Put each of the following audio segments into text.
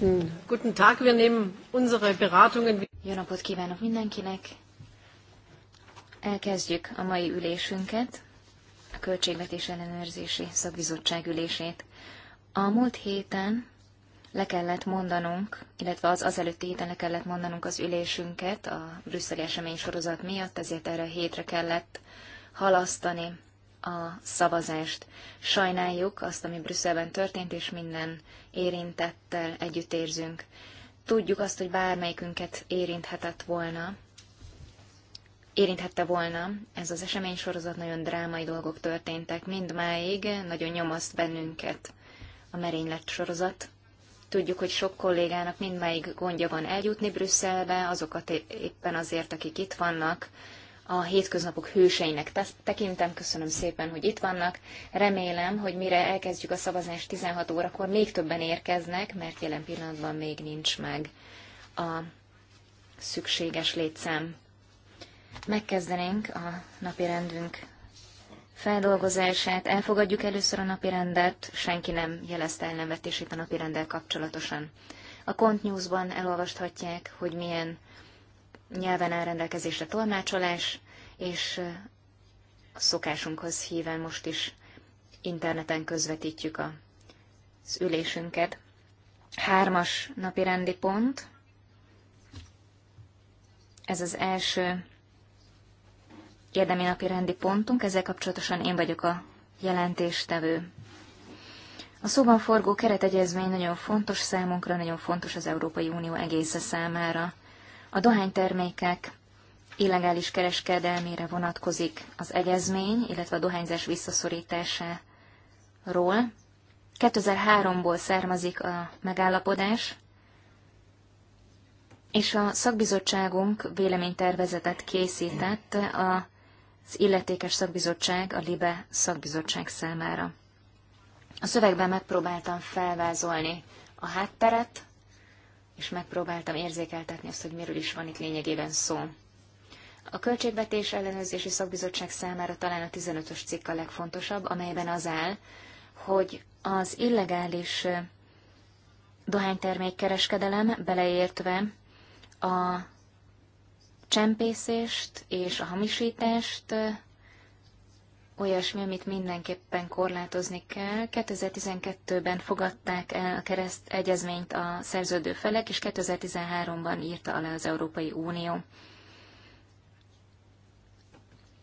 Guten, guten Tag, wir nehmen unsere Beratungen. Jó napot kívánok mindenkinek! Elkezdjük a mai ülésünket, a Költségvetés Ellenőrzési Szakbizottság ülését. A múlt héten le kellett mondanunk, illetve az azelőtti héten le kellett mondanunk az ülésünket a brüsszeli esemény sorozat miatt, ezért erre a hétre kellett halasztani a szavazást. Sajnáljuk azt, ami Brüsszelben történt, és minden érintettel együtt érzünk. Tudjuk azt, hogy bármelyikünket érinthetett volna, érinthette volna. Ez az eseménysorozat nagyon drámai dolgok történtek. Mindmáig nagyon nyomaszt bennünket a merénylet sorozat. Tudjuk, hogy sok kollégának mindmáig gondja van eljutni Brüsszelbe, azokat éppen azért, akik itt vannak, a hétköznapok hőseinek tekintem. Köszönöm szépen, hogy itt vannak. Remélem, hogy mire elkezdjük a szavazást 16 órakor, még többen érkeznek, mert jelen pillanatban még nincs meg a szükséges létszám. Megkezdenénk a napi rendünk feldolgozását. Elfogadjuk először a napi rendet, senki nem jelezte ellenvetését a napi rendel kapcsolatosan. A Kont News-ban elolvashatják, hogy milyen nyelven áll rendelkezésre tolmácsolás, és a szokásunkhoz híven most is interneten közvetítjük a, az ülésünket. Hármas napi rendi pont. Ez az első érdemi napi rendi pontunk, ezzel kapcsolatosan én vagyok a jelentéstevő. A szóban forgó keretegyezmény nagyon fontos számunkra, nagyon fontos az Európai Unió egésze számára. A dohánytermékek illegális kereskedelmére vonatkozik az egyezmény, illetve a dohányzás visszaszorításáról. 2003-ból származik a megállapodás, és a szakbizottságunk véleménytervezetet készített az illetékes szakbizottság, a LIBE szakbizottság számára. A szövegben megpróbáltam felvázolni a hátteret, és megpróbáltam érzékeltetni azt, hogy miről is van itt lényegében szó. A Költségvetés Ellenőrzési Szakbizottság számára talán a 15-ös cikk a legfontosabb, amelyben az áll, hogy az illegális dohánytermékkereskedelem, beleértve a csempészést és a hamisítást, olyasmi, amit mindenképpen korlátozni kell. 2012-ben fogadták el a kereszt egyezményt a szerződő felek, és 2013-ban írta alá az Európai Unió.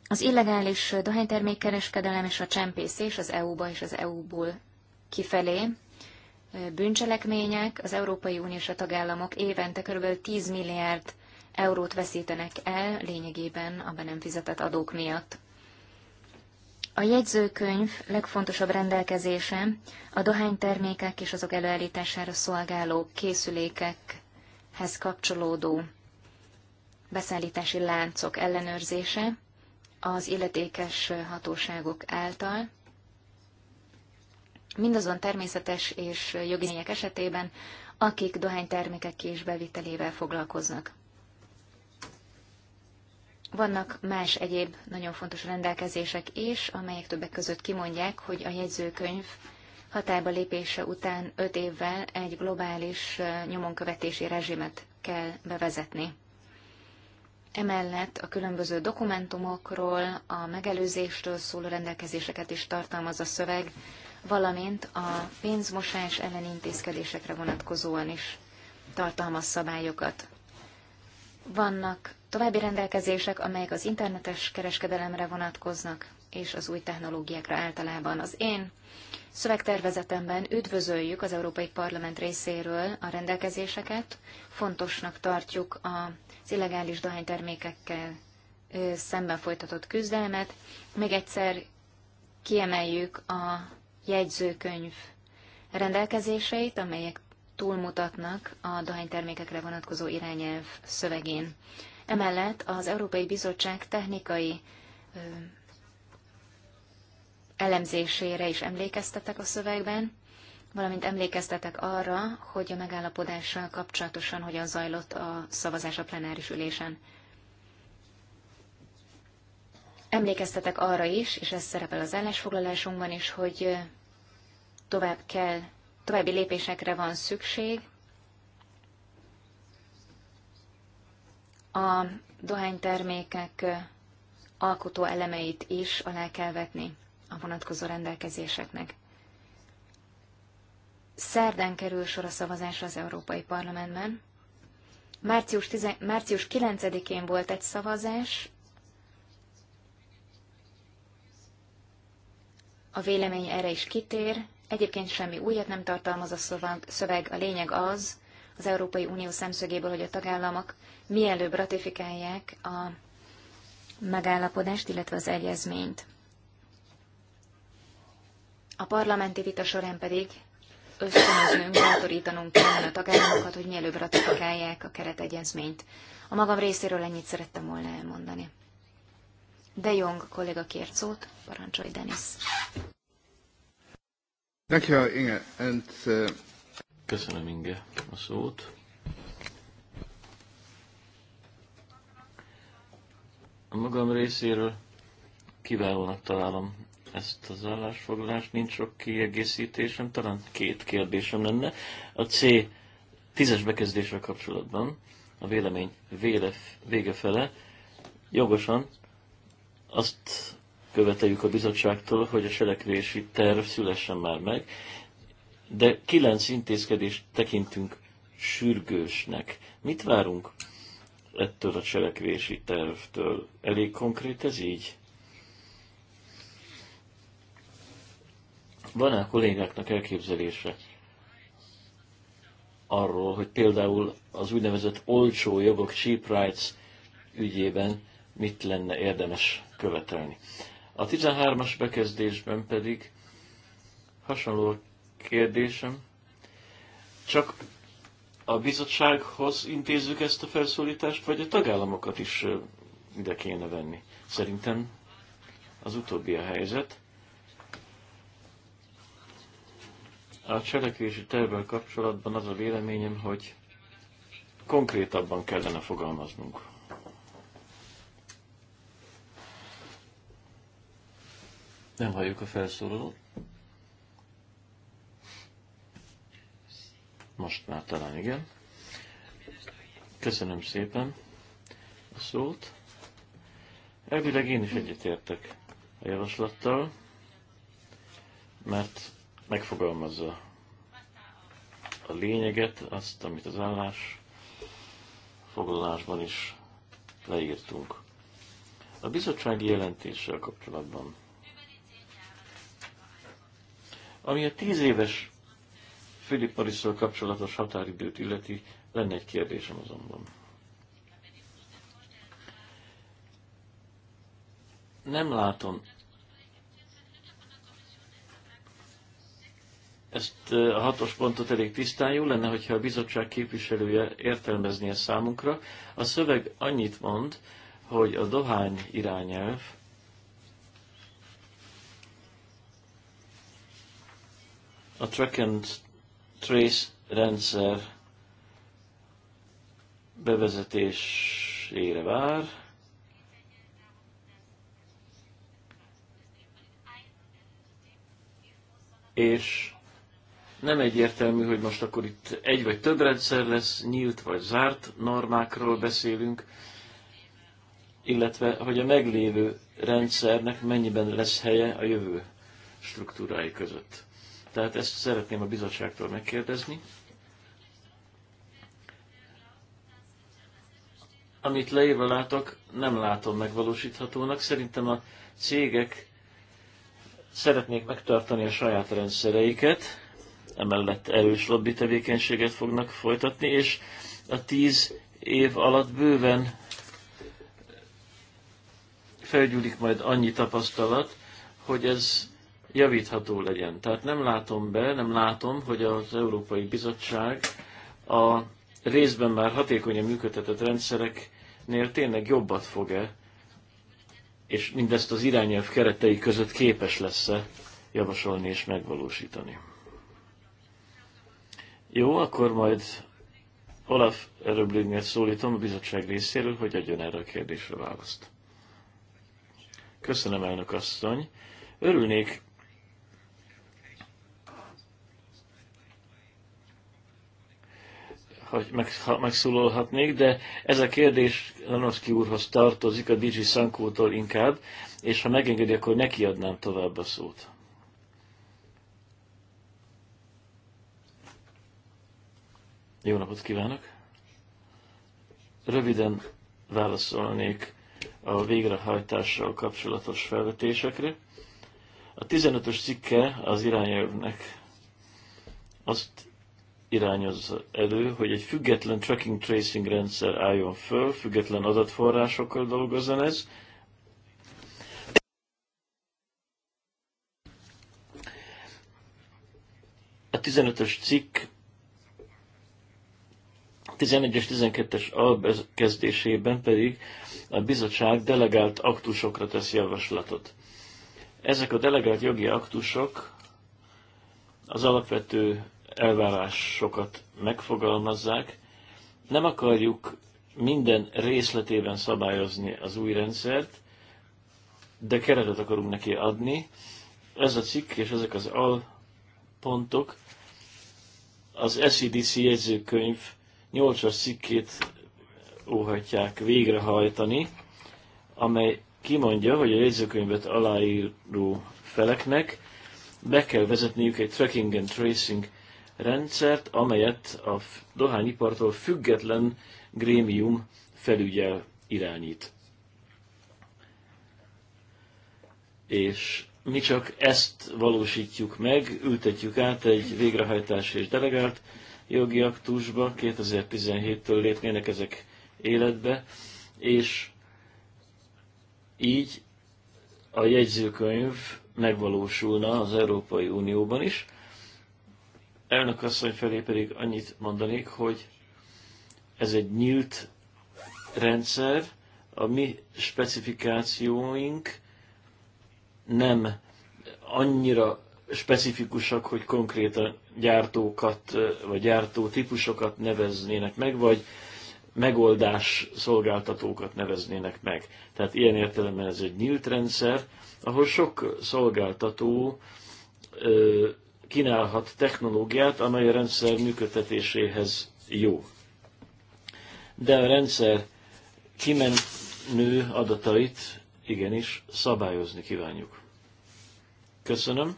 Az illegális dohánytermékkereskedelem és a csempészés az EU-ba és az EU-ból kifelé bűncselekmények, az Európai Unió és a tagállamok évente kb. 10 milliárd eurót veszítenek el lényegében a be nem fizetett adók miatt. A jegyzőkönyv legfontosabb rendelkezése a dohánytermékek és azok előállítására szolgáló készülékekhez kapcsolódó beszállítási láncok ellenőrzése az illetékes hatóságok által, mindazon természetes és jogi esetében, akik dohánytermékek és bevitelével foglalkoznak. Vannak más egyéb nagyon fontos rendelkezések is, amelyek többek között kimondják, hogy a jegyzőkönyv hatályba lépése után 5 évvel egy globális nyomonkövetési rezsimet kell bevezetni. Emellett a különböző dokumentumokról, a megelőzéstől szóló rendelkezéseket is tartalmaz a szöveg, valamint a pénzmosás elleni intézkedésekre vonatkozóan is tartalmaz szabályokat. Vannak további rendelkezések, amelyek az internetes kereskedelemre vonatkoznak, és az új technológiákra általában. Az én szövegtervezetemben üdvözöljük az Európai Parlament részéről a rendelkezéseket, fontosnak tartjuk az illegális dohánytermékekkel szemben folytatott küzdelmet, még egyszer kiemeljük a jegyzőkönyv rendelkezéseit, amelyek túlmutatnak a dohánytermékekre vonatkozó irányelv szövegén. Emellett az Európai Bizottság technikai ö, elemzésére is emlékeztetek a szövegben, valamint emlékeztetek arra, hogy a megállapodással kapcsolatosan hogyan zajlott a szavazás a plenáris ülésen. Emlékeztetek arra is, és ez szerepel az állásfoglalásunkban is, hogy tovább kell, további lépésekre van szükség, a dohánytermékek alkotó elemeit is alá kell vetni a vonatkozó rendelkezéseknek. Szerdán kerül sor a szavazásra az Európai Parlamentben. Március, 10, március 9-én volt egy szavazás, a vélemény erre is kitér, egyébként semmi újat nem tartalmaz a szöveg, a lényeg az, az Európai Unió szemszögéből, hogy a tagállamok mielőbb ratifikálják a megállapodást, illetve az egyezményt. A parlamenti vita során pedig ösztönözünk, bátorítanunk kellene a tagállamokat, hogy mielőbb ratifikálják a keretegyezményt. A magam részéről ennyit szerettem volna elmondani. De Jong kolléga kért szót, parancsolj Denis. Thank you, Inge, and uh, Köszönöm, Inge, a szót. A magam részéről kiválónak találom ezt az állásfoglalást, nincs sok kiegészítésem, talán két kérdésem lenne. A C tízes bekezdésre kapcsolatban a vélemény véle, vége fele jogosan azt követeljük a bizottságtól, hogy a selekvési terv szülessen már meg, de kilenc intézkedést tekintünk sürgősnek. Mit várunk ettől a cselekvési tervtől? Elég konkrét ez így? Van-e a kollégáknak elképzelése arról, hogy például az úgynevezett olcsó jogok, cheap rights ügyében mit lenne érdemes követelni? A 13-as bekezdésben pedig hasonló kérdésem. Csak a bizottsághoz intézzük ezt a felszólítást, vagy a tagállamokat is ide kéne venni? Szerintem az utóbbi a helyzet. A cselekvési tervvel kapcsolatban az a véleményem, hogy konkrétabban kellene fogalmaznunk. Nem halljuk a felszólalót. Most már talán igen. Köszönöm szépen a szót. Elvileg én is egyetértek a javaslattal, mert megfogalmazza a lényeget, azt, amit az állás foglalásban is leírtunk. A bizottsági jelentéssel kapcsolatban, ami a tíz éves Filiparisszal kapcsolatos határidőt illeti, lenne egy kérdésem azonban. Nem látom ezt a hatos pontot elég tisztán. Jó lenne, hogyha a bizottság képviselője értelmeznie számunkra. A szöveg annyit mond, hogy a dohány irányelv a track and trace rendszer bevezetésére vár. És nem egyértelmű, hogy most akkor itt egy vagy több rendszer lesz, nyílt vagy zárt normákról beszélünk, illetve hogy a meglévő rendszernek mennyiben lesz helye a jövő struktúrái között. Tehát ezt szeretném a bizottságtól megkérdezni. Amit leírva látok, nem látom megvalósíthatónak. Szerintem a cégek szeretnék megtartani a saját rendszereiket, emellett erős lobby tevékenységet fognak folytatni, és a tíz év alatt bőven felgyúlik majd annyi tapasztalat, hogy ez javítható legyen. Tehát nem látom be, nem látom, hogy az Európai Bizottság a részben már hatékonyan működtetett rendszereknél tényleg jobbat fog-e, és mindezt az irányelv keretei között képes lesz-e javasolni és megvalósítani. Jó, akkor majd Olaf Röblingert szólítom a bizottság részéről, hogy adjon erre a kérdésre választ. Köszönöm, elnök asszony. Örülnék hogy meg, ha megszólalhatnék, de ez a kérdés Lanoszki úrhoz tartozik, a DJ Sankótól inkább, és ha megengedi, akkor neki adnám tovább a szót. Jó napot kívánok! Röviden válaszolnék a végrehajtással kapcsolatos felvetésekre. A 15-ös cikke az irányelvnek azt irányoz elő, hogy egy független tracking tracing rendszer álljon föl, független adatforrásokkal dolgozzon ez. A 15-ös cikk 11-es, 12-es albekezdésében pedig a bizottság delegált aktusokra tesz javaslatot. Ezek a delegált jogi aktusok az alapvető elvárásokat megfogalmazzák. Nem akarjuk minden részletében szabályozni az új rendszert, de keretet akarunk neki adni. Ez a cikk és ezek az alpontok az SEDC jegyzőkönyv 8-as cikkét óhatják végrehajtani, amely kimondja, hogy a jegyzőkönyvet aláíró feleknek be kell vezetniük egy tracking and tracing rendszert, amelyet a dohányipartól független grémium felügyel, irányít. És mi csak ezt valósítjuk meg, ültetjük át egy végrehajtás és delegált jogi aktusba, 2017-től lépnének ezek életbe, és így a jegyzőkönyv megvalósulna az Európai Unióban is, elnök asszony felé pedig annyit mondanék, hogy ez egy nyílt rendszer, a mi specifikációink nem annyira specifikusak, hogy a gyártókat vagy gyártó típusokat neveznének meg, vagy megoldás szolgáltatókat neveznének meg. Tehát ilyen értelemben ez egy nyílt rendszer, ahol sok szolgáltató ö, kínálhat technológiát, amely a rendszer működtetéséhez jó. De a rendszer kimenő adatait igenis szabályozni kívánjuk. Köszönöm.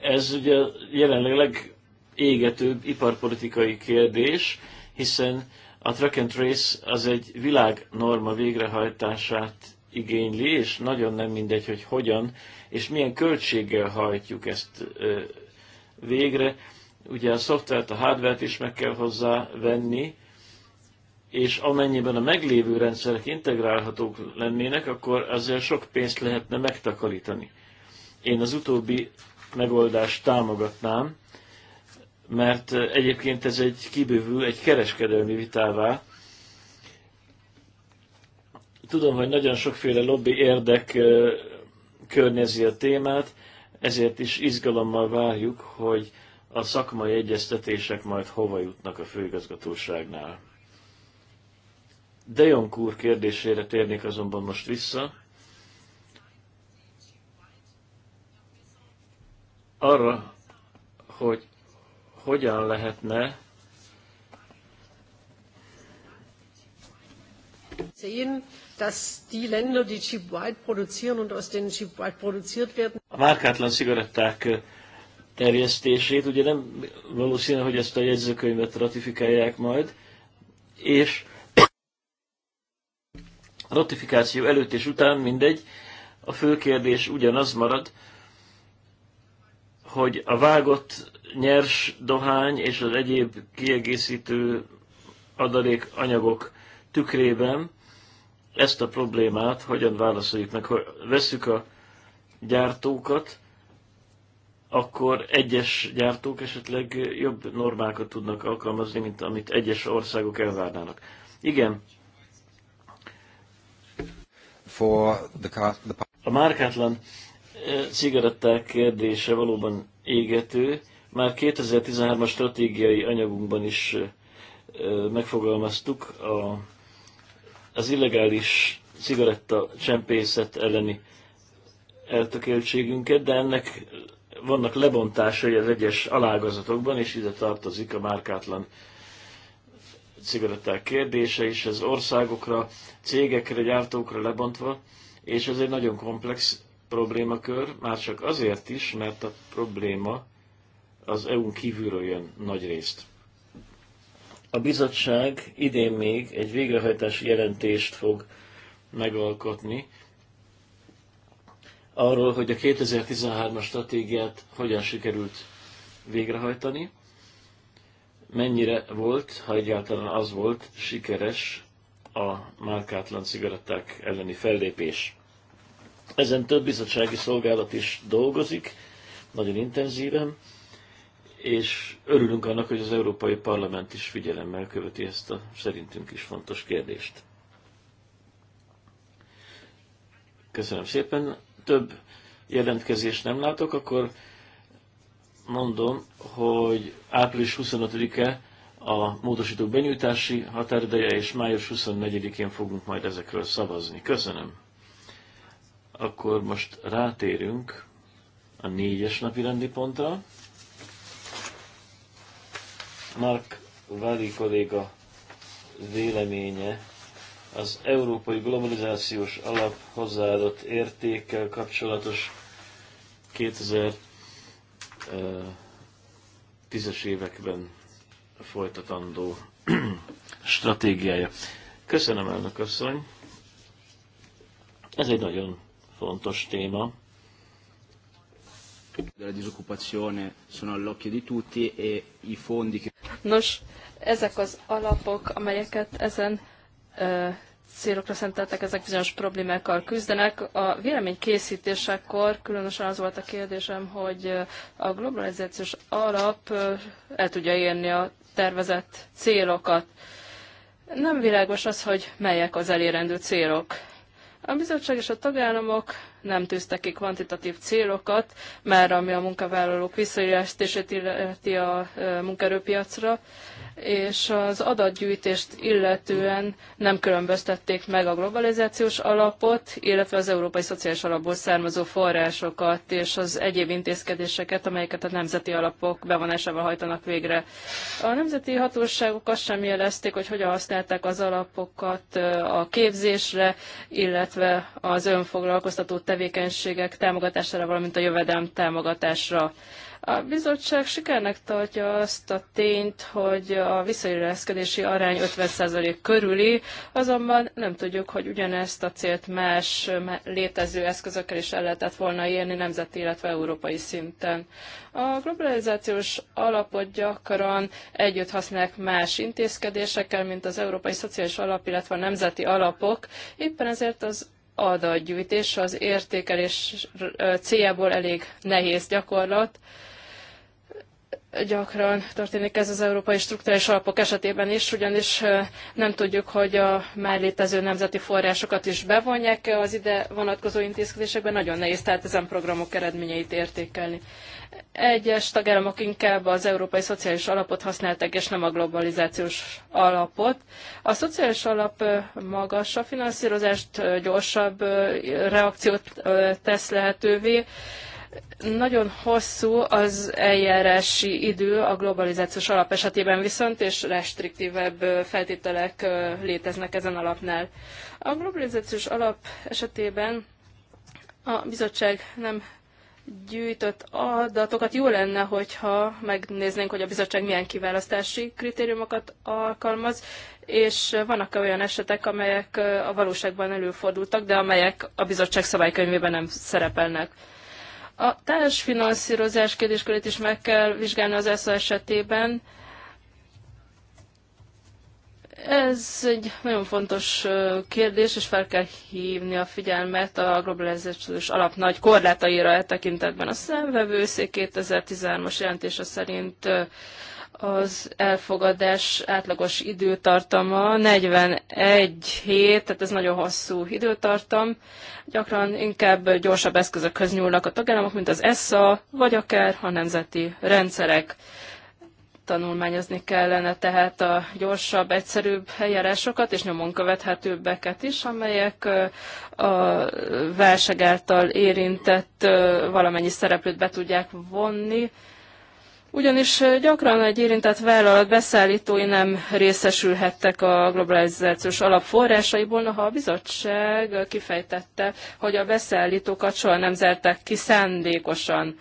Ez ugye jelenleg legégetőbb iparpolitikai kérdés, hiszen a track and trace az egy világnorma végrehajtását igényli, és nagyon nem mindegy, hogy hogyan, és milyen költséggel hajtjuk ezt végre. Ugye a szoftvert, a hardvert is meg kell hozzá venni, és amennyiben a meglévő rendszerek integrálhatók lennének, akkor ezzel sok pénzt lehetne megtakarítani. Én az utóbbi megoldást támogatnám, mert egyébként ez egy kibővül, egy kereskedelmi vitává, Tudom, hogy nagyon sokféle lobby érdek környezi a témát, ezért is izgalommal várjuk, hogy a szakmai egyeztetések majd hova jutnak a főigazgatóságnál. De Jong úr kérdésére térnék azonban most vissza. Arra, hogy hogyan lehetne sehen, dass die Länder, die Chip White produzieren und aus denen Chip White produziert werden. A márkátlan cigaretták terjesztését, ugye nem valószínű, hogy ezt a jegyzőkönyvet ratifikálják majd, és a ratifikáció előtt és után mindegy, a fő kérdés ugyanaz marad, hogy a vágott nyers dohány és az egyéb kiegészítő adalék anyagok tükrében ezt a problémát hogyan válaszoljuk meg. Ha veszük a gyártókat, akkor egyes gyártók esetleg jobb normákat tudnak alkalmazni, mint amit egyes országok elvárnának. Igen. For the car, the... A márkátlan eh, cigaretták kérdése valóban égető. Már 2013-as stratégiai anyagunkban is eh, eh, megfogalmaztuk a az illegális cigaretta csempészet elleni eltökéltségünket, de ennek vannak lebontásai az egyes alágazatokban, és ide tartozik a márkátlan cigaretták kérdése is, ez országokra, cégekre, gyártókra lebontva, és ez egy nagyon komplex problémakör, már csak azért is, mert a probléma az EU-n kívülről jön nagy részt. A bizottság idén még egy végrehajtási jelentést fog megalkotni arról, hogy a 2013-as stratégiát hogyan sikerült végrehajtani, mennyire volt, ha egyáltalán az volt, sikeres a márkátlan cigaretták elleni fellépés. Ezen több bizottsági szolgálat is dolgozik, nagyon intenzíven, és örülünk annak, hogy az Európai Parlament is figyelemmel követi ezt a szerintünk is fontos kérdést. Köszönöm szépen. Több jelentkezést nem látok, akkor mondom, hogy április 25-e a módosítók benyújtási határideje, és május 24-én fogunk majd ezekről szavazni. Köszönöm. Akkor most rátérünk a négyes napi rendi pontra. Mark Vali kolléga véleménye az európai globalizációs alap hozzáadott értékkel kapcsolatos 2010-es években folytatandó stratégiája. Köszönöm, elnök asszony! Ez egy nagyon fontos téma. Nos, ezek az alapok, amelyeket ezen ö, célokra szenteltek, ezek bizonyos problémákkal küzdenek. A vélemény készítésekor különösen az volt a kérdésem, hogy a globalizációs alap el tudja érni a tervezett célokat. Nem világos az, hogy melyek az elérendő célok. A bizottság és a tagállamok nem tűztek ki kvantitatív célokat, mert ami a munkavállalók visszaélesztését illeti a munkaerőpiacra és az adatgyűjtést illetően nem különböztették meg a globalizációs alapot, illetve az európai szociális alapból származó forrásokat és az egyéb intézkedéseket, amelyeket a nemzeti alapok bevonásával hajtanak végre. A nemzeti hatóságok azt sem jelezték, hogy hogyan használták az alapokat a képzésre, illetve az önfoglalkoztató tevékenységek támogatására, valamint a jövedelem támogatásra. A bizottság sikernek tartja azt a tényt, hogy a visszaéleszkedési arány 50% körüli, azonban nem tudjuk, hogy ugyanezt a célt más létező eszközökkel is el lehetett volna érni nemzeti, illetve európai szinten. A globalizációs alapot gyakran együtt használják más intézkedésekkel, mint az Európai Szociális Alap, illetve a nemzeti alapok. Éppen ezért az adatgyűjtés az értékelés céljából elég nehéz gyakorlat, gyakran történik ez az európai struktúrális alapok esetében is, ugyanis nem tudjuk, hogy a már létező nemzeti forrásokat is bevonják az ide vonatkozó intézkedésekben. Nagyon nehéz tehát ezen programok eredményeit értékelni. Egyes tagállamok inkább az európai szociális alapot használták, és nem a globalizációs alapot. A szociális alap magasabb finanszírozást, gyorsabb reakciót tesz lehetővé, nagyon hosszú az eljárási idő a globalizációs alap esetében viszont, és restriktívebb feltételek léteznek ezen alapnál. A globalizációs alap esetében a bizottság nem gyűjtött adatokat. Jó lenne, hogyha megnéznénk, hogy a bizottság milyen kiválasztási kritériumokat alkalmaz, és vannak -e olyan esetek, amelyek a valóságban előfordultak, de amelyek a bizottság szabálykönyvében nem szerepelnek. A társfinanszírozás kérdéskörét is meg kell vizsgálni az ESZA esetében. Ez egy nagyon fontos kérdés, és fel kell hívni a figyelmet a globalizációs alap nagy korlátaira e tekintetben. A szemvevőszék 2013-as jelentése szerint az elfogadás átlagos időtartama 41 hét, tehát ez nagyon hosszú időtartam. Gyakran inkább gyorsabb eszközökhöz nyúlnak a tagállamok, mint az ESSA, vagy akár a nemzeti rendszerek. Tanulmányozni kellene tehát a gyorsabb, egyszerűbb eljárásokat és nyomon követhetőbbeket is, amelyek a válság által érintett valamennyi szereplőt be tudják vonni, ugyanis gyakran egy érintett vállalat beszállítói nem részesülhettek a globalizációs alapforrásaiból, noha a bizottság kifejtette, hogy a beszállítókat soha nem zártak ki szándékosan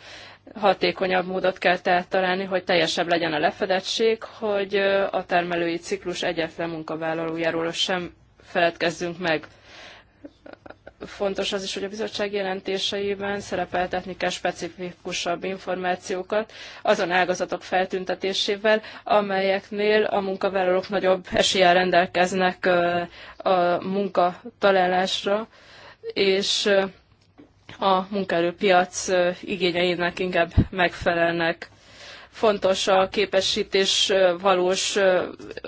hatékonyabb módot kell tehát találni, hogy teljesebb legyen a lefedettség, hogy a termelői ciklus egyetlen munkavállalójáról sem feledkezzünk meg fontos az is, hogy a bizottság jelentéseiben szerepeltetni kell specifikusabb információkat azon ágazatok feltüntetésével, amelyeknél a munkavállalók nagyobb eséllyel rendelkeznek a munka találásra, és a munkaerőpiac igényeinek inkább megfelelnek. Fontos a képesítés valós,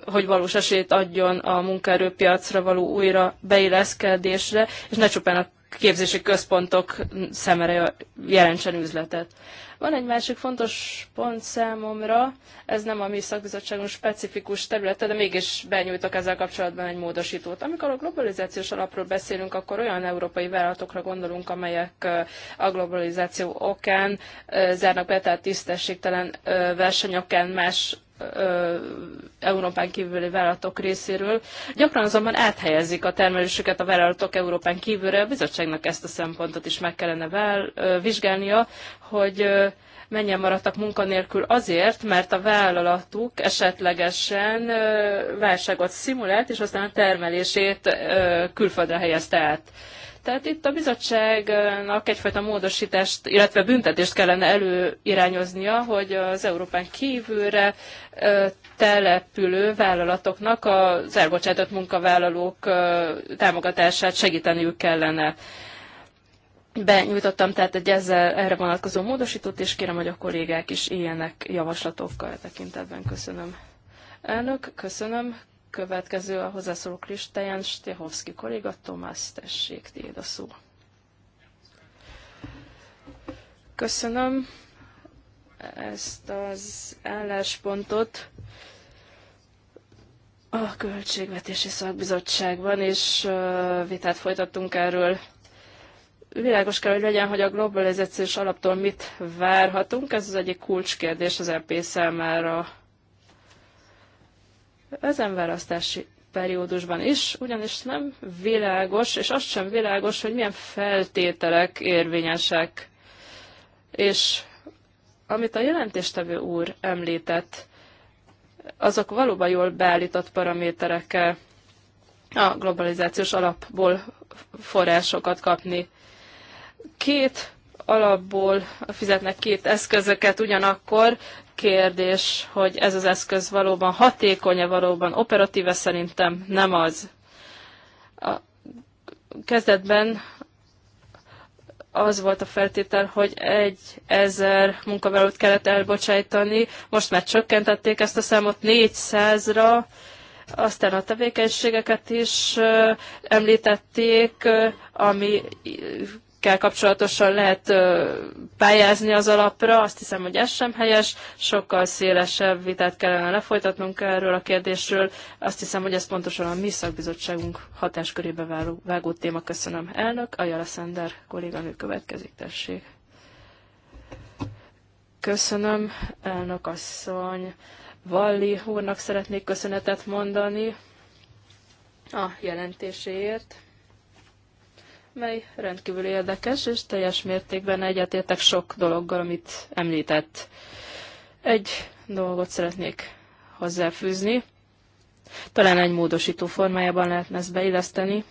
hogy valós esélyt adjon a munkaerőpiacra való újra beilleszkedésre, és ne csupán a képzési központok szemere jelentsen üzletet. Van egy másik fontos pont számomra, ez nem a mi szakbizottságunk specifikus területe, de mégis benyújtok ezzel kapcsolatban egy módosítót. Amikor a globalizációs alapról beszélünk, akkor olyan európai vállalatokra gondolunk, amelyek a globalizáció okán zárnak be, tehát tisztességtelen versenyokán más Európán kívüli vállalatok részéről. Gyakran azonban áthelyezik a termelésüket a vállalatok Európán kívülre. A bizottságnak ezt a szempontot is meg kellene vál, vizsgálnia, hogy mennyien maradtak munkanélkül azért, mert a vállalatuk esetlegesen válságot szimulált, és aztán a termelését külföldre helyezte át. Tehát itt a bizottságnak egyfajta módosítást, illetve büntetést kellene előirányoznia, hogy az Európán kívülre települő vállalatoknak az elbocsátott munkavállalók támogatását segíteniük kellene. Benyújtottam tehát egy ezzel erre vonatkozó módosítót, és kérem, hogy a kollégák is éljenek javaslatokkal tekintetben. Köszönöm. Elnök, köszönöm következő a hozzászóló listáján Stéhovszki kolléga, Tomás, tessék, a szó. Köszönöm ezt az álláspontot a Költségvetési Szakbizottságban, és vitát folytattunk erről. Világos kell, hogy legyen, hogy a globalizációs alaptól mit várhatunk. Ez az egyik kulcskérdés az EP számára ezen választási periódusban is, ugyanis nem világos, és azt sem világos, hogy milyen feltételek érvényesek. És amit a jelentéstevő úr említett, azok valóban jól beállított paraméterekkel a globalizációs alapból forrásokat kapni. Két alapból fizetnek két eszközöket ugyanakkor, kérdés, hogy ez az eszköz valóban hatékony-e, valóban operatíve, szerintem nem az. A kezdetben az volt a feltétel, hogy egy ezer munkavállalót kellett elbocsájtani, most már csökkentették ezt a számot 400-ra, aztán a tevékenységeket is említették, ami kell kapcsolatosan lehet pályázni az alapra, azt hiszem, hogy ez sem helyes, sokkal szélesebb vitát kellene lefolytatnunk erről a kérdésről, azt hiszem, hogy ez pontosan a mi szakbizottságunk hatáskörébe vágó, téma. Köszönöm, elnök, Ajala Szender kolléganő következik, tessék. Köszönöm, elnök asszony. Valli úrnak szeretnék köszönetet mondani a jelentéséért mely rendkívül érdekes, és teljes mértékben egyetértek sok dologgal, amit említett. Egy dolgot szeretnék hozzáfűzni. Talán egy módosító formájában lehetne ezt beilleszteni.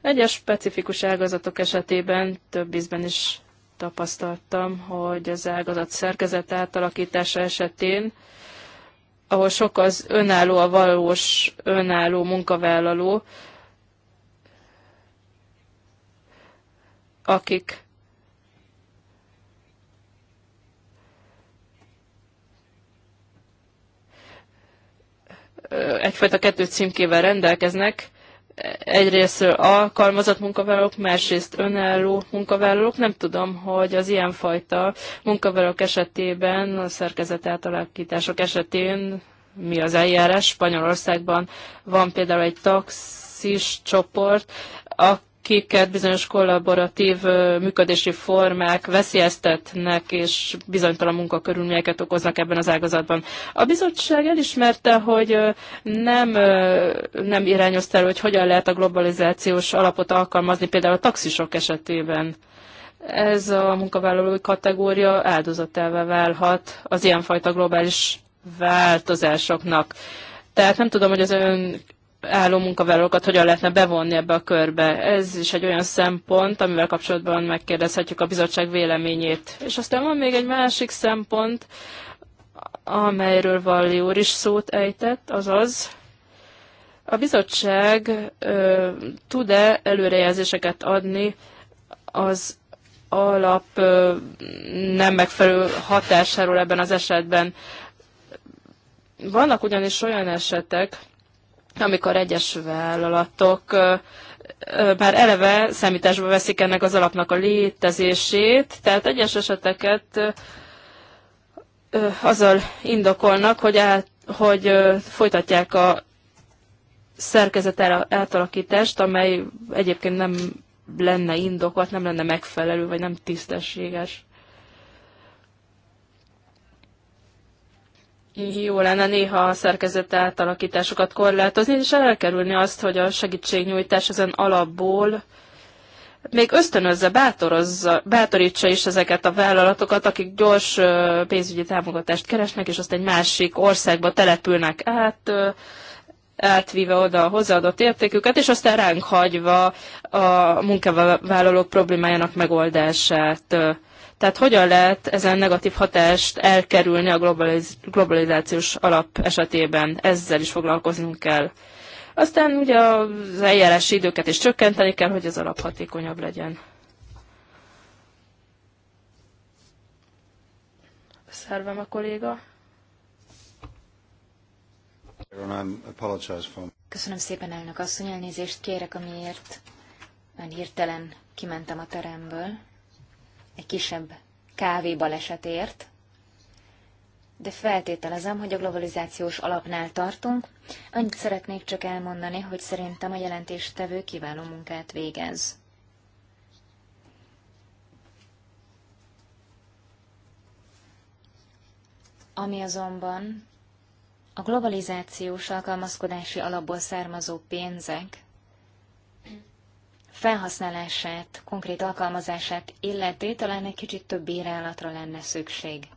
Egyes specifikus ágazatok esetében több ízben is tapasztaltam, hogy az ágazat szerkezet átalakítása esetén, ahol sok az önálló, a valós önálló munkavállaló, akik egyfajta kettő címkével rendelkeznek, egyrészt alkalmazott munkavállalók, másrészt önálló munkavállalók. Nem tudom, hogy az ilyenfajta munkavállalók esetében, a szerkezet átalakítások esetén mi az eljárás. Spanyolországban van például egy taxis csoport, aki akiket bizonyos kollaboratív működési formák veszélyeztetnek és bizonytalan munkakörülményeket okoznak ebben az ágazatban. A bizottság elismerte, hogy nem, nem irányozta el, hogy hogyan lehet a globalizációs alapot alkalmazni például a taxisok esetében. Ez a munkavállalói kategória áldozatává válhat az ilyenfajta globális változásoknak. Tehát nem tudom, hogy az ön álló munkavállalókat hogyan lehetne bevonni ebbe a körbe. Ez is egy olyan szempont, amivel kapcsolatban megkérdezhetjük a bizottság véleményét. És aztán van még egy másik szempont, amelyről Valli úr is szót ejtett, azaz a bizottság tud-e előrejelzéseket adni az alap ö, nem megfelelő hatásáról ebben az esetben. Vannak ugyanis olyan esetek, amikor egyes vállalatok már eleve számításba veszik ennek az alapnak a létezését, tehát egyes eseteket azzal indokolnak, hogy, át, hogy folytatják a szerkezet átalakítást, amely egyébként nem lenne indokolt, nem lenne megfelelő, vagy nem tisztességes. jó lenne néha a szerkezet átalakításokat korlátozni, és elkerülni azt, hogy a segítségnyújtás ezen alapból még ösztönözze, bátorozza, bátorítsa is ezeket a vállalatokat, akik gyors pénzügyi támogatást keresnek, és azt egy másik országba települnek át, átvíve oda a hozzáadott értéküket, és aztán ránk hagyva a munkavállalók problémájának megoldását. Tehát hogyan lehet ezen negatív hatást elkerülni a globaliz globalizációs alap esetében? Ezzel is foglalkoznunk kell. Aztán ugye az eljárási időket is csökkenteni kell, hogy az alap hatékonyabb legyen. Szervem a kolléga. Köszönöm szépen, elnök asszony, elnézést kérek, amiért ön hirtelen kimentem a teremből egy kisebb kávébalesetért, de feltételezem, hogy a globalizációs alapnál tartunk. Annyit szeretnék csak elmondani, hogy szerintem a jelentéstevő kiváló munkát végez. Ami azonban a globalizációs alkalmazkodási alapból származó pénzek felhasználását, konkrét alkalmazását illeti, talán egy kicsit több bírálatra lenne szükség.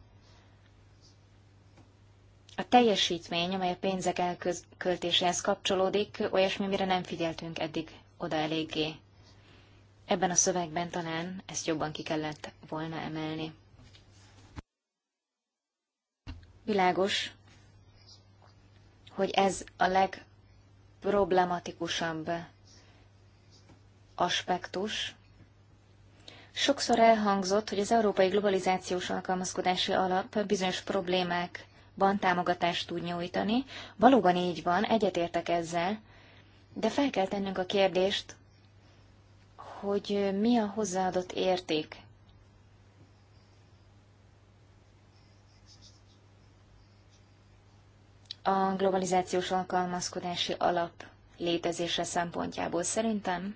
A teljesítmény, amely a pénzek elköltéséhez kapcsolódik, olyasmi, mire nem figyeltünk eddig oda eléggé. Ebben a szövegben talán ezt jobban ki kellett volna emelni. Világos, hogy ez a legproblematikusabb aspektus. Sokszor elhangzott, hogy az Európai Globalizációs Alkalmazkodási Alap bizonyos problémákban támogatást tud nyújtani. Valóban így van, egyetértek ezzel, de fel kell tennünk a kérdést, hogy mi a hozzáadott érték a globalizációs alkalmazkodási alap létezése szempontjából szerintem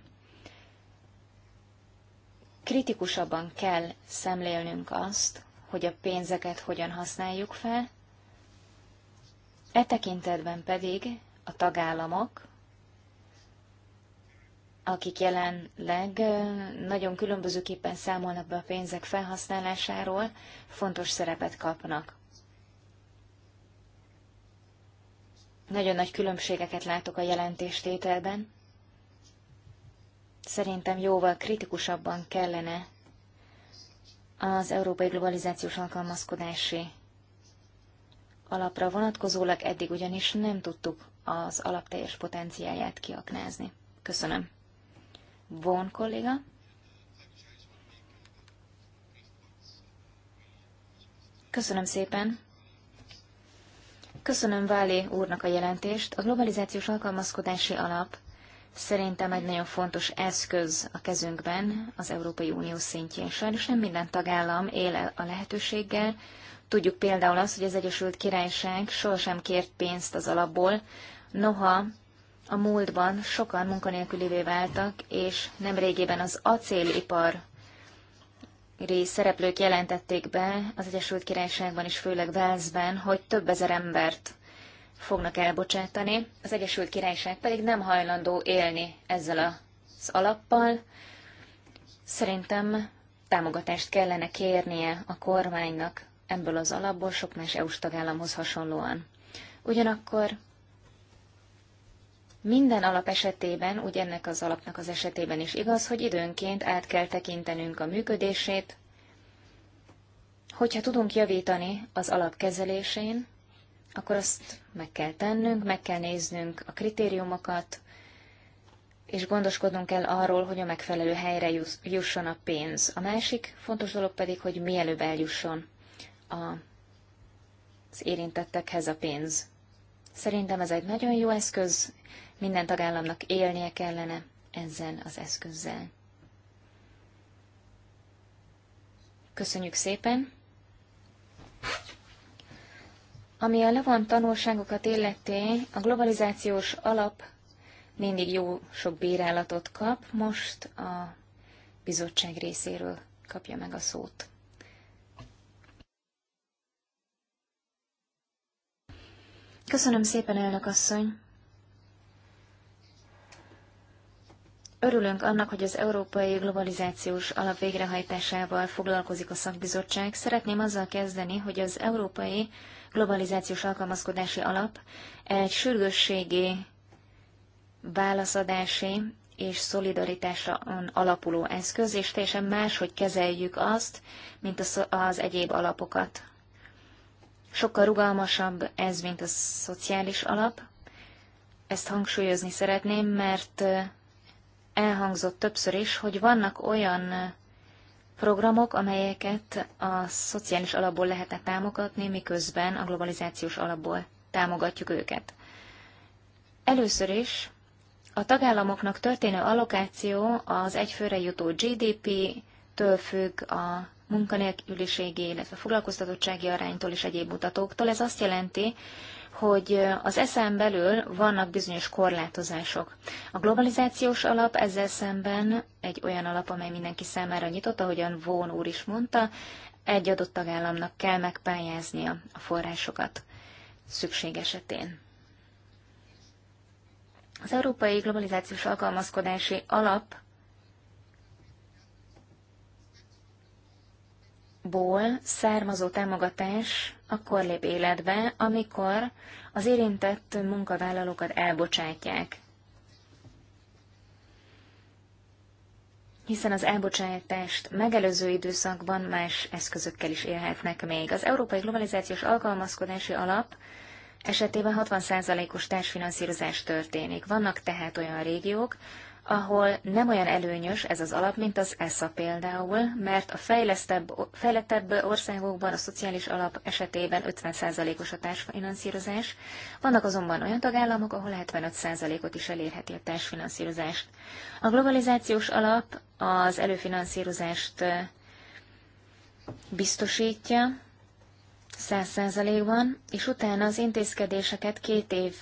kritikusabban kell szemlélnünk azt, hogy a pénzeket hogyan használjuk fel, e tekintetben pedig a tagállamok, akik jelenleg nagyon különbözőképpen számolnak be a pénzek felhasználásáról, fontos szerepet kapnak. Nagyon nagy különbségeket látok a jelentéstételben, szerintem jóval kritikusabban kellene az európai globalizációs alkalmazkodási alapra vonatkozólag eddig ugyanis nem tudtuk az alapteljes potenciáját kiaknázni. Köszönöm. Von kolléga? Köszönöm szépen. Köszönöm Váli úrnak a jelentést. A globalizációs alkalmazkodási alap szerintem egy nagyon fontos eszköz a kezünkben az Európai Unió szintjén. Sajnos nem minden tagállam él a lehetőséggel. Tudjuk például azt, hogy az Egyesült Királyság sohasem kért pénzt az alapból, noha a múltban sokan munkanélkülévé váltak, és nemrégében az acélipar szereplők jelentették be az Egyesült Királyságban és főleg Velszben, hogy több ezer embert fognak elbocsátani, az Egyesült Királyság pedig nem hajlandó élni ezzel az alappal. Szerintem támogatást kellene kérnie a kormánynak ebből az alapból sok más EU-s tagállamhoz hasonlóan. Ugyanakkor minden alap esetében, úgy ennek az alapnak az esetében is igaz, hogy időnként át kell tekintenünk a működését, hogyha tudunk javítani az alapkezelésén, akkor azt meg kell tennünk, meg kell néznünk a kritériumokat, és gondoskodnunk kell arról, hogy a megfelelő helyre jusson a pénz. A másik fontos dolog pedig, hogy mielőbb eljusson a, az érintettekhez a pénz. Szerintem ez egy nagyon jó eszköz, minden tagállamnak élnie kellene ezzel az eszközzel. Köszönjük szépen! Ami a Levant tanulságokat illeti, a globalizációs alap mindig jó sok bírálatot kap, most a bizottság részéről kapja meg a szót. Köszönöm szépen, elnök asszony! Örülünk annak, hogy az Európai Globalizációs Alap végrehajtásával foglalkozik a szakbizottság. Szeretném azzal kezdeni, hogy az Európai globalizációs alkalmazkodási alap egy sürgősségi válaszadási és szolidaritásra alapuló eszköz, és teljesen máshogy kezeljük azt, mint az egyéb alapokat. Sokkal rugalmasabb ez, mint a szociális alap. Ezt hangsúlyozni szeretném, mert eh, elhangzott többször is, hogy vannak olyan programok, amelyeket a szociális alapból lehetne támogatni, miközben a globalizációs alapból támogatjuk őket. Először is a tagállamoknak történő allokáció az egyfőre jutó GDP-től függ a munkanélküliségi, illetve foglalkoztatottsági aránytól és egyéb mutatóktól. Ez azt jelenti, hogy az eszem belül vannak bizonyos korlátozások. A globalizációs alap ezzel szemben egy olyan alap, amely mindenki számára nyitott, ahogyan Vón úr is mondta, egy adott tagállamnak kell megpályáznia a forrásokat szükség esetén. Az Európai Globalizációs Alkalmazkodási Alap ból származó támogatás akkor lép életbe, amikor az érintett munkavállalókat elbocsátják. hiszen az elbocsátást megelőző időszakban más eszközökkel is élhetnek még. Az Európai Globalizációs Alkalmazkodási Alap esetében 60%-os társfinanszírozás történik. Vannak tehát olyan régiók, ahol nem olyan előnyös ez az alap, mint az ESA például, mert a fejlettebb országokban a szociális alap esetében 50%-os a társfinanszírozás, vannak azonban olyan tagállamok, ahol 75%-ot is elérheti a társfinanszírozást. A globalizációs alap az előfinanszírozást biztosítja 100%-ban, és utána az intézkedéseket két év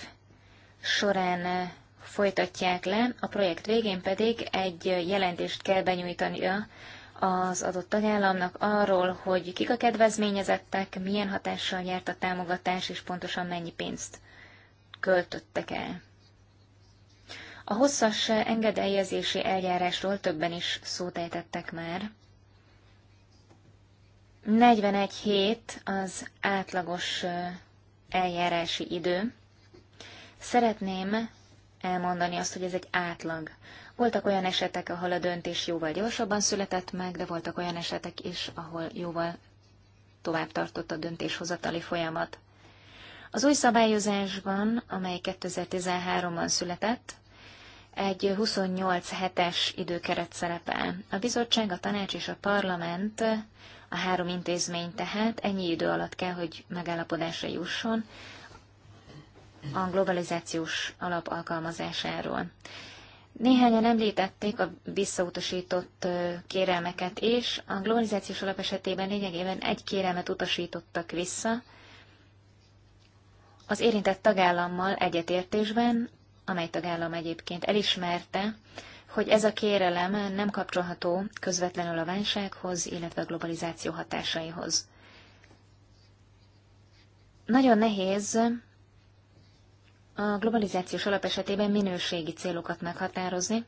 során folytatják le, a projekt végén pedig egy jelentést kell benyújtania az adott tagállamnak arról, hogy kik a kedvezményezettek, milyen hatással nyert a támogatás, és pontosan mennyi pénzt költöttek el. A hosszas engedélyezési eljárásról többen is szót ejtettek már. 41 hét az átlagos eljárási idő. Szeretném elmondani azt, hogy ez egy átlag. Voltak olyan esetek, ahol a döntés jóval gyorsabban született meg, de voltak olyan esetek is, ahol jóval tovább tartott a döntéshozatali folyamat. Az új szabályozásban, amely 2013-ban született, egy 28 hetes időkeret szerepel. A bizottság, a tanács és a parlament, a három intézmény tehát ennyi idő alatt kell, hogy megállapodásra jusson, a globalizációs alap alkalmazásáról. Néhányan említették a visszautasított kérelmeket is. A globalizációs alap esetében lényegében egy kérelmet utasítottak vissza, az érintett tagállammal egyetértésben, amely tagállam egyébként elismerte, hogy ez a kérelem nem kapcsolható közvetlenül a válsághoz, illetve a globalizáció hatásaihoz. Nagyon nehéz a globalizációs alap esetében minőségi célokat meghatározni,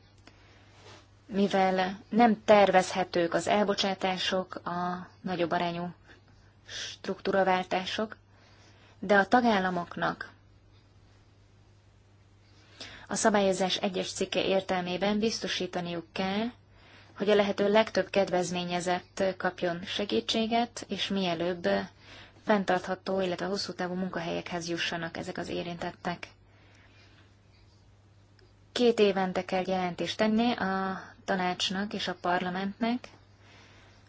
mivel nem tervezhetők az elbocsátások, a nagyobb arányú struktúraváltások, de a tagállamoknak a szabályozás egyes cikke értelmében biztosítaniuk kell, hogy a lehető legtöbb kedvezményezett kapjon segítséget, és mielőbb fenntartható, illetve hosszú távú munkahelyekhez jussanak ezek az érintettek. Két évente kell jelentést tenni a tanácsnak és a parlamentnek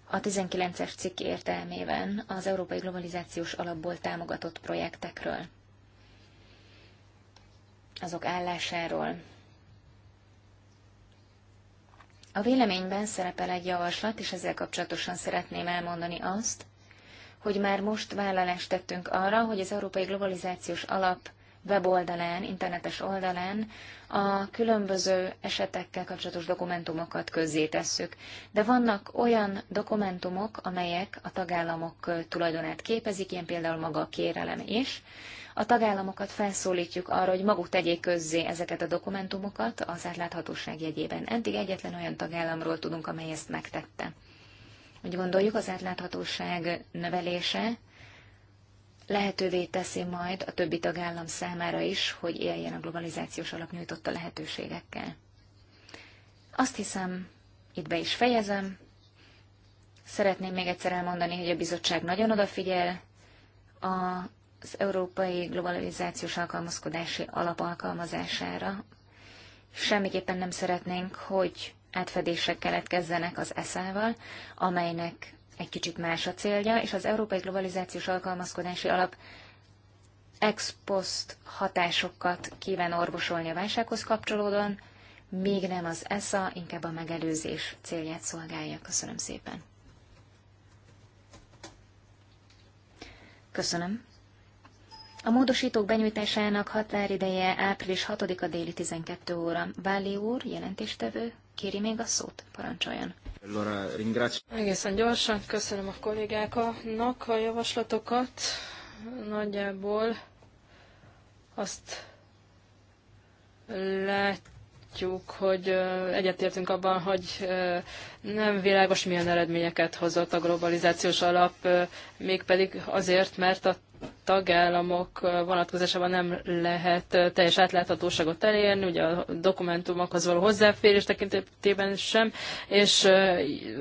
a 19-es cikk értelmében az Európai Globalizációs Alapból támogatott projektekről, azok állásáról. A véleményben szerepel egy javaslat, és ezzel kapcsolatosan szeretném elmondani azt, hogy már most vállalást tettünk arra, hogy az Európai Globalizációs Alap weboldalán, internetes oldalán a különböző esetekkel kapcsolatos dokumentumokat közzétesszük. De vannak olyan dokumentumok, amelyek a tagállamok tulajdonát képezik, ilyen például maga a kérelem is. A tagállamokat felszólítjuk arra, hogy maguk tegyék közzé ezeket a dokumentumokat az átláthatóság jegyében. Eddig egyetlen olyan tagállamról tudunk, amely ezt megtette. Úgy gondoljuk, az átláthatóság növelése lehetővé teszi majd a többi tagállam számára is, hogy éljen a globalizációs alap nyújtotta lehetőségekkel. Azt hiszem, itt be is fejezem. Szeretném még egyszer elmondani, hogy a bizottság nagyon odafigyel az európai globalizációs alkalmazkodási alap alkalmazására. Semmiképpen nem szeretnénk, hogy átfedések keletkezzenek az eszával, amelynek egy kicsit más a célja, és az Európai Globalizációs Alkalmazkodási Alap ex post hatásokat kíván orvosolni a válsághoz kapcsolódóan, még nem az ESA, inkább a megelőzés célját szolgálja. Köszönöm szépen. Köszönöm. A módosítók benyújtásának határideje április 6-a déli 12 óra. Váli úr, jelentéstevő, kéri még a szót, parancsoljon. Egészen gyorsan köszönöm a kollégáknak a javaslatokat. Nagyjából azt látjuk, hogy egyetértünk abban, hogy nem világos milyen eredményeket hozott a globalizációs alap, mégpedig azért, mert a tagállamok vonatkozásában nem lehet teljes átláthatóságot elérni, ugye a dokumentumokhoz való hozzáférés tekintetében sem, és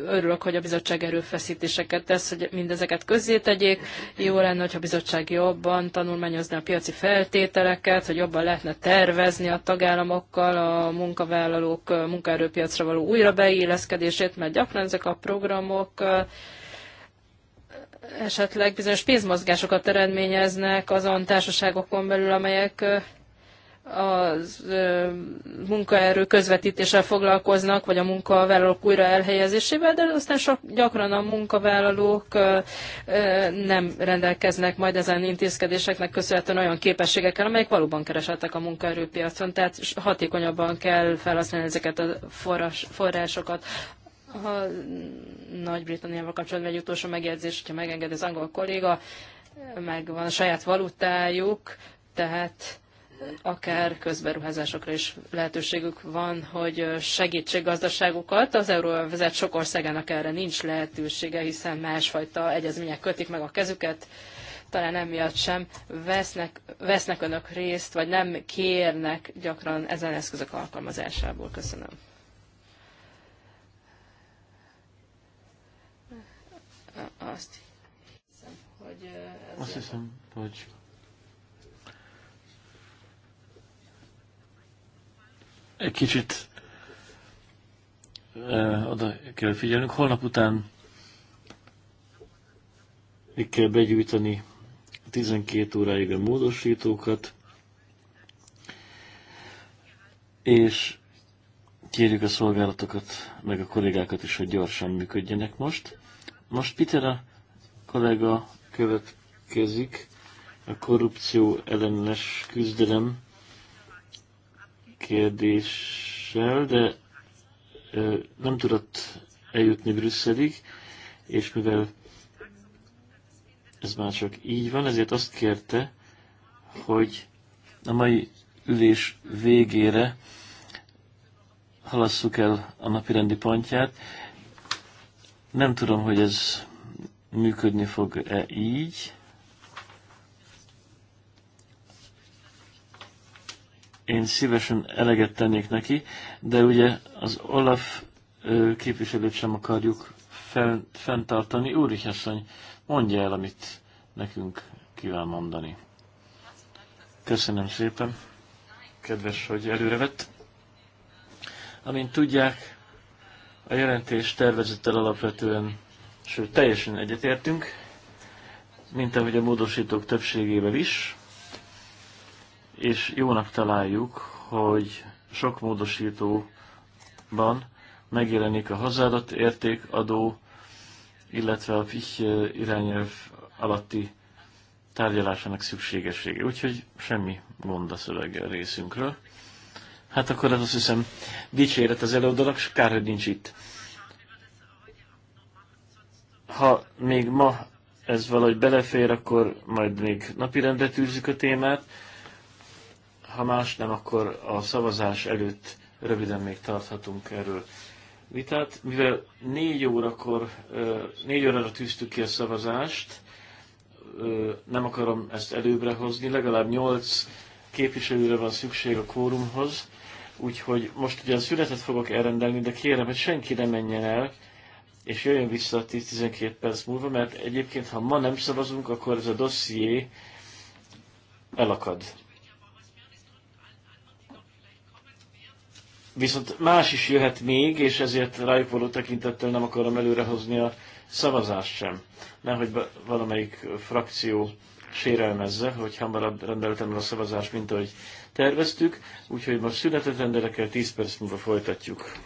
örülök, hogy a bizottság erőfeszítéseket tesz, hogy mindezeket közzé tegyék. Jó lenne, hogyha a bizottság jobban tanulmányozna a piaci feltételeket, hogy jobban lehetne tervezni a tagállamokkal a munkavállalók munkaerőpiacra való újra beilleszkedését, mert gyakran ezek a programok esetleg bizonyos pénzmozgásokat eredményeznek azon társaságokon belül, amelyek a munkaerő közvetítéssel foglalkoznak, vagy a munkavállalók újra elhelyezésével, de aztán sok, gyakran a munkavállalók nem rendelkeznek majd ezen intézkedéseknek köszönhetően olyan képességekkel, amelyek valóban keresettek a munkaerőpiacon, tehát hatékonyabban kell felhasználni ezeket a forrás, forrásokat. A Nagy-Britanniával kapcsolatban egy utolsó megjegyzés, hogyha megenged az angol kolléga, megvan a saját valutájuk, tehát akár közberuházásokra is lehetőségük van, hogy segítség gazdaságukat. Az euróvezet sok országának erre nincs lehetősége, hiszen másfajta egyezmények kötik meg a kezüket, talán emiatt sem vesznek, vesznek önök részt, vagy nem kérnek gyakran ezen eszközök alkalmazásából. Köszönöm. azt hiszem, hogy ez Azt hiszem, hogy egy kicsit oda kell figyelnünk. Holnap után még kell begyűjteni 12 óráig a módosítókat, és kérjük a szolgálatokat, meg a kollégákat is, hogy gyorsan működjenek most. Most Peter a kollega következik a korrupció ellenes küzdelem kérdéssel, de ö, nem tudott eljutni Brüsszelig, és mivel ez már csak így van, ezért azt kérte, hogy a mai ülés végére halasszuk el a napirendi pontját. Nem tudom, hogy ez működni fog-e így. Én szívesen eleget tennék neki, de ugye az Olaf képviselőt sem akarjuk fel, fenntartani. úr asszony, mondja el, amit nekünk kíván mondani. Köszönöm szépen, kedves, hogy előrevett. Amint tudják, a jelentés tervezettel alapvetően, sőt teljesen egyetértünk, mint ahogy a módosítók többségével is, és jónak találjuk, hogy sok módosítóban megjelenik a hozzáadott értékadó, illetve a PIH irányelv alatti tárgyalásának szükségessége. Úgyhogy semmi gond a szöveggel részünkről. Hát akkor az azt hiszem dicséret az előadónak, és kár, hogy nincs itt. Ha még ma ez valahogy belefér, akkor majd még napirendre tűzzük a témát. Ha más nem, akkor a szavazás előtt röviden még tarthatunk erről vitát. Mivel négy órakor, négy órára tűztük ki a szavazást, nem akarom ezt előbbre hozni, legalább nyolc képviselőre van szükség a kórumhoz, úgyhogy most ugye a szünetet fogok elrendelni, de kérem, hogy senki ne menjen el, és jöjjön vissza 10-12 perc múlva, mert egyébként, ha ma nem szavazunk, akkor ez a dosszié elakad. Viszont más is jöhet még, és ezért rájuk való tekintettel nem akarom előrehozni a szavazást sem. Nehogy valamelyik frakció sérelmezze, hogy hamarabb rendeltem a szavazás, mint ahogy terveztük, úgyhogy most szünetet rendelek el, 10 perc múlva folytatjuk.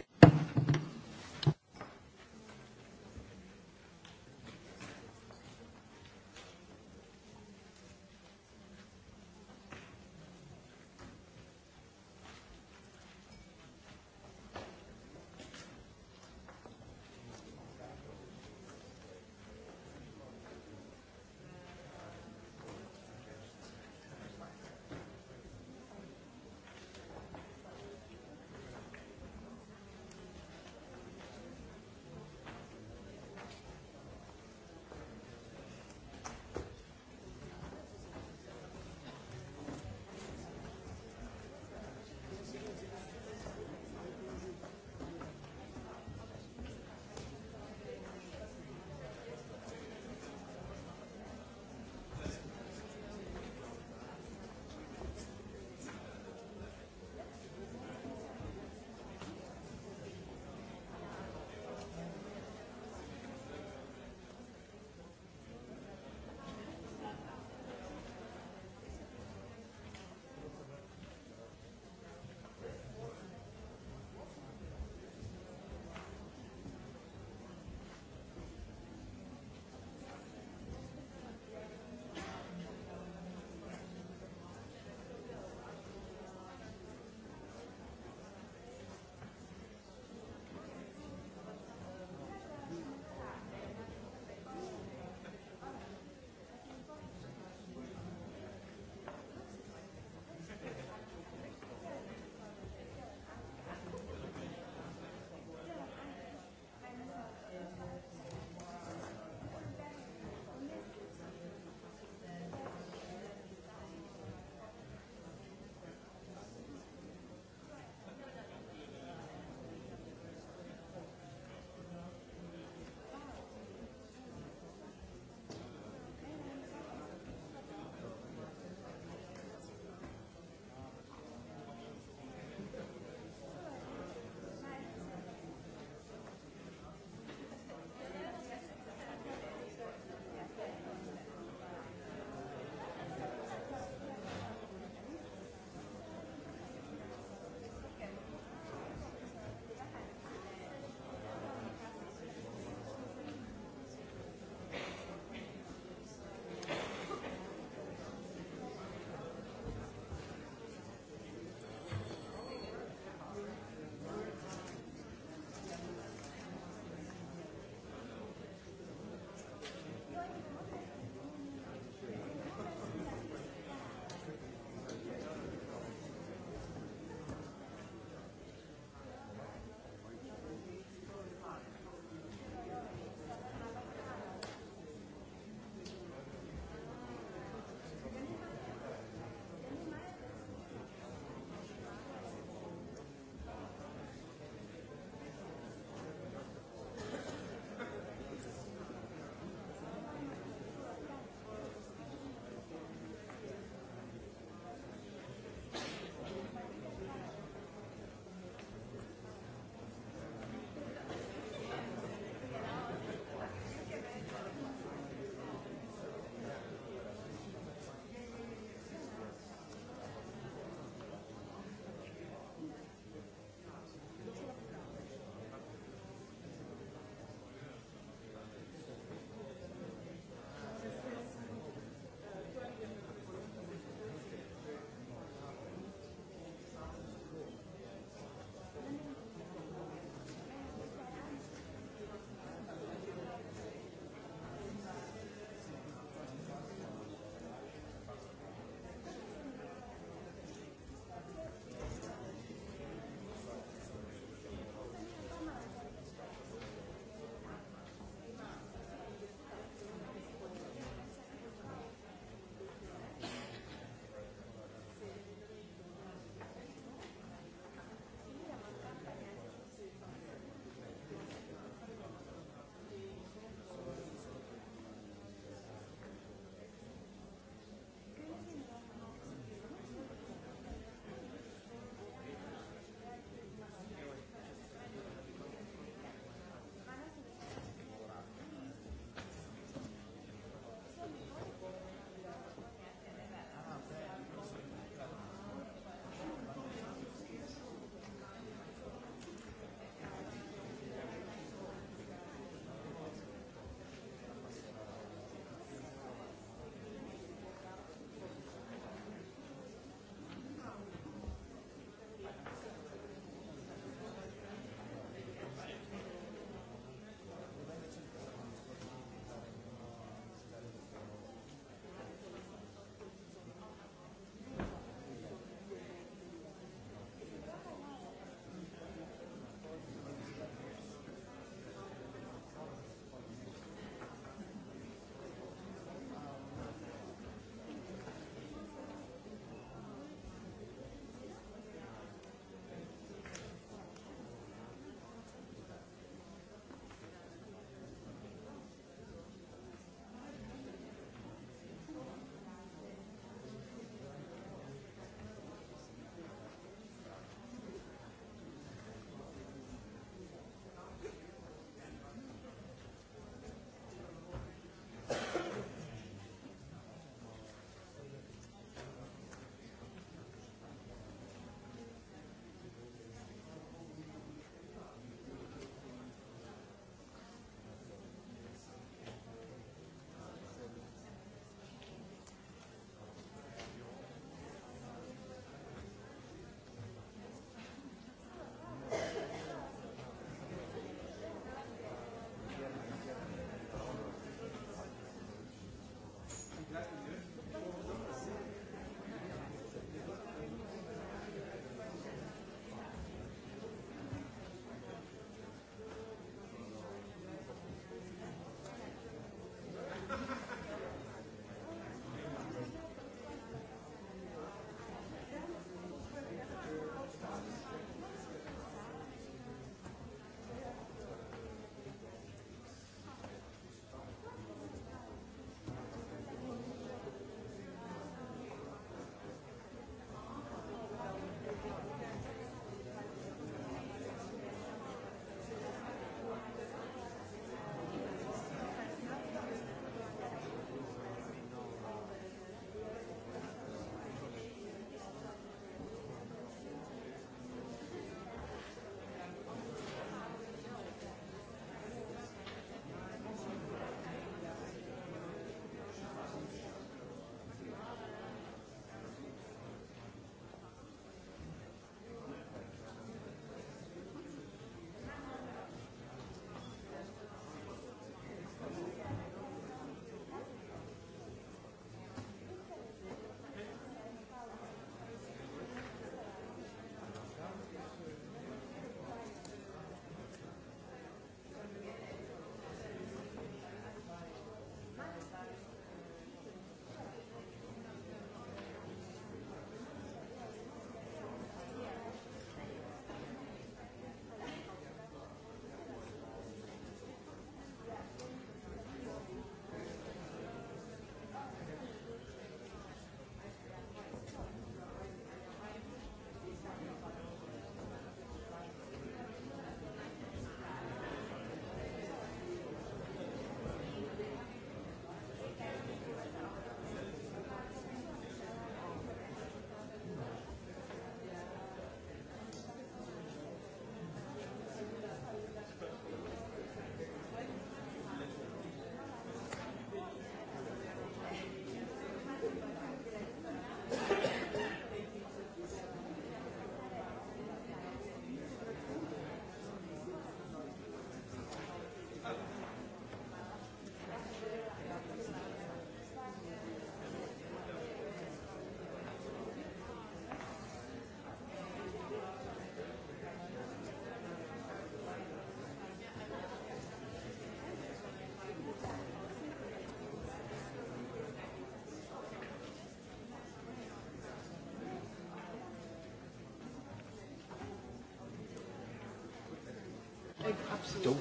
Ah, this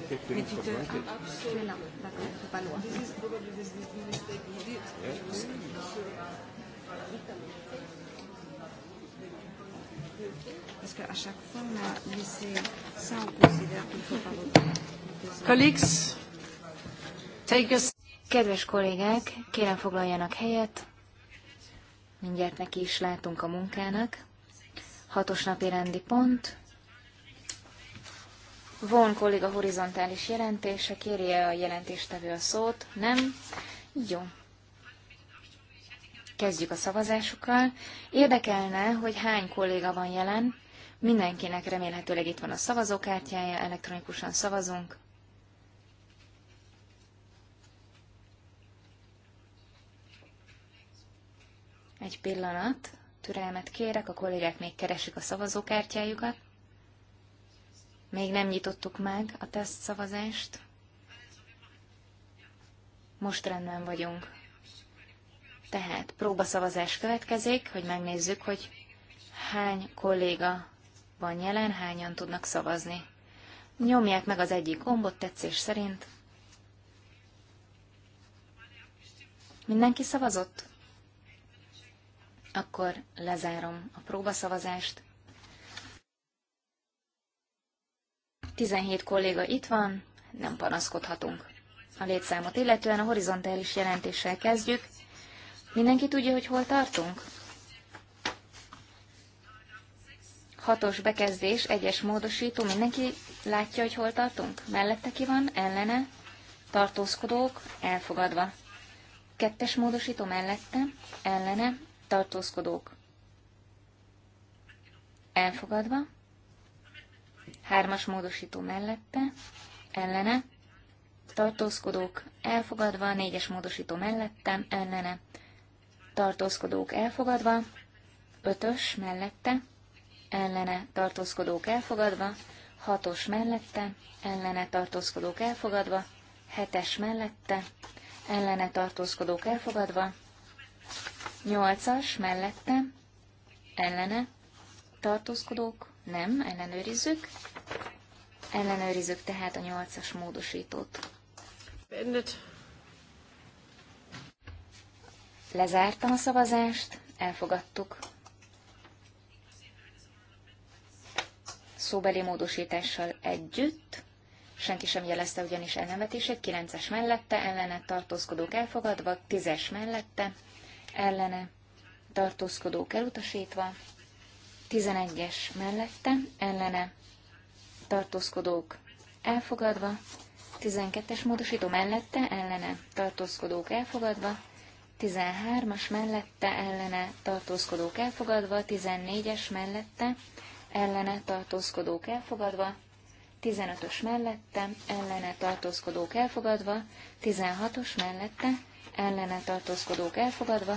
is probably mistake did. Yes. Parce qu'à chaque fois, on a laissé ça, considère qu'il ne faut pas voter. Colleagues, take us. Kedves kollégák, kérem foglaljanak helyet. Mindjárt neki is látunk a munkának. Hatos napi rendi pont. Von kolléga horizontális jelentése, kérje a jelentéstevő a szót? Nem? Jó. Kezdjük a szavazásokkal. Érdekelne, hogy hány kolléga van jelen. Mindenkinek remélhetőleg itt van a szavazókártyája, elektronikusan szavazunk. Egy pillanat, türelmet kérek, a kollégák még keresik a szavazókártyájukat. Még nem nyitottuk meg a szavazást. Most rendben vagyunk. Tehát próbaszavazás következik, hogy megnézzük, hogy hány kolléga van jelen, hányan tudnak szavazni. Nyomják meg az egyik gombot tetszés szerint. Mindenki szavazott? Akkor lezárom a próbaszavazást. 17 kolléga itt van, nem panaszkodhatunk. A létszámot illetően a horizontális jelentéssel kezdjük. Mindenki tudja, hogy hol tartunk? Hatos bekezdés, egyes módosító, mindenki látja, hogy hol tartunk? Mellette ki van, ellene, tartózkodók, elfogadva. Kettes módosító mellette, ellene, tartózkodók, elfogadva. Hármas módosító mellette, ellene, tartózkodók elfogadva, négyes módosító mellettem, ellene, tartózkodók elfogadva, ötös mellette, ellene, tartózkodók elfogadva, hatos mellette, ellene, tartózkodók elfogadva, hetes mellette, ellene, tartózkodók elfogadva, nyolcas mellette, ellene, tartózkodók nem, ellenőrizzük. Ellenőrizzük tehát a nyolcas módosítót. Beendet. Lezártam a szavazást, elfogadtuk. Szóbeli módosítással együtt, senki sem jelezte ugyanis ellenvetését, 9-es mellette, ellene tartózkodók elfogadva, 10-es mellette, ellene tartózkodók elutasítva, 11-es mellette, ellene tartózkodók elfogadva, 12-es módosító mellette, ellene tartózkodók elfogadva, 13-as mellette, ellene tartózkodók elfogadva, 14-es mellette, ellene tartózkodók elfogadva, 15-ös mellette, ellene tartózkodók elfogadva, 16-os mellette, ellene tartózkodók elfogadva,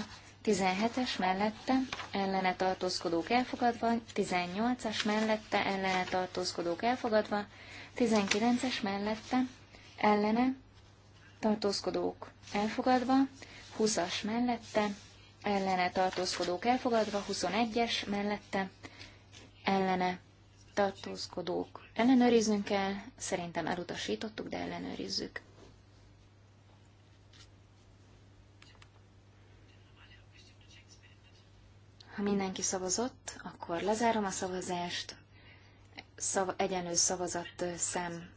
17-es mellette ellene tartózkodók elfogadva, 18-as mellette ellene tartózkodók elfogadva, 19-es mellette ellene tartózkodók elfogadva, 20-as mellette ellene tartózkodók elfogadva, 21-es mellette ellene tartózkodók ellenőriznünk kell, szerintem elutasítottuk, de ellenőrizzük. Ha mindenki szavazott, akkor lezárom a szavazást. Szav egyenlő szavazat szem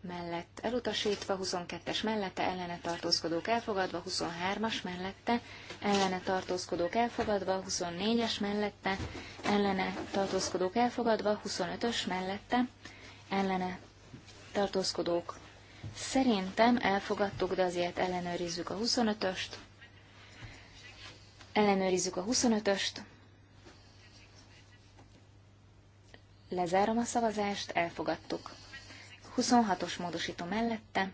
mellett elutasítva, 22-es mellette ellene tartózkodók elfogadva, 23-as mellette ellene tartózkodók elfogadva, 24-es mellette ellene tartózkodók elfogadva, 25-ös mellette ellene tartózkodók. Szerintem elfogadtuk, de azért ellenőrizzük a 25-öst. Ellenőrizzük a 25-öst. Lezárom a szavazást, elfogadtuk. 26-os módosító mellette,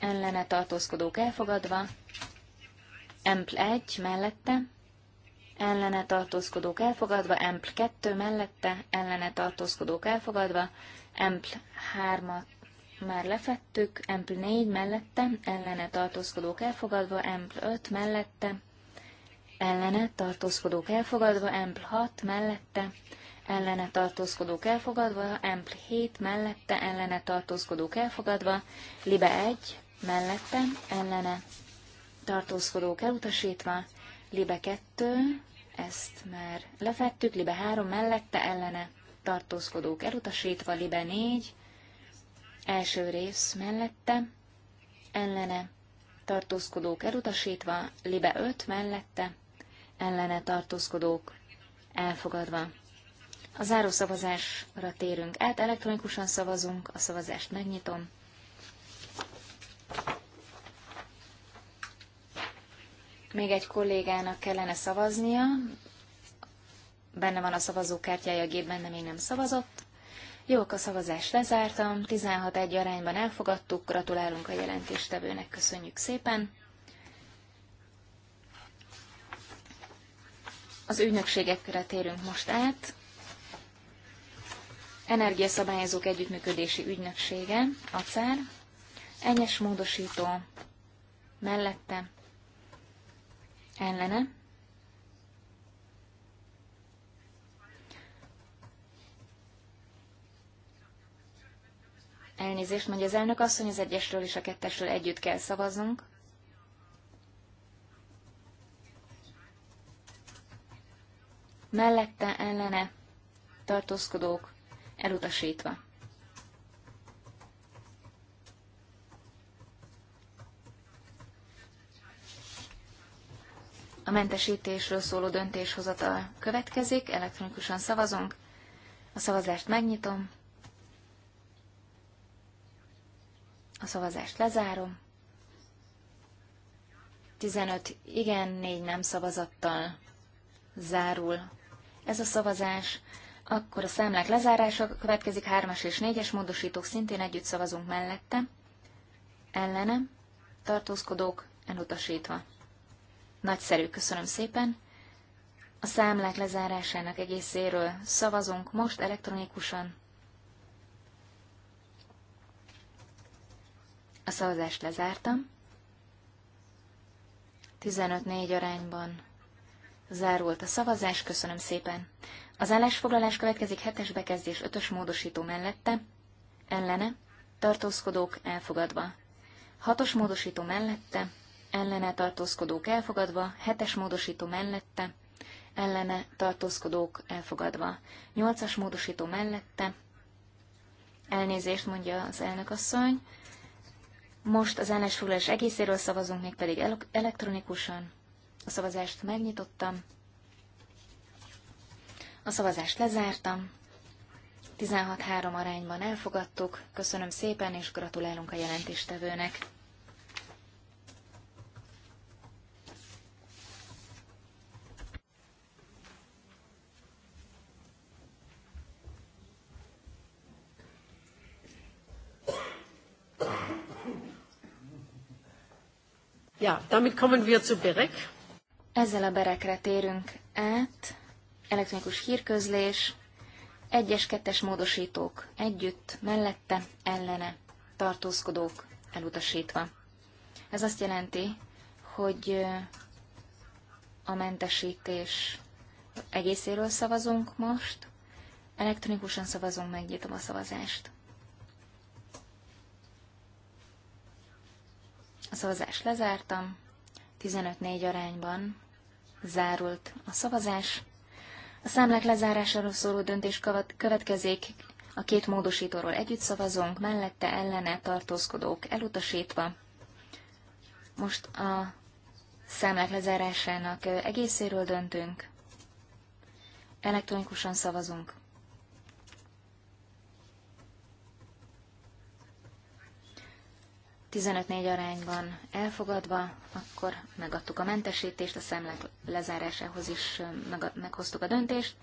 ellene tartózkodók elfogadva, Empl 1 mellette, ellene tartózkodók elfogadva, Empl 2 mellette, ellene tartózkodók elfogadva, Empl 3 már lefettük, Empl 4 mellette, ellene tartózkodók elfogadva, Empl 5 mellette, ellene tartózkodók elfogadva, Empl 6 mellette, ellene tartózkodók elfogadva, Empl 7 mellette, ellene tartózkodók elfogadva, Libe 1 mellette, ellene tartózkodók elutasítva, Libe 2, ezt már lefettük, Libe 3 mellette, ellene tartózkodók elutasítva, Libe 4, első rész mellette, ellene tartózkodók elutasítva, Libe 5 mellette, ellene tartózkodók elfogadva. A záró szavazásra térünk át, elektronikusan szavazunk, a szavazást megnyitom. Még egy kollégának kellene szavaznia, benne van a szavazókártyája a gépben, de még nem szavazott. Jó, a szavazást lezártam, 16-1 arányban elfogadtuk, gratulálunk a jelentéstevőnek, köszönjük szépen! Az ügynökségekre térünk most át. Energiaszabályozók együttműködési ügynöksége, ACER, enyes módosító mellette, ellene. Elnézést mondja az elnök asszony, az egyesről és a kettesről együtt kell szavaznunk. mellette ellene tartózkodók elutasítva. A mentesítésről szóló döntéshozatal következik, elektronikusan szavazunk. A szavazást megnyitom. A szavazást lezárom. 15 igen, 4 nem szavazattal zárul ez a szavazás. Akkor a számlák lezárása következik, hármas és négyes módosítók szintén együtt szavazunk mellette, ellene, tartózkodók elutasítva. Nagyszerű, köszönöm szépen. A számlák lezárásának egészéről szavazunk most elektronikusan. A szavazást lezártam. 15-4 arányban Zárult a szavazás, köszönöm szépen. Az állásfoglalás következik hetes bekezdés ötös módosító mellette, ellene, tartózkodók elfogadva. Hatos módosító mellette, ellene tartózkodók elfogadva, hetes módosító mellette, ellene tartózkodók elfogadva. Nyolcas módosító mellette, elnézést mondja az elnökasszony, most az állásfoglalás egészéről szavazunk, mégpedig elektronikusan. A szavazást megnyitottam. A szavazást lezártam. 16-3 arányban elfogadtuk. Köszönöm szépen, és gratulálunk a jelentéstevőnek. Ja, damit kommen wir zu Berek. Ezzel a berekre térünk át. Elektronikus hírközlés, egyes, kettes módosítók együtt, mellette, ellene, tartózkodók elutasítva. Ez azt jelenti, hogy a mentesítés egészéről szavazunk most, elektronikusan szavazunk, megnyitom a szavazást. A szavazást lezártam, 15-4 arányban Zárult a szavazás. A számlák lezárásáról szóló döntés következik. A két módosítóról együtt szavazunk, mellette ellene tartózkodók elutasítva. Most a számlák lezárásának egészéről döntünk. Elektronikusan szavazunk. 15-4 arányban elfogadva, akkor megadtuk a mentesítést, a számlák lezárásához is meghoztuk a döntést.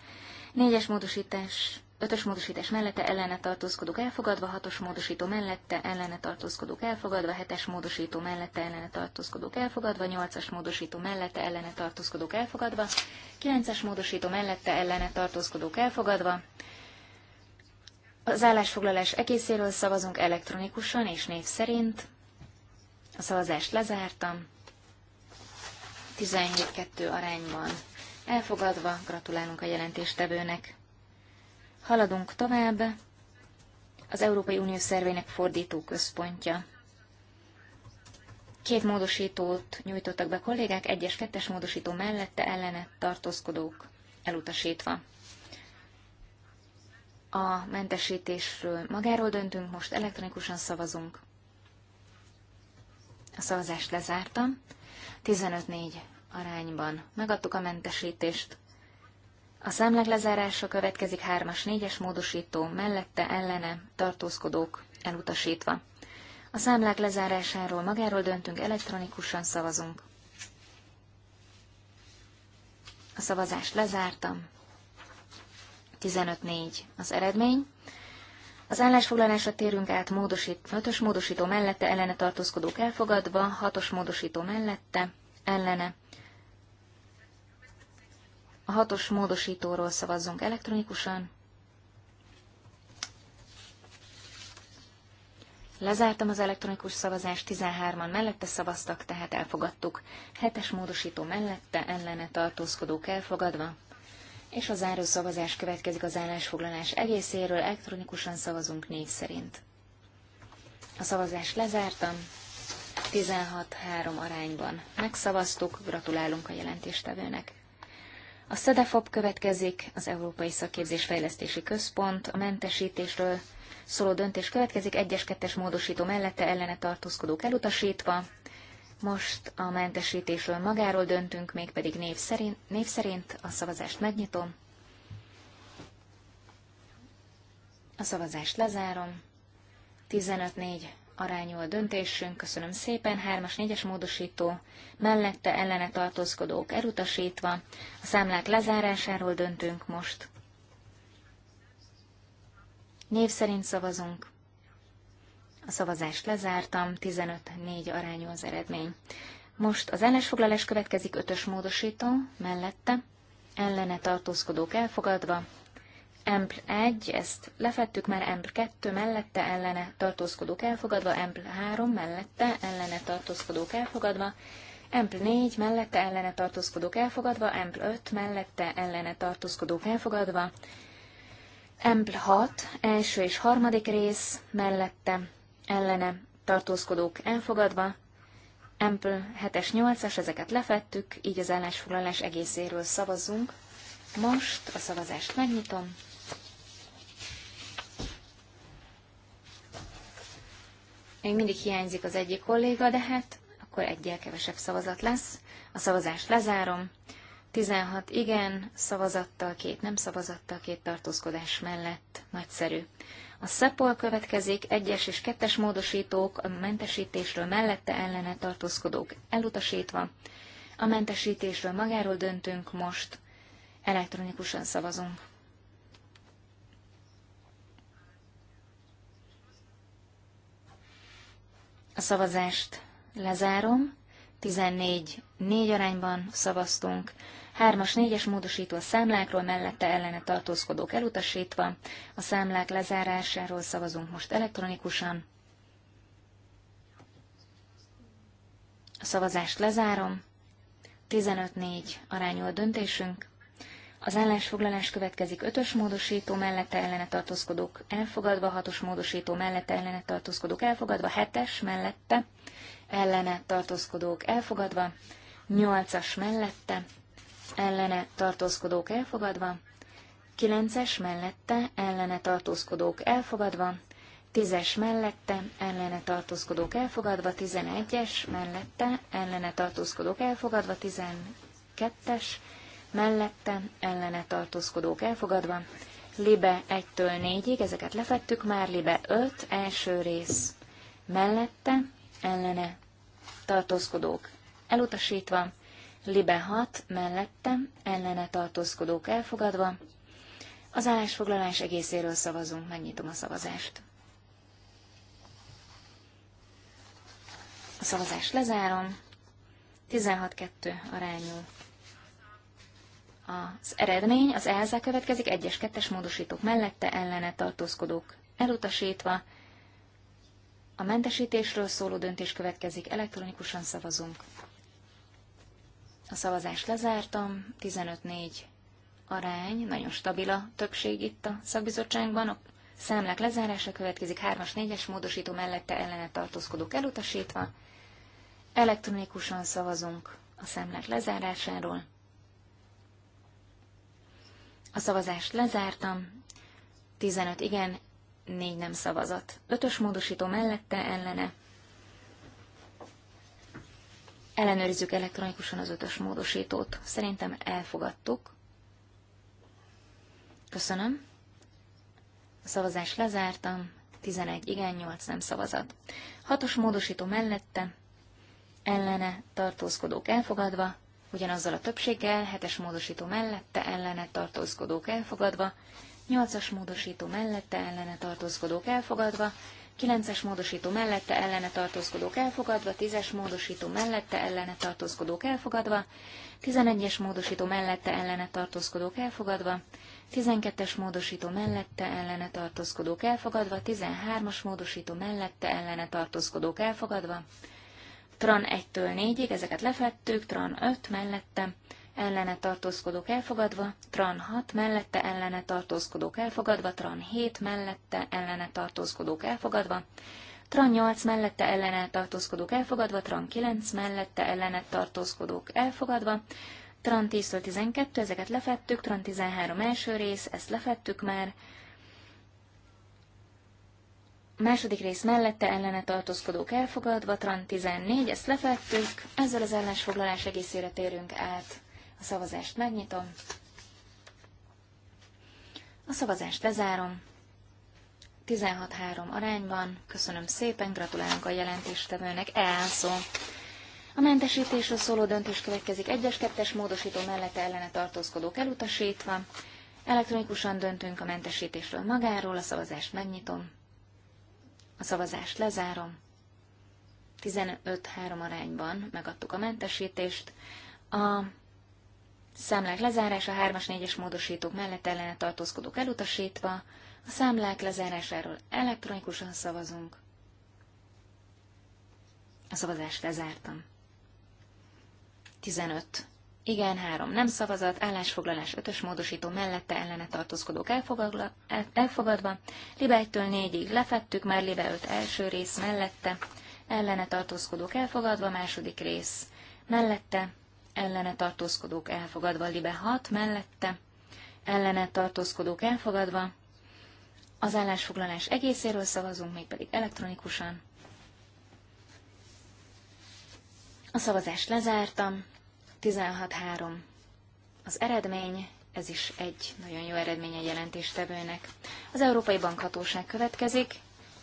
4-es módosítás, 5-ös módosítás mellette ellene tartózkodók elfogadva, 6-os módosító mellette ellene tartózkodók elfogadva, 7-es módosító mellette ellene tartózkodók elfogadva, 8-as módosító mellette ellene tartózkodók elfogadva, 9-es módosító mellette ellene tartózkodók elfogadva, az állásfoglalás egészéről szavazunk elektronikusan és név szerint. A szavazást lezártam. 17-2 arányban elfogadva, gratulálunk a jelentéstevőnek. Haladunk tovább. Az Európai Unió szervének fordító központja. Két módosítót nyújtottak be kollégák, egyes kettes módosító mellette ellene tartózkodók elutasítva. A mentesítésről magáról döntünk, most elektronikusan szavazunk. A szavazást lezártam. 15-4 arányban megadtuk a mentesítést. A számleg lezárása következik 3-as, 4-es módosító, mellette, ellene, tartózkodók elutasítva. A számlák lezárásáról magáról döntünk, elektronikusan szavazunk. A szavazást lezártam. 15-4 az eredmény. Az állásfoglalásra térünk át módosít, 5-ös módosító mellette, ellene tartózkodók elfogadva, 6-os módosító mellette, ellene. A 6-os módosítóról szavazzunk elektronikusan. Lezártam az elektronikus szavazást, 13-an mellette szavaztak, tehát elfogadtuk. 7-es módosító mellette, ellene tartózkodók elfogadva, és a záró szavazás következik az állásfoglalás egészéről, elektronikusan szavazunk név szerint. A szavazást lezártam, 16-3 arányban megszavaztuk, gratulálunk a jelentéstevőnek. A SZEDEFOP következik, az Európai Szakképzés Fejlesztési Központ, a mentesítésről szóló döntés következik, egyes-kettes módosító mellette ellene tartózkodók elutasítva, most a mentesítésről magáról döntünk, mégpedig név szerint, név szerint a szavazást megnyitom. A szavazást lezárom. 15-4 arányú a döntésünk, köszönöm szépen, 3-as, 4-es módosító, mellette ellene tartózkodók elutasítva, a számlák lezárásáról döntünk most. Név szerint szavazunk. A szavazást lezártam, 15-4 arányú az eredmény. Most az ellensfoglalás következik ötös módosító, mellette, ellene tartózkodók elfogadva, Empl 1, ezt lefettük már, Empl 2 mellette, ellene tartózkodók elfogadva, Empl 3 mellette, ellene tartózkodók elfogadva, Empl 4 mellette, ellene tartózkodók elfogadva, Empl 5 mellette, ellene tartózkodók elfogadva, Empl 6, első és harmadik rész mellette, ellene tartózkodók elfogadva, Empl 7-es, 8-as, ezeket lefettük, így az állásfoglalás egészéről szavazzunk. Most a szavazást megnyitom. Még mindig hiányzik az egyik kolléga, de hát akkor egyel kevesebb szavazat lesz. A szavazást lezárom. 16 igen szavazattal, két nem szavazattal, két tartózkodás mellett. Nagyszerű. A SEPOL következik, egyes és kettes módosítók, a mentesítésről mellette ellene tartózkodók elutasítva. A mentesítésről magáról döntünk most, elektronikusan szavazunk. A szavazást lezárom. 14 négy arányban szavaztunk, Hármas, négyes módosító a számlákról, mellette ellene tartózkodók elutasítva. A számlák lezárásáról szavazunk most elektronikusan. A szavazást lezárom. 15-4 arányú a döntésünk. Az állásfoglalás következik ötös módosító mellette ellene tartózkodók elfogadva, hatos módosító mellette ellene tartózkodók elfogadva, hetes mellette ellene tartózkodók elfogadva, nyolcas mellette ellene tartózkodók elfogadva, 9-es mellette ellene tartózkodók elfogadva, 10-es mellette ellene tartózkodók elfogadva, 11-es mellette ellene tartózkodók elfogadva, 12-es mellette ellene tartózkodók elfogadva, Libe 1-től 4-ig, ezeket lefettük már, Libe 5, első rész mellette ellene tartózkodók elutasítva, Libe 6 mellette ellene tartózkodók elfogadva. Az állásfoglalás egészéről szavazunk, megnyitom a szavazást. A szavazást lezárom. 16-2 arányú az eredmény. Az ELSA következik, egyes kettes módosítók mellette ellene tartózkodók elutasítva. A mentesítésről szóló döntés következik, elektronikusan szavazunk. A szavazást lezártam, 15-4 arány, nagyon stabil a többség itt a szakbizottságban. A számlák lezárása következik 3-as, 4-es módosító mellette ellene tartózkodók elutasítva. Elektronikusan szavazunk a számlák lezárásáról. A szavazást lezártam, 15 igen, 4 nem szavazat. Ötös módosító mellette ellene Ellenőrizzük elektronikusan az ötös módosítót. Szerintem elfogadtuk. Köszönöm. A szavazás lezártam. 11 igen, 8 nem szavazat. Hatos módosító mellette, ellene tartózkodók elfogadva, ugyanazzal a többséggel, hetes módosító mellette, ellene tartózkodók elfogadva, nyolcas módosító mellette, ellene tartózkodók elfogadva, 9-es módosító mellette ellene tartózkodók elfogadva, 10-es módosító mellette ellene tartózkodók elfogadva, 11-es módosító mellette ellene tartózkodók elfogadva, 12-es módosító mellette ellene tartózkodók elfogadva, 13-as módosító mellette ellene tartózkodók elfogadva, Tran 1-től 4-ig, ezeket lefettük, Tran 5 mellette, ellene tartózkodók elfogadva, tran 6 mellette ellene tartózkodók elfogadva, tran 7 mellette ellene tartózkodók elfogadva, tran 8 mellette ellene tartózkodók elfogadva, tran 9 mellette ellene tartózkodók elfogadva, tran 10-től 12, ezeket lefettük, tran 13 első rész, ezt lefettük már, Második rész mellette ellene tartózkodók elfogadva, Tran 14, ezt lefettük, ezzel az ellensfoglalás egészére térünk át. A szavazást megnyitom. A szavazást lezárom. 16-3 arányban. Köszönöm szépen, gratulálunk a jelentéstevőnek. Elszó. A mentesítésről szóló döntés következik. Egyes kettes módosító mellette ellene tartózkodók elutasítva. Elektronikusan döntünk a mentesítésről magáról. A szavazást megnyitom. A szavazást lezárom. 15-3 arányban megadtuk a mentesítést. A Számlák lezárása 3-as, 4-es módosítók mellett ellene tartózkodók elutasítva. A számlák lezárásáról elektronikusan szavazunk. A szavazást lezártam. 15. Igen, 3. Nem szavazat, állásfoglalás 5-ös módosító mellette ellene tartózkodók elfogadva. Libe 1-től 4-ig lefettük, már Libe 5 első rész mellette. Ellene tartózkodók elfogadva, második rész mellette ellene tartózkodók elfogadva, libe 6 mellette, ellene tartózkodók elfogadva. Az állásfoglalás egészéről szavazunk, mégpedig elektronikusan. A szavazást lezártam, 16-3. Az eredmény, ez is egy nagyon jó eredmény a jelentéstevőnek. Az Európai Bankhatóság következik,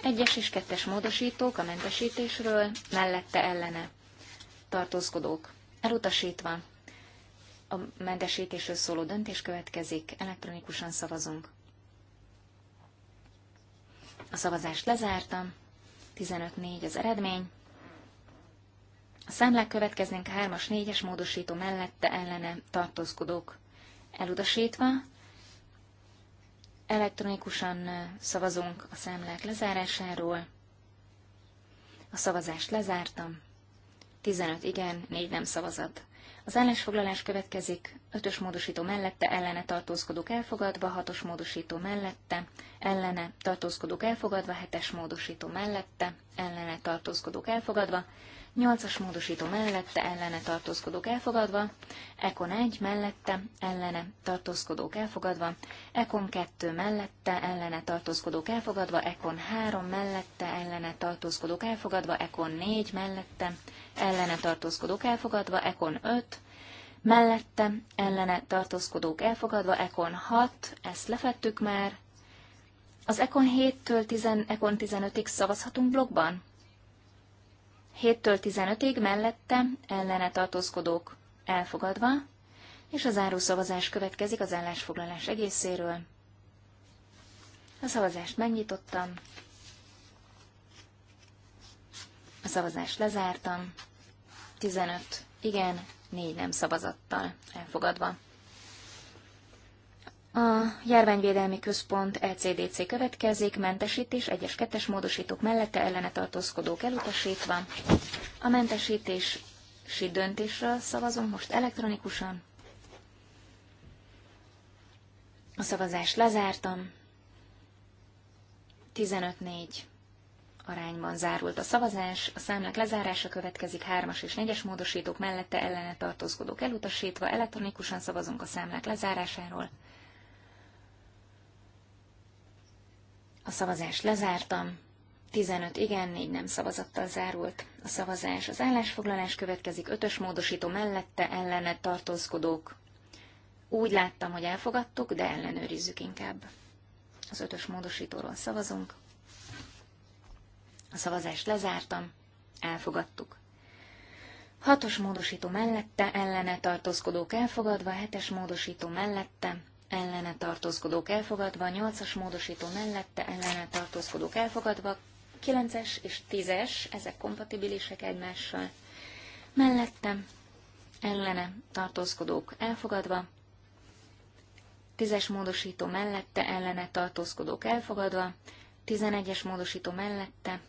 egyes és kettes módosítók a mentesítésről, mellette ellene tartózkodók Elutasítva. A mentesítésről szóló döntés következik, elektronikusan szavazunk. A szavazást lezártam, 15-4 az eredmény. A számlák következnénk 3-as, 4-es módosító mellette ellene tartózkodók elutasítva. Elektronikusan szavazunk a számlák lezárásáról. A szavazást lezártam. 15 igen, 4 nem szavazat. Az állásfoglalás következik, 5-ös módosító mellette, ellene tartózkodók elfogadva, 6-os módosító mellette, ellene tartózkodók elfogadva, 7-es módosító mellette, ellene tartózkodók elfogadva, 8-as módosító mellette, ellene tartózkodók elfogadva, Ekon 1 mellette, ellene tartózkodók elfogadva, Ekon 2 mellette, ellene tartózkodók elfogadva, Ekon 3 mellette, ellene tartózkodók elfogadva, Ekon 4 mellette, ellene tartózkodók elfogadva, Ekon 5, mellette ellene tartózkodók elfogadva, Ekon 6, ezt lefettük már. Az Ekon 7-től 10, Ekon 15-ig szavazhatunk blogban? 7-től 15-ig mellette ellene tartózkodók elfogadva, és a záró szavazás következik az állásfoglalás egészéről. A szavazást megnyitottam szavazást lezártam. 15 igen, 4 nem szavazattal elfogadva. A járványvédelmi központ LCDC e következik, mentesítés, egyes kettes módosítók mellette ellene tartózkodók elutasítva. A mentesítési döntésről szavazunk most elektronikusan. A szavazást lezártam. 15-4 arányban zárult a szavazás, a számlák lezárása következik, hármas és négyes módosítók mellette ellene tartózkodók elutasítva, elektronikusan szavazunk a számlák lezárásáról. A szavazást lezártam, 15 igen, 4 nem szavazattal zárult. A szavazás az állásfoglalás következik, ötös módosító mellette ellene tartózkodók. Úgy láttam, hogy elfogadtuk, de ellenőrizzük inkább. Az ötös módosítóról szavazunk. A szavazást lezártam, elfogadtuk. Hatos módosító mellette, ellene tartózkodók elfogadva, hetes módosító mellette, ellene tartózkodók elfogadva, nyolcas módosító mellette, ellene tartózkodók elfogadva, kilences és tízes, ezek kompatibilisek egymással, mellette, ellene tartózkodók elfogadva, tízes módosító mellette, ellene tartózkodók elfogadva, tizenegyes módosító mellette,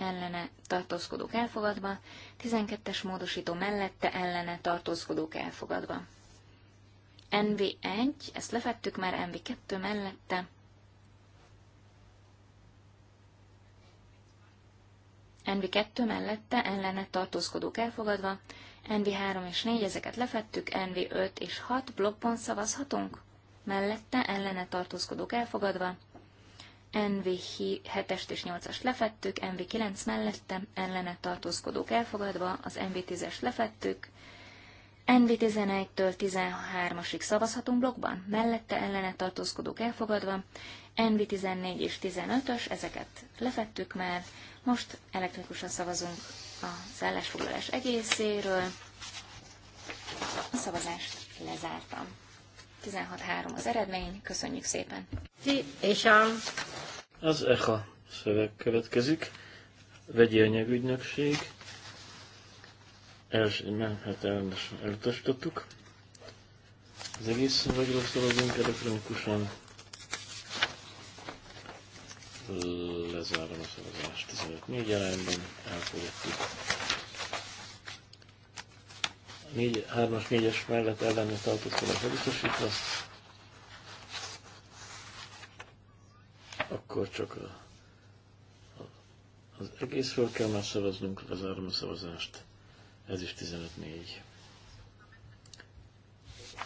ellene tartózkodók elfogadva, 12-es módosító mellette ellene tartózkodók elfogadva. NV1, ezt lefettük már, NV2 mellette, NV2 mellette ellene tartózkodók elfogadva, NV3 és 4, ezeket lefettük, NV5 és 6 blokkban szavazhatunk? Mellette ellene tartózkodók elfogadva, NV7-est és 8 as lefettük, NV9 mellette, ellene tartózkodók elfogadva, az NV10-es lefettük, NV11-től 13-asig szavazhatunk blokkban, mellette ellene tartózkodók elfogadva, NV14 és 15-ös, ezeket lefettük már, most elektronikusan szavazunk az állásfoglalás egészéről. A szavazást lezártam. 16-3 az eredmény. Köszönjük szépen. Ti és a... Az ECHA szöveg következik. Vegyi anyagügynökség. Els, nem, hát el, elutasítottuk. Az egész szövegről szavazunk elektronikusan. Lezárom a szavazást 15 4 arányban, elfogadtuk. 4, 3-as, 4-es mellett ellenő ellene tartózkodás felutasítva. akkor csak a, a, az egészről kell már szavaznunk, az a szavazást. Ez is 15-4.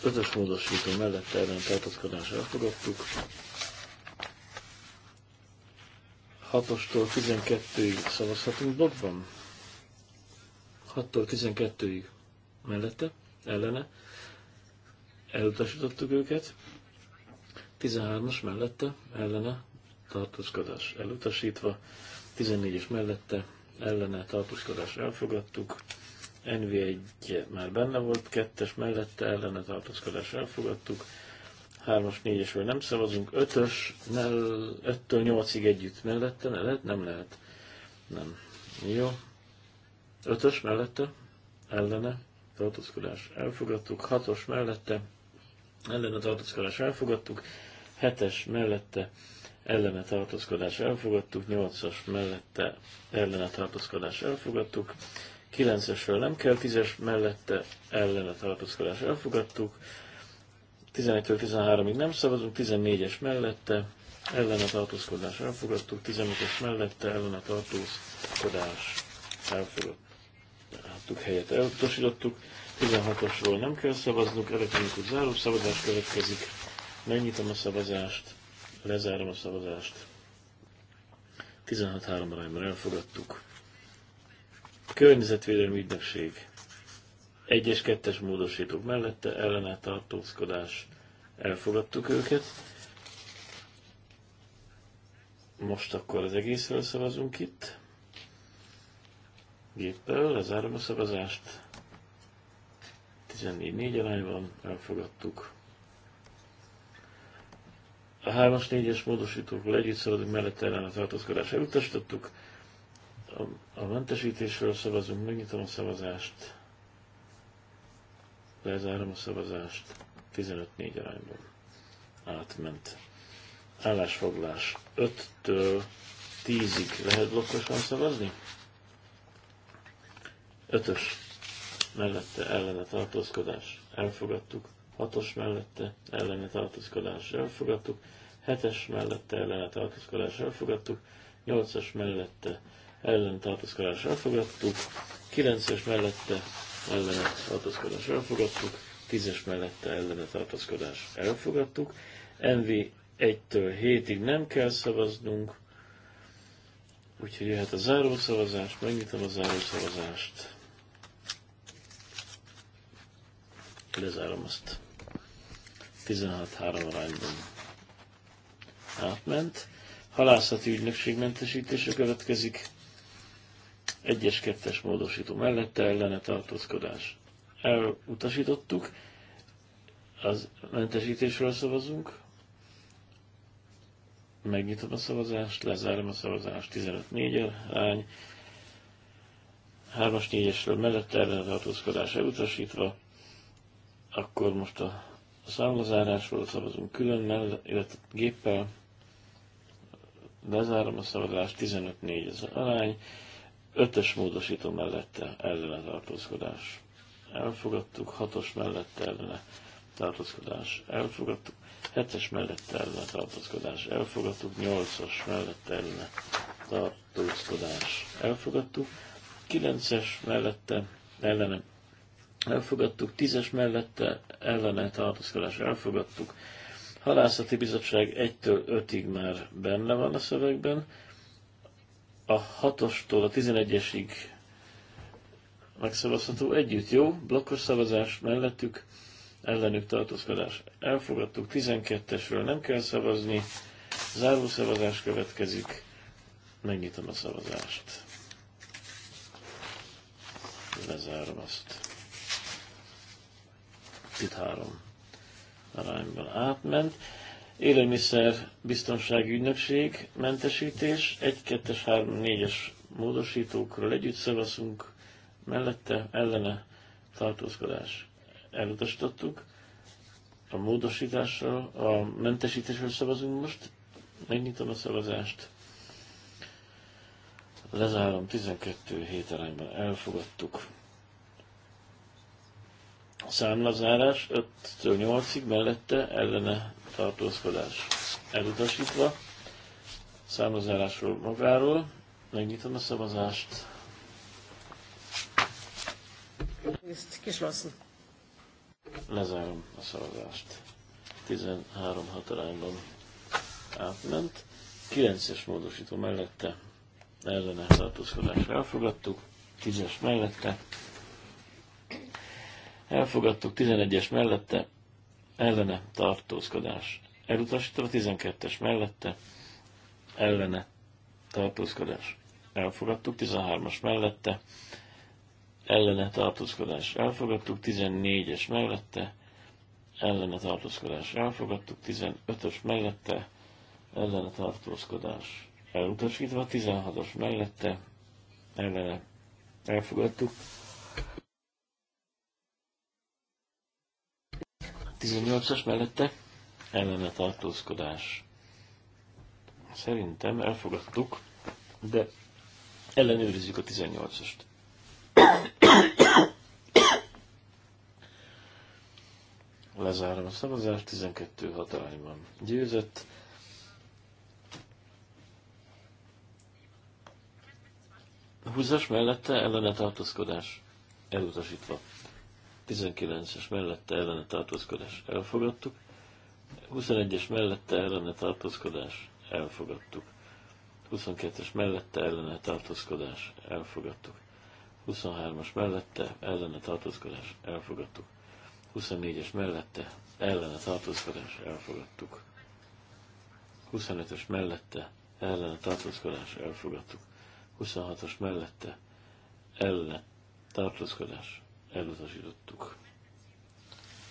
Ötös módosító mellett ellen tartózkodás elfogadtuk. 6-tól 12-ig szavazhatunk blogban? 6-tól 12-ig mellette, ellene, elutasítottuk őket, 13-as mellette, ellene, tartózkodás elutasítva, 14-es mellette, ellene, tartózkodás elfogadtuk, NV1 már benne volt, 2-es mellette, ellene, tartózkodás elfogadtuk, 3-as, 4-esről nem szavazunk, 5-ös, 5-től 8-ig együtt mellette, ne lehet, nem lehet, nem, jó, 5-ös mellette, ellene, tartózkodás elfogadtuk, hatos mellette ellene tartózkodás elfogadtuk, hetes mellette ellene tartózkodás elfogadtuk, nyolcas mellette ellene tartózkodás elfogadtuk, kilencesről nem kell, tízes mellette ellene tartózkodás elfogadtuk, 11-től 13-ig nem szavazunk, 14-es mellette ellene tartózkodás elfogadtuk, 15-es mellette ellene tartózkodás elfogadtuk adtuk helyet, elutasítottuk. 16-osról nem kell szavaznunk, elektronikus záró szavazás következik. Megnyitom a szavazást, lezárom a szavazást. 16-3 arányban elfogadtuk. Környezetvédelmi ügynökség. 1 és 2-es módosítók mellette ellene tartózkodás. Elfogadtuk őket. Most akkor az egészről szavazunk itt géppel, lezárom a szavazást. 14-4 van elfogadtuk. A 3-as, 4-es módosítókból együtt szavazunk, mellette ellen a tartózkodás elutasítottuk. A, a mentesítésről szavazunk, megnyitom a szavazást. Lezárom a szavazást. 15-4 arányban átment. Állásfoglás 5-től 10-ig lehet blokkosan szavazni? Ötös mellette ellene tartózkodás elfogadtuk. Hatos mellette ellene tartózkodás elfogadtuk. Hetes mellette ellene tartózkodás elfogadtuk. Nyolcas mellette ellene tartózkodás elfogadtuk. Kilences mellette ellene tartózkodás elfogadtuk. Tízes mellette ellene tartózkodás elfogadtuk. NV 1-től 7-ig nem kell szavaznunk, úgyhogy jöhet a zárószavazás, megnyitom a zárószavazást. Lezárom azt. 16-3 arányban átment. Halászati ügynökség mentesítése következik. 1-es, 2-es módosító mellette ellene tartózkodás. Elutasítottuk. Az mentesítésről szavazunk. Megnyitom a szavazást, lezárom a szavazást, 15-4 arány. 3-as, 4-esről mellette ellene tartózkodás elutasítva. Akkor most a számlazárásról szavazunk külön, illetve géppel bezárom a szavazást, 15-4 az arány, 5-ös módosító mellette ellene tartózkodás. Elfogadtuk, 6-os mellette ellene tartózkodás. Elfogadtuk, 7-es mellette ellene tartózkodás. Elfogadtuk, 8-os mellette ellene tartózkodás. Elfogadtuk, 9-es mellette ellene elfogadtuk, tízes mellette ellene tartózkodás elfogadtuk. Halászati Bizottság 1-től 5-ig már benne van a szövegben. A 6-ostól a 11-esig megszavazható együtt, jó? Blokkos szavazás mellettük, ellenük tartózkodás. Elfogadtuk, 12-esről nem kell szavazni, záró szavazás következik, megnyitom a szavazást. Lezárom azt. 2 arányban átment. Élelmiszer biztonsági ügynökség mentesítés, 1 2 3-4-es módosítókról együtt szavazunk, mellette ellene tartózkodás elutasítottuk. A módosításról, a mentesítésről szavazunk most. Megnyitom a szavazást. Lezárom 12 hét arányban. Elfogadtuk számlazárás 5 8-ig mellette ellene tartózkodás elutasítva. Számlazárásról magáról megnyitom a szavazást. Kislasszú. Lezárom a szavazást. 13 hatalányban átment. 9-es módosító mellette ellene tartózkodásra elfogadtuk. 10-es mellette Elfogadtuk 11-es mellette, ellene tartózkodás. Elutasítva 12-es mellette, ellene tartózkodás. Elfogadtuk 13-as mellette, ellene tartózkodás. Elfogadtuk 14-es mellette, ellene tartózkodás. Elfogadtuk 15-ös mellette, ellene tartózkodás. Elutasítva 16-os mellette, ellene elfogadtuk 18-as mellette ellene tartózkodás. Szerintem elfogadtuk, de ellenőrizzük a 18-ast. Lezárom a szavazást, 12 hatályban győzött. Húzás mellette ellene tartózkodás elutasítva. 19-es mellette ellene tartózkodás elfogadtuk, 21-es mellette ellene tartózkodás elfogadtuk, 22-es mellette ellene tartózkodás elfogadtuk, 23-as mellette ellene tartózkodás elfogadtuk, 24-es mellette ellene tartózkodás elfogadtuk, 25-ös mellette ellene tartózkodás elfogadtuk, 26-os mellette ellene tartózkodás elutasítottuk.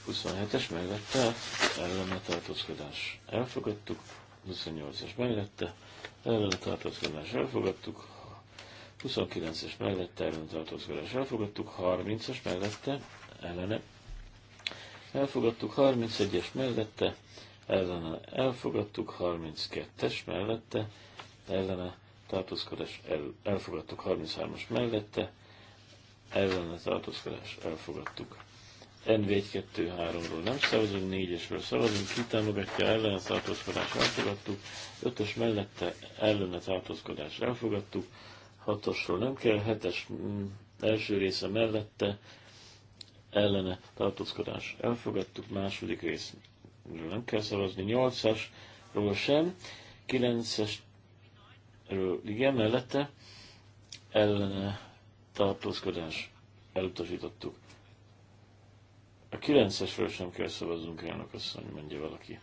27-es mellette ellene tartózkodás elfogadtuk, 28 es mellette ellene tartózkodás elfogadtuk, 29-es mellette ellene tartózkodás elfogadtuk, 30-as mellette ellene elfogadtuk, 31-es mellette ellene elfogadtuk, 32-es mellette ellene tartózkodás el, elfogadtuk, 33-as mellette a tartózkodás elfogadtuk. NV1-2-3-ról nem szavazunk, 4-esről szavazunk, ki támogatja a tartózkodás elfogadtuk, 5-ös mellette ellen a tartózkodás elfogadtuk, 6-osról nem kell, 7-es mm, első része mellette ellene tartózkodás elfogadtuk, második részről nem kell szavazni, 8-asról sem, 9-esről igen, mellette ellene tartózkodás, elutasítottuk. A kilencesről sem kell szavazzunk, elnök asszony, mondja valaki.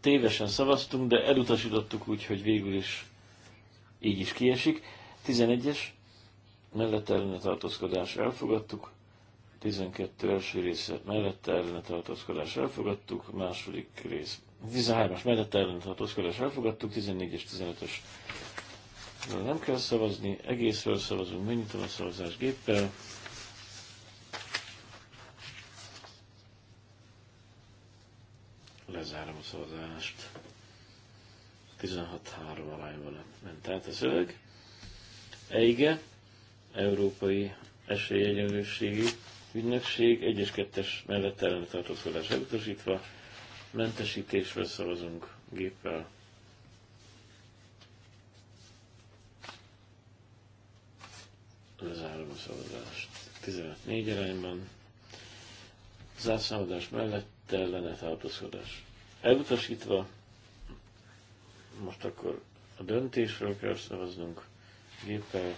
Tévesen szavaztunk, de elutasítottuk úgy, hogy végül is így is kiesik. 11-es mellett ellene tartózkodás elfogadtuk. 12 első része mellette ellene tartózkodás elfogadtuk, második rész 13-as mellette ellene tartózkodás elfogadtuk, 14 és 15-ös nem kell szavazni, egészről szavazunk, megnyitom a szavazás géppel. Lezárom a szavazást. 16-3 arányban ment át a szöveg. EIGE, Európai Esélyegyenlőségi ügynökség, 1 és 2-es mellett ellen tartózkodás elutasítva, mentesítésre szavazunk géppel. Lezárom a szavazást. 14 arányban. Zárszámadás mellett ellene tartózkodás elutasítva. Most akkor a döntésről kell szavaznunk géppel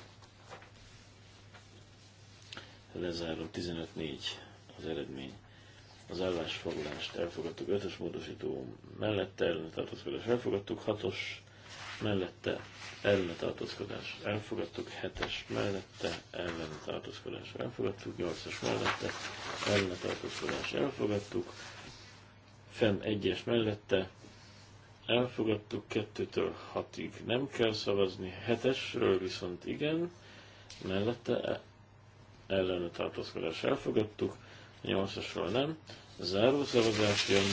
lezárom 15-4 az eredmény. Az állásfoglalást elfogadtuk 5-ös módosító mellette ellene tartózkodás elfogadtuk, 6-os mellette ellene tartózkodás elfogadtuk, 7-es mellette ellene tartózkodás elfogadtuk, 8-as mellette ellene tartózkodás elfogadtuk, FEM 1-es mellette elfogadtuk, 2-től 6-ig nem kell szavazni, 7-esről viszont igen, mellette ellenő tartózkodás elfogadtuk, 8-asról nem. Záró szavazás jön.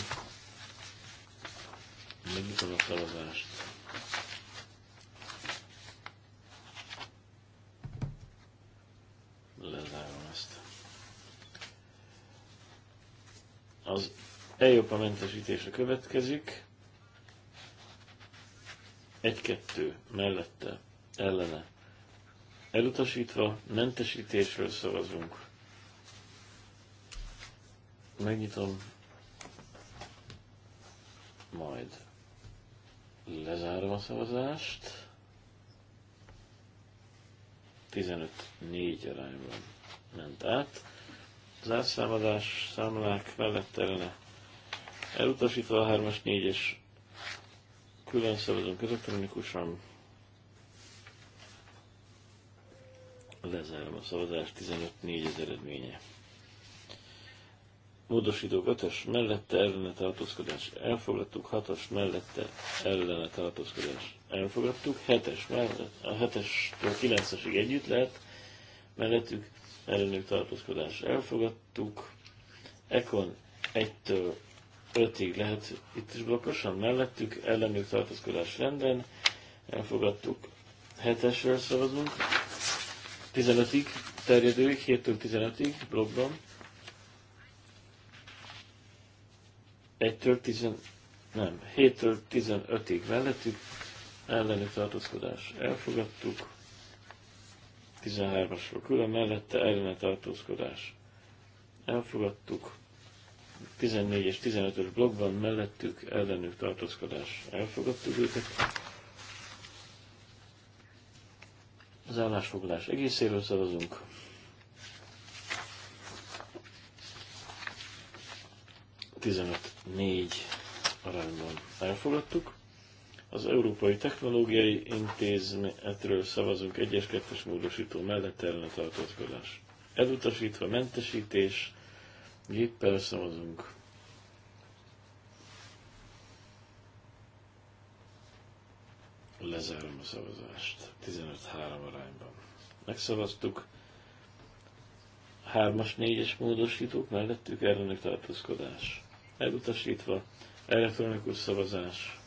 Megnyitom a szavazást. Lezárom ezt. Az Európa mentesítése következik. 1-2 mellette, ellene elutasítva, mentesítésről szavazunk. Megnyitom, majd lezárom a szavazást. 15-4 arányban ment át. Zárszámadás, számlák mellett ellene elutasítva a 3-as, 4-es külön szavazunk elektronikusan. Lezárom a szavazást, 15-4 az eredménye. Módosítók 5-ös mellette ellene tartózkodás elfogadtuk, 6-os mellette ellene tartózkodás elfogadtuk, 7-es mellette, a 7-estől 9-esig együtt lehet, mellettük ellenük tartózkodás elfogadtuk, Ekon 1-től 5-ig lehet itt is blokkosan, mellettük ellenük tartózkodás rendben, elfogadtuk, 7-esről szavazunk, 15-ig terjedő, 7-től 15-ig blogban. 1-től 10, nem, 7-től 15-ig mellettük, elleni tartózkodás elfogadtuk, 13-asról külön mellette elleni tartózkodás elfogadtuk, 14 és 15-ös blogban mellettük ellenük tartózkodás elfogadtuk őket, Az állásfoglalás egészéről szavazunk. Tizenöt négy arányban elfogadtuk. Az Európai Technológiai Intézetről szavazunk egyes kettes módosító mellett ellene tartózkodás. Elutasítva mentesítés, géppel szavazunk. Lezárom a szavazást. 15-3 arányban. Megszavaztuk. Hármas, négyes módosítók mellettük ellenük tartózkodás. Elutasítva elektronikus szavazás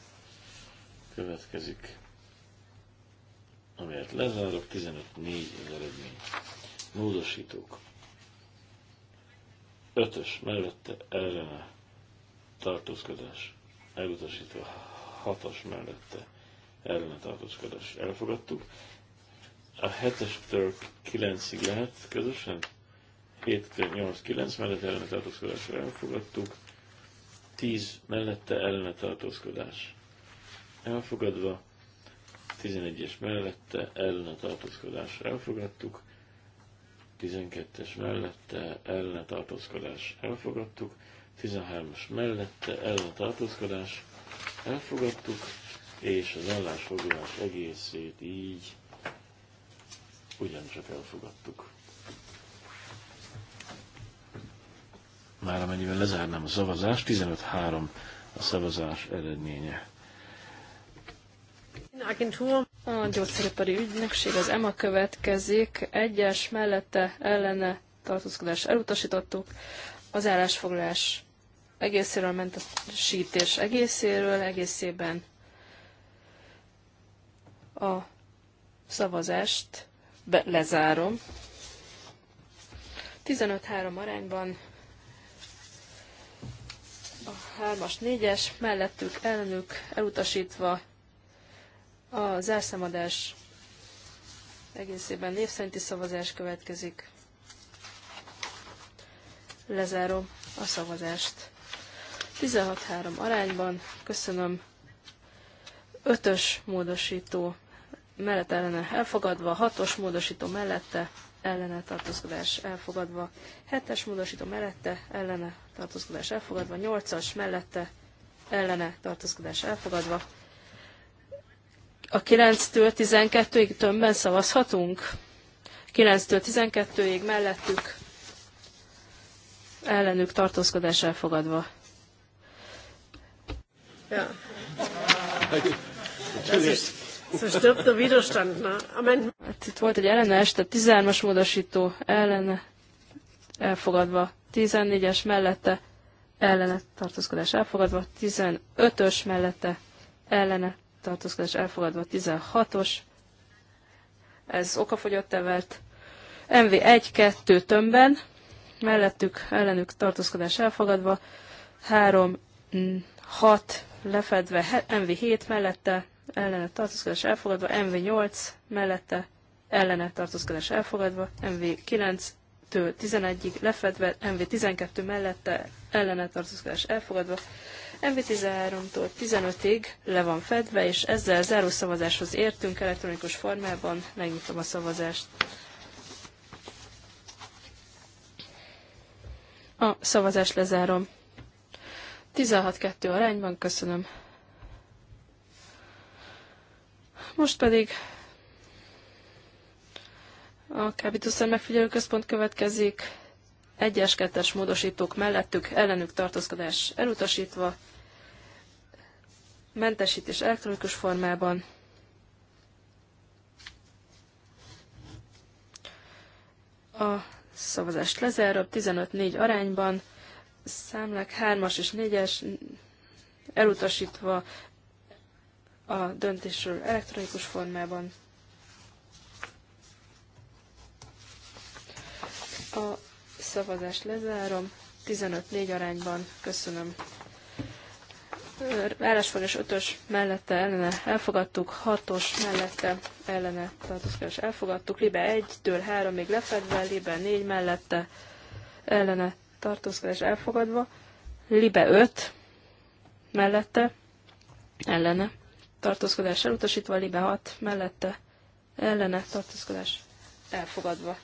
következik, amelyet lezárok, 15-4 az eredmény. Módosítók. Ötös mellette ellene tartózkodás. Elutasítva hatos mellette ne tartózkodás elfogadtuk. A 7-estől 9-ig lehet közösen, 7-től 8-9 mellett ne tartózkodás elfogadtuk, 10 mellette ne tartózkodás elfogadva, 11-es mellette ne tartózkodás elfogadtuk, 12-es mellette ellene tartózkodás elfogadtuk, 13-as mellette ellene tartózkodás elfogadtuk, és az ellásfoglalás egészét így ugyancsak elfogadtuk. Már amennyiben lezárnám a szavazást, 15-3 a szavazás eredménye. Agentúr. A gyógyszeripari ügynökség, az EMA következik, egyes mellette ellene tartózkodás elutasítottuk, az állásfoglalás egészéről ment a sítés egészéről, egészében a szavazást be- lezárom. 15-3 arányban a 3-as, 4-es mellettük ellenük elutasítva a zárszámadás egészében népszerinti szavazás következik. Lezárom a szavazást. 16-3 arányban köszönöm. 5-ös módosító mellett ellene elfogadva, hatos módosító mellette ellene tartózkodás elfogadva, hetes módosító mellette ellene tartózkodás elfogadva, nyolcas mellette ellene tartózkodás elfogadva. A 9-től 12-ig tömbben szavazhatunk? 9-től 12-ig mellettük ellenük tartózkodás elfogadva. Ja. Zerstört a Widerstand, ne? Amen. Hát itt volt egy ellenes, tehát 13-as módosító ellene elfogadva, 14-es mellette ellene tartózkodás elfogadva, 15-ös mellette ellene tartózkodás elfogadva, 16-os, ez okafogyott evert, MV1-2 tömbben, mellettük ellenük tartózkodás elfogadva, 3-6 lefedve, MV7 mellette ellene tartózkodás elfogadva, MV8 mellette ellene tartózkodás elfogadva, MV9-től 11-ig lefedve, MV12 mellette ellene tartózkodás elfogadva, mv 13 től 15-ig le van fedve, és ezzel záró szavazáshoz értünk elektronikus formában. Megnyitom a szavazást. A szavazást lezárom. 16-2 arányban, köszönöm. Most pedig a kábítószer megfigyelő központ következik. Egyes, kettes módosítók mellettük, ellenük tartózkodás elutasítva, mentesítés elektronikus formában. A szavazást lezárom 15-4 arányban, számlák 3-as és 4-es elutasítva a döntésről elektronikus formában. A szavazást lezárom. 15-4 arányban. Köszönöm. Állásfogás 5-ös mellette ellene elfogadtuk, 6-os mellette ellene tartózkodás elfogadtuk, Libe 1-től 3-ig lefedve, Libe 4 mellette ellene tartózkodás elfogadva, Libe 5 mellette ellene tartózkodás elutasítva, libe 6 mellette ellene tartózkodás elfogadva.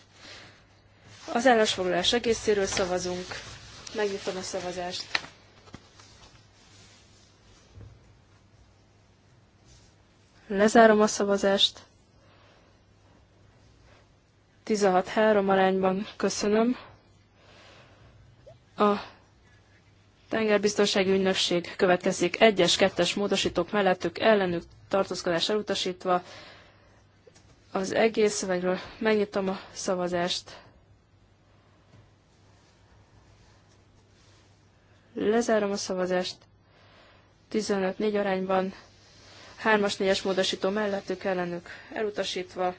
Az állásfoglalás egészéről szavazunk. Megnyitom a szavazást. Lezárom a szavazást. 16-3 arányban köszönöm. A Tengerbiztonsági ügynökség következik egyes, kettes módosítók mellettük ellenük tartózkodás elutasítva. Az egész szövegről megnyitom a szavazást. Lezárom a szavazást. 15-4 arányban. 3-as, 4-es módosító mellettük ellenük elutasítva.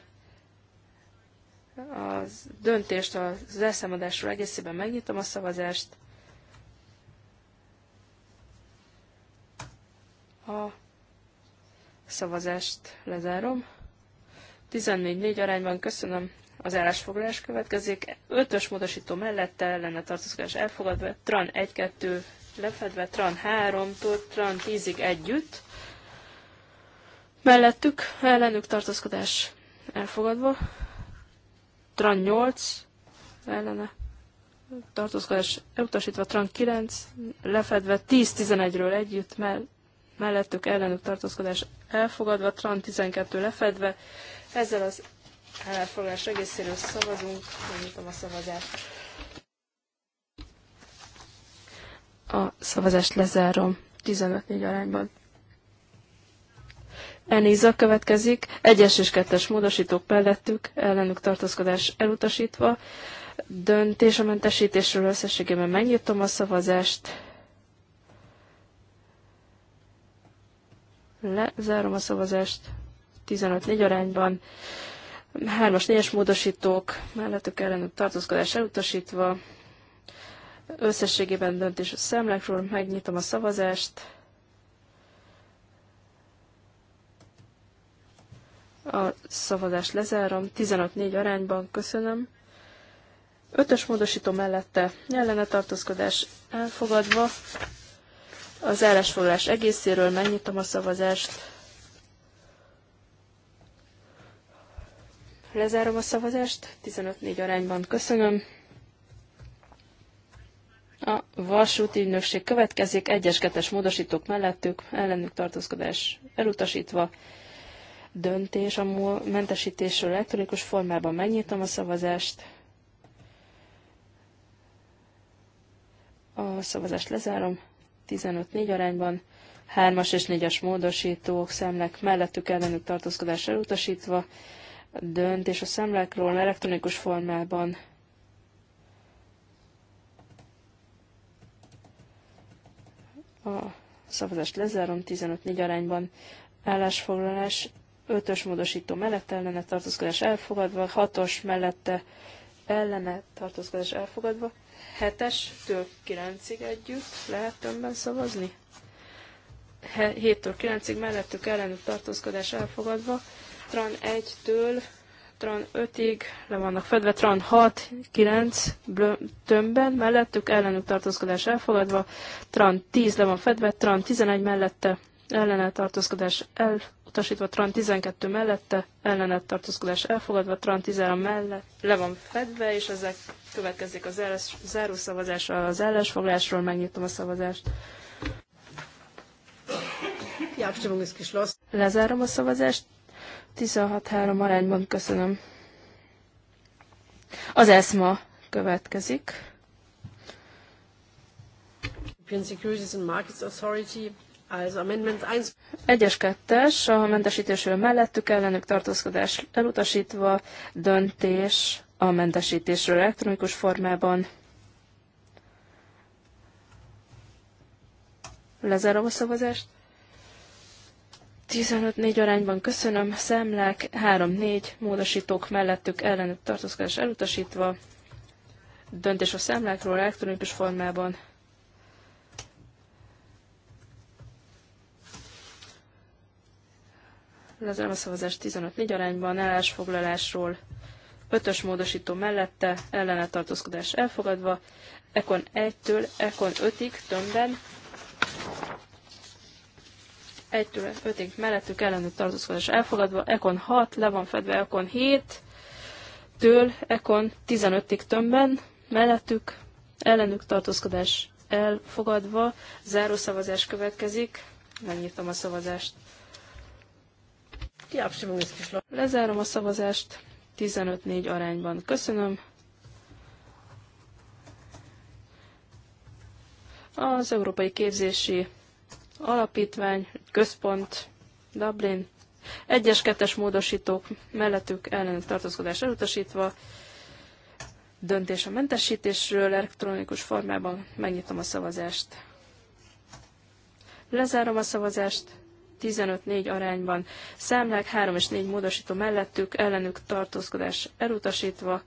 A döntést az elszámadásról egészében megnyitom a szavazást. A szavazást lezárom. 14-4 arányban köszönöm. Az állásfoglalás következik. 5-ös módosító mellette lenne tartózkodás elfogadva. Tran 1-2 lefedve, Tran 3-tól Tran 10-ig együtt. Mellettük ellenük tartózkodás elfogadva. Tran 8 ellene tartózkodás elutasítva, Tran 9 lefedve, 10-11-ről együtt, mert mellettük ellenük tartózkodás elfogadva, Trump 12 lefedve. Ezzel az elfoglalás egészéről szavazunk, megnyitom a szavazást. A szavazást lezárom 15-4 arányban. Eniza következik, egyes és kettes módosítók mellettük, ellenük tartózkodás elutasítva. Döntés a mentesítésről összességében megnyitom a szavazást. Lezárom a szavazást 15-4 arányban. 3-as, 4-es módosítók, mellettük a tartózkodás elutasítva. Összességében döntés a számlákról, megnyitom a szavazást. A szavazást lezárom, 15-4 arányban, köszönöm. Ötös módosító mellette ellene tartózkodás elfogadva, az állásfoglalás egészéről megnyitom a szavazást. Lezárom a szavazást, 15-4 arányban köszönöm. A vasúti ügynökség következik, egyes kettes módosítók mellettük, ellenük tartózkodás elutasítva. Döntés a mentesítésről elektronikus formában megnyitom a szavazást. A szavazást lezárom. 15-4 arányban, 3-as és 4-es módosítók szemlek mellettük ellenük tartózkodás elutasítva, és a szemlekről elektronikus formában a szavazást lezárom 15-4 arányban, állásfoglalás 5-ös módosító mellett ellene tartózkodás elfogadva, 6-os mellette ellene tartózkodás elfogadva, 7-estől 9-ig együtt lehet többen szavazni? 7-től 9-ig mellettük ellenük tartózkodás elfogadva. Tran 1-től Tran 5-ig le vannak fedve, Tran 6, 9 tömbben, mellettük ellenük tartózkodás elfogadva, Tran 10 le van fedve, Tran 11 mellette ellene tartózkodás elutasítva, Tran 12 mellette, ellene tartózkodás elfogadva, Tran 13 mellett, le van fedve, és ezek következik a záró szavazás az ellensfoglásról, megnyitom a szavazást. Lezárom a szavazást. 16-3 arányban köszönöm. Az ESMA következik. Egyes kettes, a mentesítésről mellettük ellenük tartózkodás elutasítva, döntés a mentesítésről elektronikus formában. Lezárom a szavazást. 15-4 arányban köszönöm, Szemlek 3-4, módosítók mellettük ellenük tartózkodás elutasítva, döntés a számlákról elektronikus formában. az elmaszavazás 15-4 arányban, állásfoglalásról ötös módosító mellette, ellene tartózkodás elfogadva, Ekon 1-től Ekon 5-ig tömben, 1-től 5-ig mellettük ellene tartózkodás elfogadva, Ekon 6, le van fedve Ekon 7-től Ekon 15-ig tömben, mellettük ellenük tartózkodás elfogadva, zárószavazás következik, megnyitom a szavazást. Die Abstimmung ist geschlossen. Lezárom a szavazást. 15-4 arányban. Köszönöm. Az Európai Képzési Alapítvány, Központ, Dublin, egyes kettes módosítók mellettük ellenük tartózkodás elutasítva, döntés a mentesítésről elektronikus formában megnyitom a szavazást. Lezárom a szavazást. 15-4 arányban számlák, 3 és 4 módosító mellettük, ellenük tartózkodás elutasítva,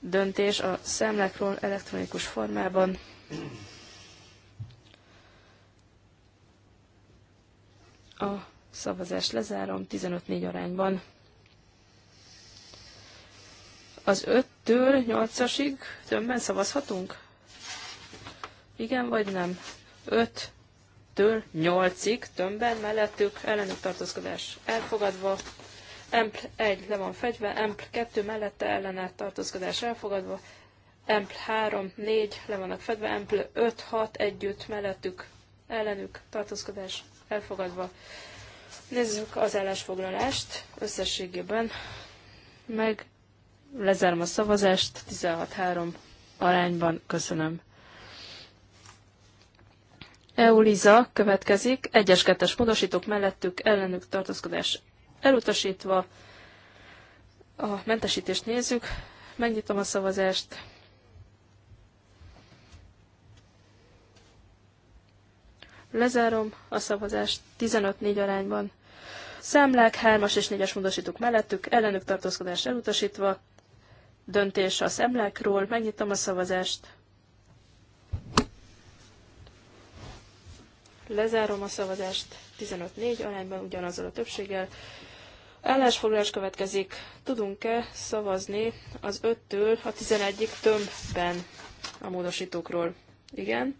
döntés a számlákról elektronikus formában. A szavazás lezárom 15-4 arányban. Az 5-től 8-asig többen szavazhatunk? Igen vagy nem? 5, től 8-ig tömbben mellettük ellenük tartózkodás elfogadva, Empl 1 le van fegyve, Empl 2 mellette ellene tartózkodás elfogadva, Empl 3, 4 le vannak fedve, Empl 5, 6 együtt mellettük ellenük tartózkodás elfogadva. Nézzük az állásfoglalást összességében, meg lezárom a szavazást 16-3 arányban. Köszönöm. Euliza következik, egyes kettes módosítók mellettük ellenük tartózkodás elutasítva. A mentesítést nézzük, megnyitom a szavazást. Lezárom a szavazást 15-4 arányban. Számlák 3-as és 4-es módosítók mellettük, ellenük tartózkodás elutasítva. Döntés a számlákról, megnyitom a szavazást. Lezárom a szavazást 15-4 arányban ugyanazzal a többséggel. Állásfoglalás következik. Tudunk-e szavazni az 5-től a 11-ig tömbben a módosítókról? Igen.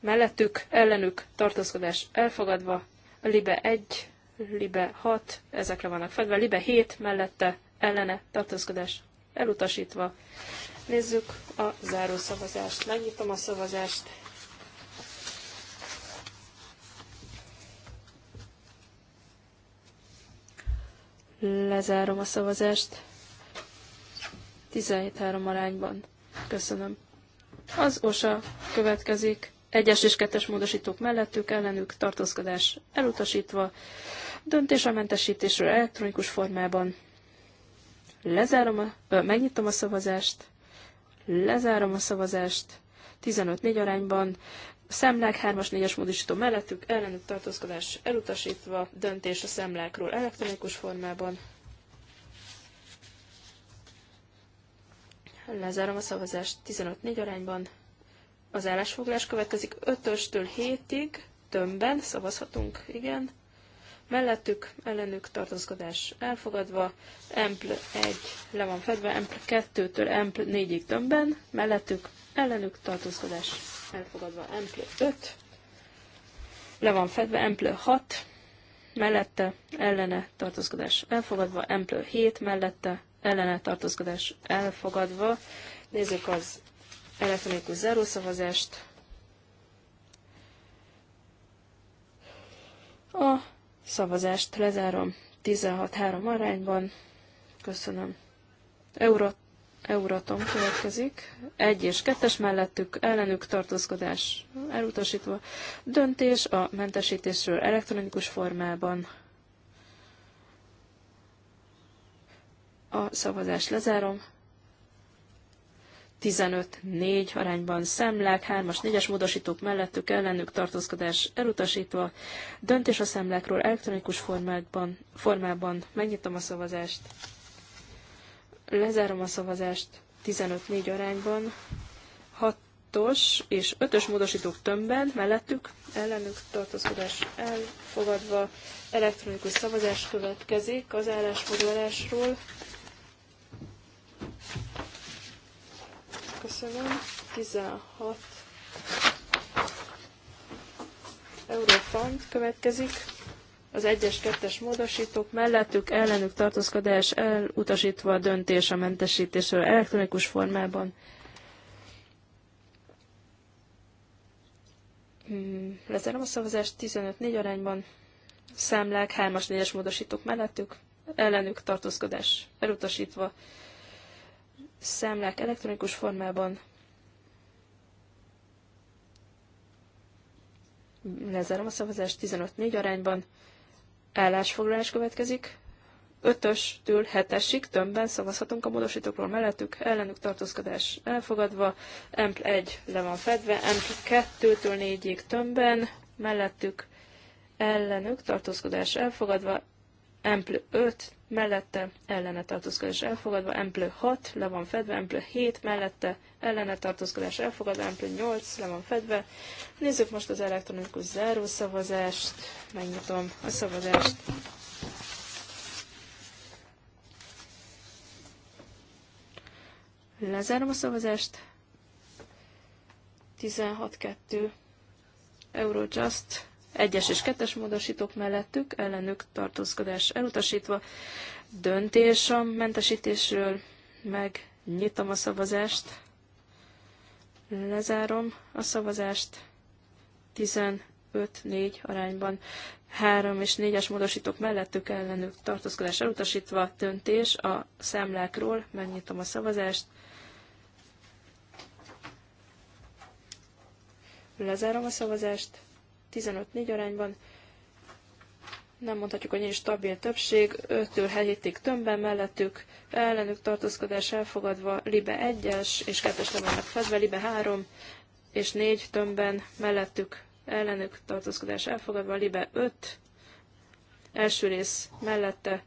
Mellettük, ellenük, tartózkodás elfogadva, libe 1, libe 6, ezekre vannak fedve, libe 7 mellette, ellene, tartózkodás elutasítva. Nézzük a záró szavazást. Megnyitom a szavazást. Lezárom a szavazást. 17-3 arányban. Köszönöm. Az OSA következik. Egyes és kettes módosítók mellettük, ellenük tartózkodás elutasítva. Döntés a mentesítésről elektronikus formában. Lezárom a, ö, megnyitom a szavazást. Lezárom a szavazást. 15-4 arányban Szemlák 3-as, 4-es módosító mellettük, ellenük tartózkodás elutasítva, döntés a szemlákról elektronikus formában. Lezárom a szavazást 15-4 arányban. Az állásfoglás következik 5-től 7-ig, tömbben szavazhatunk, igen. Mellettük, ellenük tartózkodás elfogadva, Empl 1 le van fedve, Empl 2-től Empl 4-ig tömbben, mellettük, ellenük tartózkodás elfogadva mp 5, le van fedve mp 6, mellette ellene tartózkodás elfogadva, mp 7 mellette ellene tartózkodás elfogadva. Nézzük az elektronikus zárószavazást. A szavazást lezárom 16-3 arányban. Köszönöm. Eurot Euratom következik. Egy és kettes mellettük ellenük tartózkodás elutasítva. Döntés a mentesítésről elektronikus formában. A szavazást lezárom. 15-4 arányban szemlek, 3-as, 4-es módosítók mellettük ellenük tartózkodás elutasítva. Döntés a szemlekről elektronikus formában, formában. Megnyitom a szavazást. Lezárom a szavazást 15-4 arányban. 6-os és 5-ös módosítók tömbben, mellettük, ellenük tartózkodás elfogadva, elektronikus szavazás következik az állásfoglalásról. Köszönöm. 16 Eurofund következik az 1-es, 2-es módosítók mellettük ellenük tartózkodás elutasítva a döntés a mentesítésről elektronikus formában. Hmm, lezárom a szavazást 15-4 arányban. Számlák 3-as, 4-es módosítók mellettük ellenük tartózkodás elutasítva. Számlák elektronikus formában. Lezárom a szavazást 15-4 arányban. Állásfoglalás következik. 5-től 7-esig tömbben szavazhatunk a módosítókról mellettük, ellenük tartózkodás elfogadva, EMP 1 le van fedve, EMP 2-től 4-ig tömbben mellettük, ellenük tartózkodás elfogadva, Ample 5 mellette ellene tartózkodás elfogadva, Ample 6 le van fedve, Ample 7 mellette ellene tartózkodás elfogadva, Ample 8 le van fedve. Nézzük most az elektronikus zárószavazást, megnyitom a szavazást. Lezárom a szavazást. 16-2 Eurojust egyes és kettes módosítók mellettük, ellenük tartózkodás elutasítva, döntés a mentesítésről, meg nyitom a szavazást, lezárom a szavazást, 15-4 arányban 3 és 4-es módosítók mellettük ellenük tartózkodás elutasítva, döntés a számlákról, megnyitom a szavazást, lezárom a szavazást, 15-4, 15-4 arányban. Nem mondhatjuk, hogy nincs stabil többség, 5-től 7-ig tömbben mellettük, ellenük tartózkodás elfogadva, libe 1-es, és 2-es le fedve, libe 3, és 4 tömbben mellettük, ellenük tartózkodás elfogadva, libe 5, első rész mellette,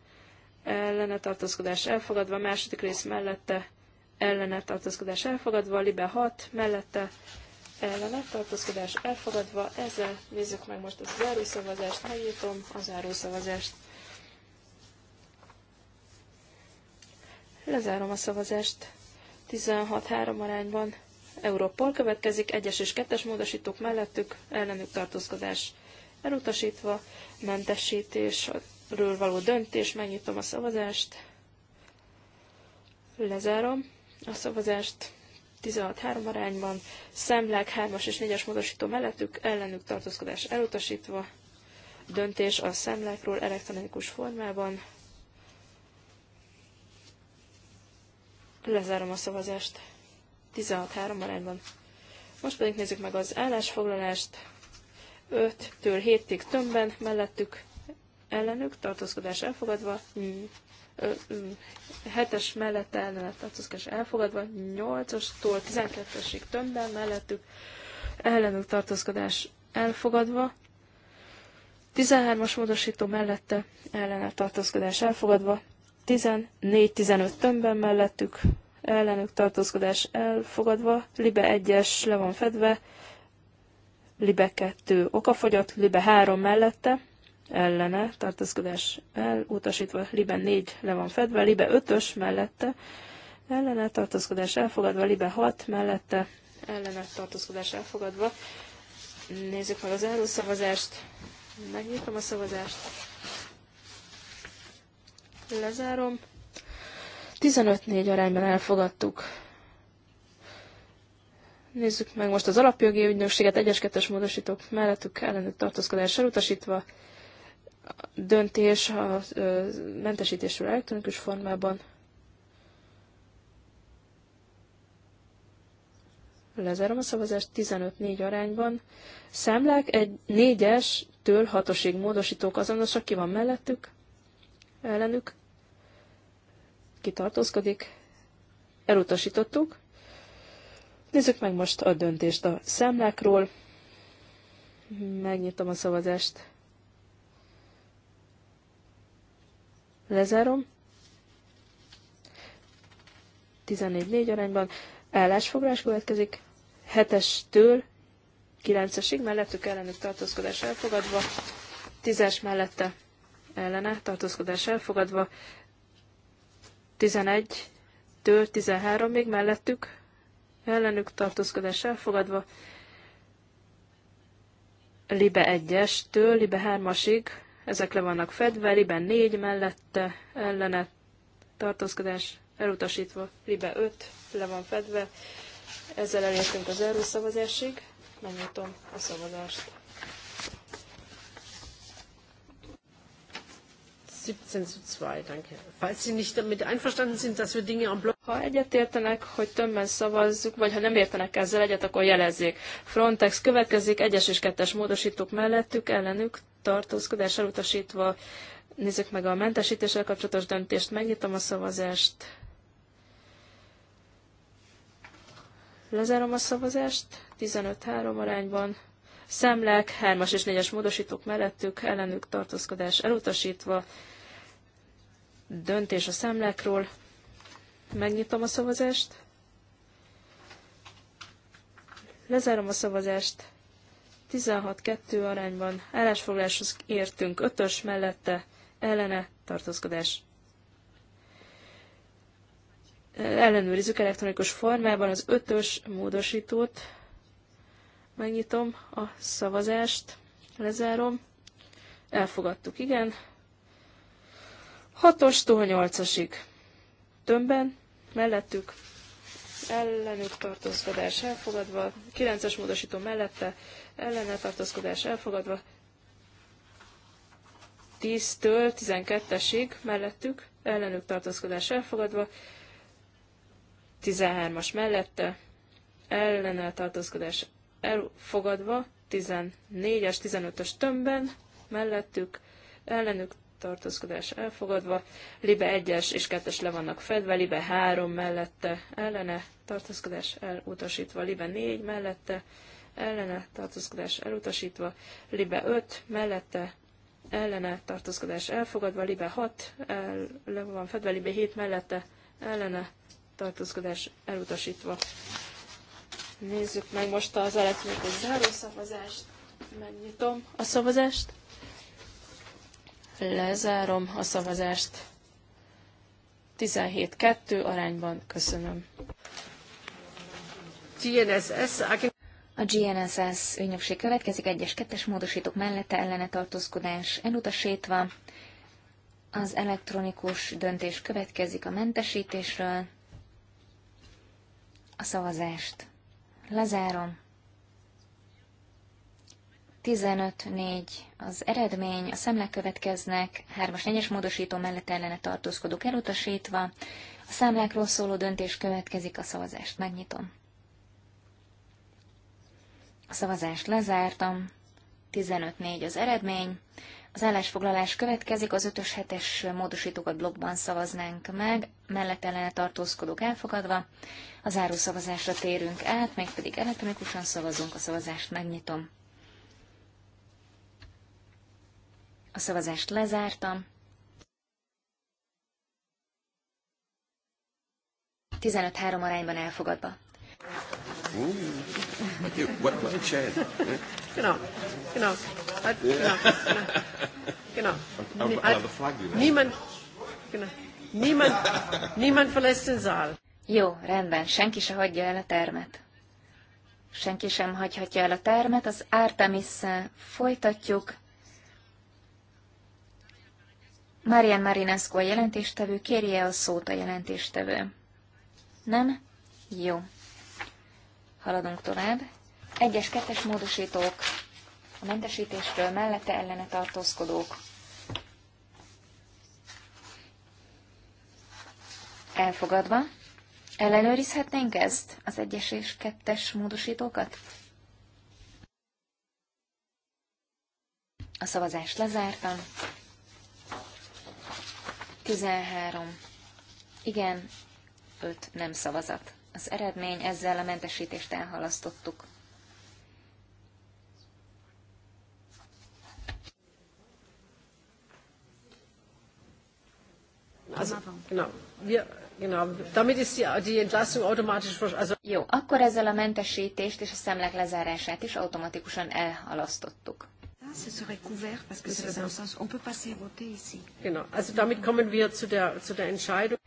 ellene tartózkodás elfogadva, második rész mellette, ellene tartózkodás elfogadva, libe 6 mellette, ellene tartózkodás elfogadva. Ezzel nézzük meg most a zárószavazást, megnyitom a zárószavazást. Lezárom a szavazást. 16-3 arányban Európol következik, egyes és kettes módosítók mellettük, ellenük tartózkodás elutasítva, mentesítésről való döntés, megnyitom a szavazást, lezárom a szavazást, 16-3 arányban, szemlek 3-as és 4-es módosító mellettük, ellenük tartózkodás elutasítva, döntés a szemlekről elektronikus formában. Lezárom a szavazást 16-3 arányban. Most pedig nézzük meg az állásfoglalást. 5-től 7-ig tömbben mellettük ellenük tartózkodás elfogadva, 7-es mellett ellene tartózkodás elfogadva, 8-astól 12-esig többen mellettük ellenük tartózkodás elfogadva, 13-as módosító mellette ellenük tartózkodás elfogadva, 14-15 tömbben mellettük ellenük tartózkodás elfogadva, libe 1-es le van fedve, libe 2 okafogyott, libe 3 mellette, ellene tartózkodás elutasítva, liben 4 le van fedve, libe 5-ös mellette ellene tartózkodás elfogadva, libe 6 mellette ellene tartózkodás elfogadva. Nézzük meg az előszavazást. Megnyitom a szavazást. Lezárom. 15-4 arányban elfogadtuk. Nézzük meg most az alapjogi ügynökséget, egyes kettes módosítók mellettük ellenük tartózkodás elutasítva, döntés a mentesítésről elektronikus formában. Lezárom a szavazást 15-4 arányban. Számlák egy 4-es-től 6-osig módosítók azonosak, ki van mellettük, ellenük, ki tartózkodik, elutasítottuk. Nézzük meg most a döntést a számlákról. Megnyitom a szavazást. Lezárom. 14-4 arányban. Állásfoglás következik. 7-estől 9-esig mellettük ellenük tartózkodás elfogadva. 10-es mellette ellene tartózkodás elfogadva. 11-től 13-ig mellettük ellenük tartózkodás elfogadva. Libe 1-estől Libe 3-asig ezek le vannak fedve, liben 4 mellette, ellene tartózkodás elutasítva, libe 5 le van fedve. Ezzel elértünk az erőszavazásig. Megnyitom a szavazást. 17 danke. Falls Sie nicht damit einverstanden sind, dass wir Dinge am Block ha egyetértenek, hogy többen szavazzuk, vagy ha nem értenek ezzel egyet, akkor jelezzék. Frontex következik, egyes és kettes módosítók mellettük, ellenük tartózkodás elutasítva. Nézzük meg a mentesítéssel kapcsolatos döntést, megnyitom a szavazást. Lezárom a szavazást, 15-3 arányban. Szemlek, 3-as és 4-es módosítók mellettük, ellenük tartózkodás elutasítva. Döntés a szemlekről. Megnyitom a szavazást. Lezárom a szavazást. 16-2 arányban állásfogláshoz értünk. Ötös mellette ellene tartózkodás. Ellenőrizzük elektronikus formában az ötös módosítót. Megnyitom a szavazást. Lezárom. Elfogadtuk, igen. 6-tól 8-asig. Tömbben mellettük, ellenük tartózkodás elfogadva, 9-es módosító mellette, ellene tartózkodás elfogadva, 10-től 12-esig mellettük, ellenük tartózkodás elfogadva, 13-as mellette, ellene tartózkodás elfogadva, 14-es, 15-ös tömbben mellettük, ellenük tartózkodás elfogadva, libe 1-es és 2-es le vannak fedve, libe 3 mellette ellene tartózkodás elutasítva, libe 4 mellette ellene tartózkodás elutasítva, libe 5 mellette ellene tartózkodás elfogadva, libe 6 el, le van fedve, libe 7 mellette ellene tartózkodás elutasítva. Nézzük meg most az elektronikus zárószavazást. Megnyitom a szavazást. Lezárom a szavazást. 17-2 arányban köszönöm. GNSS, a GNSS ügynökség következik, egyes kettes módosítók mellette ellene tartózkodás elutasítva. Az elektronikus döntés következik a mentesítésről. A szavazást lezárom. 15-4 az eredmény, a szemlek következnek, 3-as 4-es módosító mellett ellene tartózkodók elutasítva, a számlákról szóló döntés következik, a szavazást megnyitom. A szavazást lezártam, 15-4 az eredmény, az állásfoglalás következik, az 5-ös 7-es módosítókat blokkban szavaznánk meg, mellett ellene tartózkodók elfogadva. A zárószavazásra térünk át, mégpedig elektronikusan szavazunk, a szavazást megnyitom. A szavazást lezártam. 15-3 arányban elfogadva. niemand verlässt den Saal. Jó, rendben, senki se hagyja el a termet. Senki sem hagyhatja el a termet, az Artemis folytatjuk. Marian Marinescu a jelentéstevő, kérje a szót a jelentéstevő. Nem? Jó. Haladunk tovább. Egyes, kettes módosítók, a mentesítésről mellette ellene tartózkodók. Elfogadva. Ellenőrizhetnénk ezt, az egyes és kettes módosítókat? A szavazást lezártam. 13. Igen, 5 nem szavazat. Az eredmény ezzel a mentesítést elhalasztottuk. Jó, akkor ezzel a mentesítést és a szemlek lezárását is automatikusan elhalasztottuk. Ce serait couvert parce que c'est un sens. On peut passer voter ici. Genau. Also damit kommen wir zu der, zu der Entscheidung.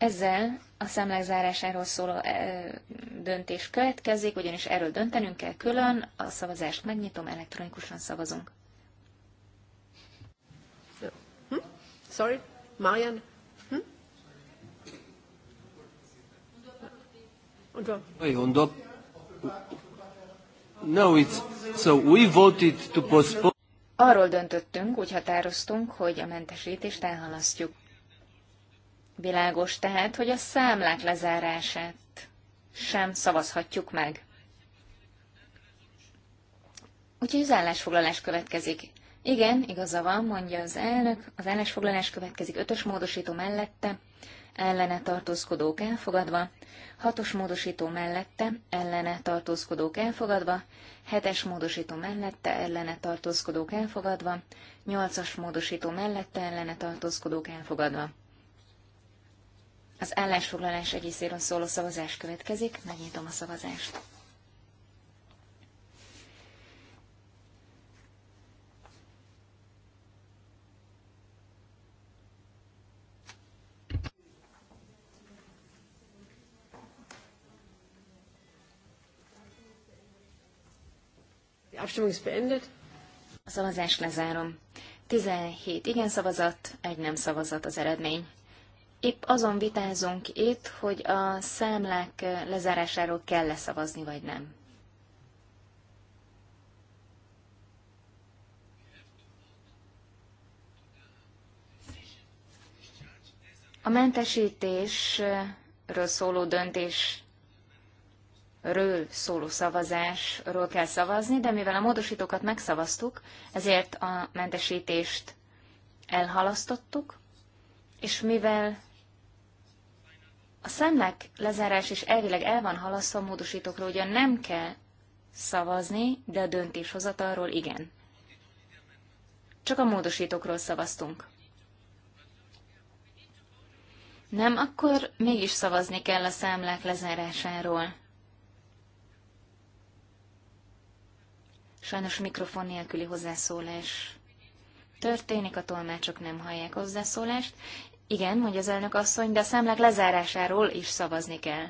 Ezzel a zárásáról szóló eh, döntés következik, ugyanis erről döntenünk kell külön. A szavazást megnyitom, elektronikusan szavazunk. Hm? Sorry, Marian. Hm? Und, No, it's, so we voted to postpone. Arról döntöttünk, úgy határoztunk, hogy a mentesítést elhalasztjuk. Világos tehát, hogy a számlák lezárását sem szavazhatjuk meg. Úgyhogy az állásfoglalás következik. Igen, igaza van, mondja az elnök, az állásfoglalás következik ötös módosító mellette, ellene tartózkodók elfogadva, hatos módosító mellette, ellene tartózkodók elfogadva, hetes módosító mellette, ellene tartózkodók elfogadva, nyolcas módosító mellette, ellene tartózkodók elfogadva. Az állásfoglalás egészéről szóló szavazás következik, megnyitom a szavazást. Abstimmung ist beendet. A szavazást lezárom. 17 igen szavazat, egy nem szavazat az eredmény. Épp azon vitázunk itt, hogy a számlák lezárásáról kell-e szavazni, vagy nem. A mentesítésről szóló döntés ről szóló szavazásról kell szavazni, de mivel a módosítókat megszavaztuk, ezért a mentesítést elhalasztottuk, és mivel a szemnek lezárás is elvileg el van halasztva a módosítókról, ugyan nem kell szavazni, de a döntéshozatalról igen. Csak a módosítókról szavaztunk. Nem, akkor mégis szavazni kell a számlák lezárásáról. Sajnos mikrofon nélküli hozzászólás történik, a tolmácsok nem hallják hozzászólást. Igen, mondja az elnök asszony, de a számlák lezárásáról is szavazni kell.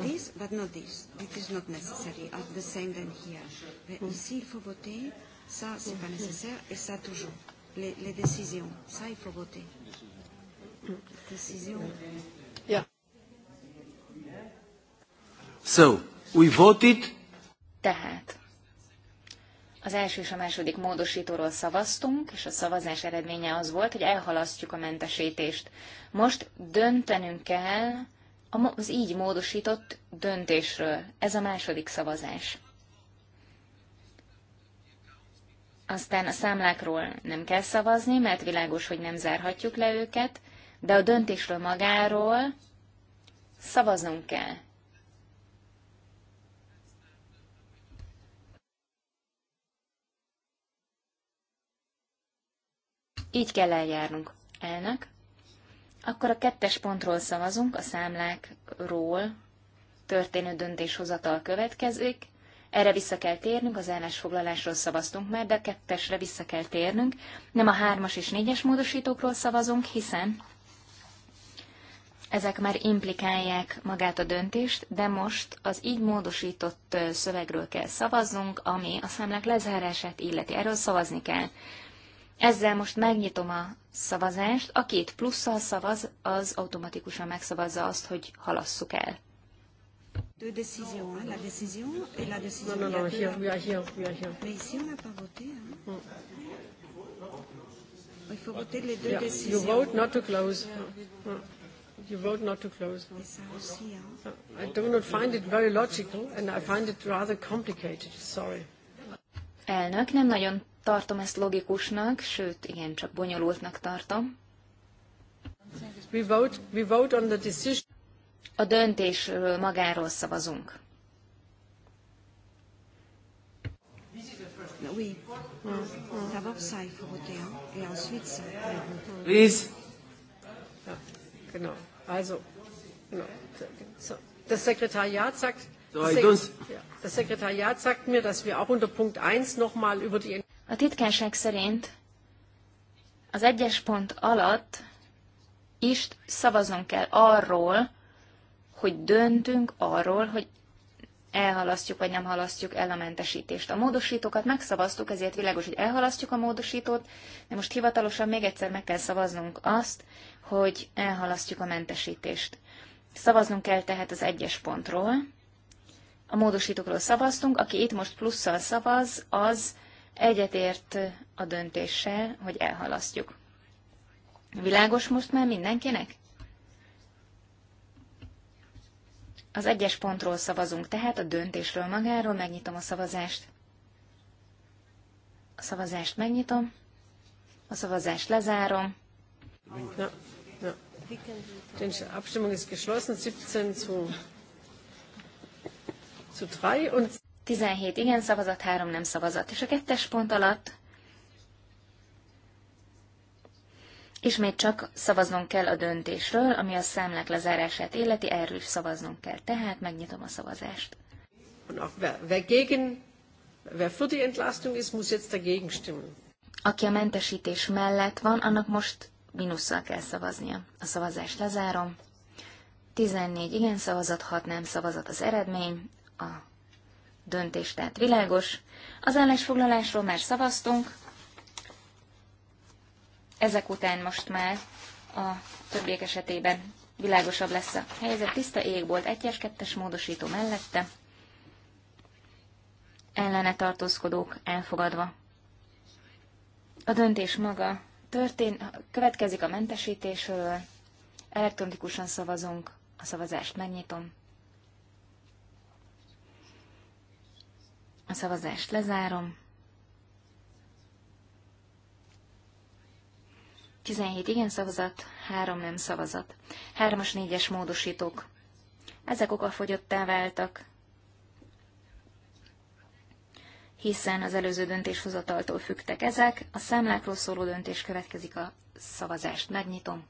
This, but not this. It is not necessary. At the same than here. Mais hmm. ici, il faut voter. Ça, c'est pas nécessaire. Et ça, toujours. Les, les décisions. Ça, il faut voter. Décision. Yeah. So, we voted tehát az első és a második módosítóról szavaztunk, és a szavazás eredménye az volt, hogy elhalasztjuk a mentesítést. Most döntenünk kell az így módosított döntésről. Ez a második szavazás. Aztán a számlákról nem kell szavazni, mert világos, hogy nem zárhatjuk le őket, de a döntésről magáról szavaznunk kell. Így kell eljárnunk. Elnök. Akkor a kettes pontról szavazunk, a számlákról történő döntéshozatal következik. Erre vissza kell térnünk, az állásfoglalásról szavaztunk már, de a kettesre vissza kell térnünk. Nem a hármas és négyes módosítókról szavazunk, hiszen ezek már implikálják magát a döntést, de most az így módosított szövegről kell szavaznunk, ami a számlák lezárását illeti. Erről szavazni kell. Ezzel most megnyitom a szavazást. A két plusszal szavaz, az automatikusan megszavazza azt, hogy halasszuk el. Deux décisions, hein, la décision et la décision. Non, non, non, here, we are here, we are here. Mais ici, on n'a pas voté. Hein. Mm. Il faut voter les deux yeah. décisions. Mm. Mm. You vote not to close. Yeah. You vote not to close. aussi, hein. Mm. I do not find it very logical, and I find it rather complicated. Sorry. Elnök, nem nagyon tartom ezt logikusnak, sőt, igen, csak bonyolultnak tartom. We vote, we vote on the decision. A döntésről magáról szavazunk. Oui. Genau. Also, Das Sekretariat sagt, das Sekretariat sagt mir, dass wir auch unter Punkt 1 nochmal über die a titkárság szerint az egyes pont alatt is szavaznunk kell arról, hogy döntünk arról, hogy elhalasztjuk vagy nem halasztjuk el a mentesítést. A módosítókat megszavaztuk, ezért világos, hogy elhalasztjuk a módosítót, de most hivatalosan még egyszer meg kell szavaznunk azt, hogy elhalasztjuk a mentesítést. Szavaznunk kell tehát az egyes pontról. A módosítókról szavaztunk, aki itt most plusszal szavaz, az egyetért a döntéssel, hogy elhalasztjuk. Világos most már mindenkinek? Az egyes pontról szavazunk, tehát a döntésről magáról megnyitom a szavazást. A szavazást megnyitom, a szavazást lezárom. Ja, ja. Die Abstimmung ist geschlossen, 17 zu, zu 3 und 17 igen szavazat, 3 nem szavazat. És a kettes pont alatt ismét csak szavaznunk kell a döntésről, ami a számlák lezárását illeti, erről is szavaznunk kell. Tehát megnyitom a szavazást. Aki a mentesítés mellett van, annak most mínusszal kell szavaznia. A szavazást lezárom. 14 igen szavazat, 6 nem szavazat az eredmény. A döntés tehát világos. Az állásfoglalásról már szavaztunk, ezek után most már a többiek esetében világosabb lesz a helyzet. Tiszta égbolt, egyes, kettes módosító mellette, ellene tartózkodók elfogadva. A döntés maga történ, következik a mentesítésről, elektronikusan szavazunk, a szavazást megnyitom. A szavazást lezárom. 17 igen szavazat, 3 nem szavazat. 3-as, 4-es módosítók. Ezek okafogyottá váltak, hiszen az előző döntéshozataltól fügtek ezek. A számlákról szóló döntés következik a szavazást. Megnyitom.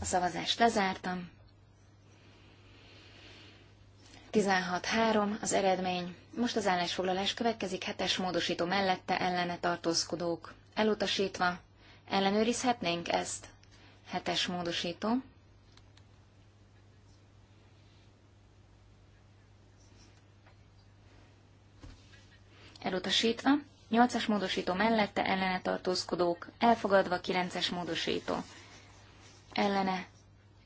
A szavazást lezártam. 16-3 az eredmény. Most az állásfoglalás következik hetes módosító mellette ellene tartózkodók. Elutasítva. Ellenőrizhetnénk ezt? Hetes módosító. Elutasítva. Nyolcas módosító mellette ellene tartózkodók. Elfogadva kilences módosító ellene,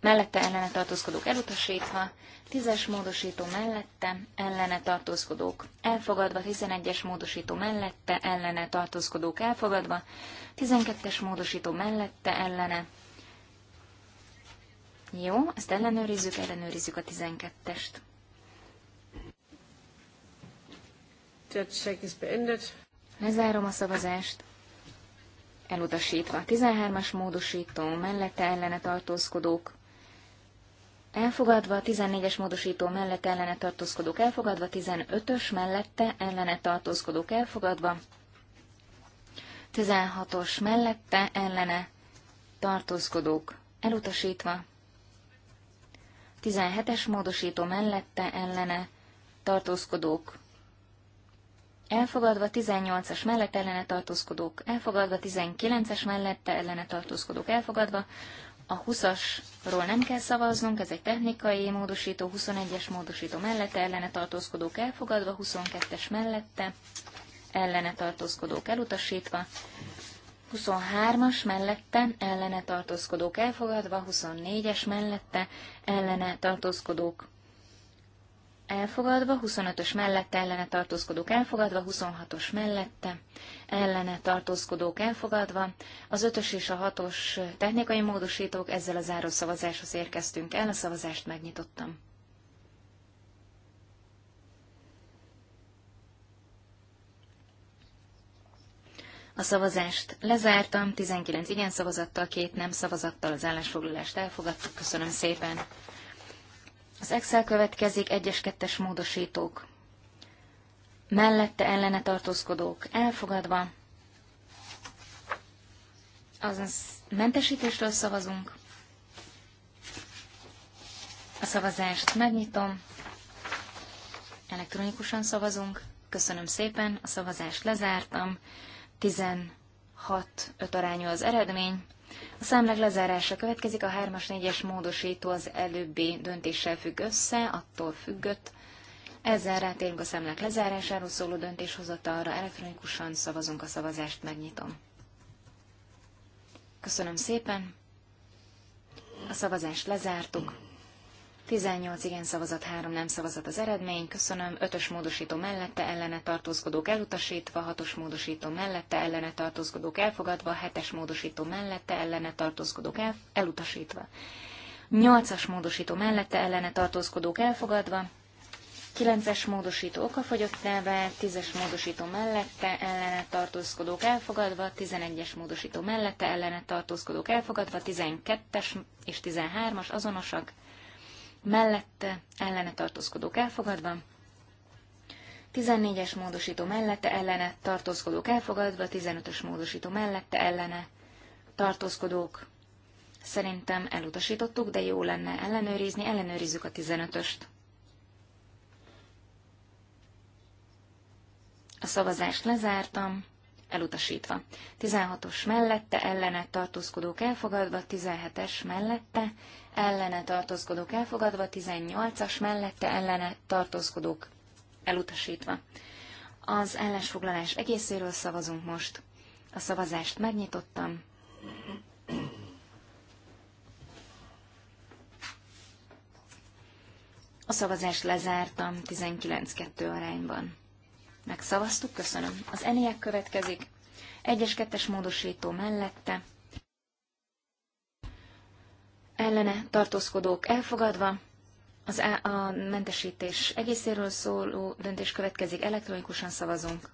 mellette ellene tartózkodók elutasítva, tízes módosító mellette ellene tartózkodók elfogadva, 11-es módosító mellette ellene tartózkodók elfogadva, 12-es módosító mellette ellene. Jó, ezt ellenőrizzük, ellenőrizzük a 12-est. Lezárom a szavazást elutasítva. 13-as módosító mellette ellene tartózkodók elfogadva, 14-es módosító mellette ellene tartózkodók elfogadva, 15-ös mellette ellene tartózkodók elfogadva, 16-os mellette ellene tartózkodók elutasítva, 17-es módosító mellette ellene tartózkodók elfogadva 18-as mellett ellene tartózkodók, elfogadva 19-es mellette ellene tartózkodók, elfogadva. A 20-asról nem kell szavaznunk, ez egy technikai módosító, 21-es módosító mellette ellene tartózkodók, elfogadva, 22-es mellette ellene tartózkodók, elutasítva. 23-as mellette ellene tartózkodók elfogadva, 24-es mellette ellene tartózkodók elfogadva, 25-ös mellette ellene tartózkodók elfogadva, 26-os mellette ellene tartózkodók elfogadva, az 5-ös és a 6-os technikai módosítók, ezzel a záró szavazáshoz érkeztünk el, a szavazást megnyitottam. A szavazást lezártam, 19 igen szavazattal, két nem szavazattal az állásfoglalást elfogadtuk. Köszönöm szépen! Az Excel következik, egyes-kettes módosítók. Mellette ellene tartózkodók elfogadva. Azaz mentesítésről szavazunk. A szavazást megnyitom. Elektronikusan szavazunk. Köszönöm szépen, a szavazást lezártam. 16 5 arányú az eredmény. A számleg lezárása következik, a 3-as, 4-es módosító az előbbi döntéssel függ össze, attól függött. Ezzel rátérünk a számlák lezárásáról szóló döntéshozatalra, elektronikusan szavazunk a szavazást, megnyitom. Köszönöm szépen! A szavazást lezártuk. 18 igen szavazat, 3 nem szavazat az eredmény, köszönöm, 5-ös módosító mellette ellene tartózkodók elutasítva, 6-os módosító mellette ellene tartózkodók elfogadva, 7-es módosító mellette ellene tartózkodók el, elutasítva, 8-as módosító mellette ellene tartózkodók elfogadva, 9-es módosító okafogyott neve, 10-es módosító mellette ellene tartózkodók elfogadva, 11-es módosító mellette ellene tartózkodók elfogadva, 12-es és 13-as azonosak, mellette, ellene tartózkodók elfogadva, 14-es módosító mellette, ellene tartózkodók elfogadva, 15-ös módosító mellette, ellene tartózkodók Szerintem elutasítottuk, de jó lenne ellenőrizni, ellenőrizzük a 15-öst. A szavazást lezártam elutasítva. 16-os mellette, ellene tartózkodók elfogadva, 17-es mellette, ellene tartózkodók elfogadva, 18-as mellette, ellene tartózkodók elutasítva. Az ellensfoglalás egészéről szavazunk most. A szavazást megnyitottam. A szavazást lezártam 19-2 arányban. Megszavaztuk, köszönöm. Az eniek következik. Egyes kettes módosító mellette. Ellene tartózkodók elfogadva. Az á, a mentesítés egészéről szóló döntés következik. Elektronikusan szavazunk.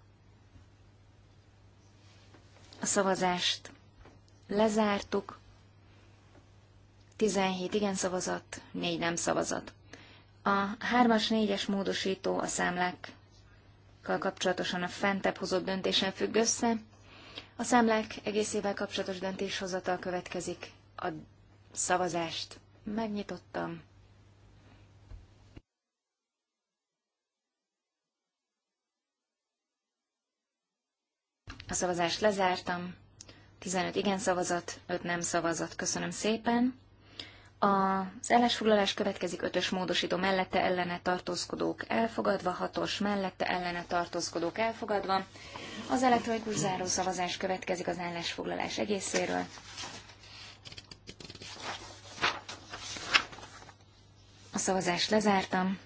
A szavazást lezártuk. 17 igen szavazat, 4 nem szavazat. A 3-as, 4-es módosító a számlák kapcsolatosan a fentebb hozott döntésen függ össze. A számlák egészével kapcsolatos döntéshozatal következik. A szavazást megnyitottam. A szavazást lezártam. 15 igen szavazat, 5 nem szavazat. Köszönöm szépen. Az állásfoglalás következik ötös módosító mellette ellene tartózkodók elfogadva, hatos mellette ellene tartózkodók elfogadva. Az elektronikus zárószavazás következik az állásfoglalás egészéről. A szavazást lezártam.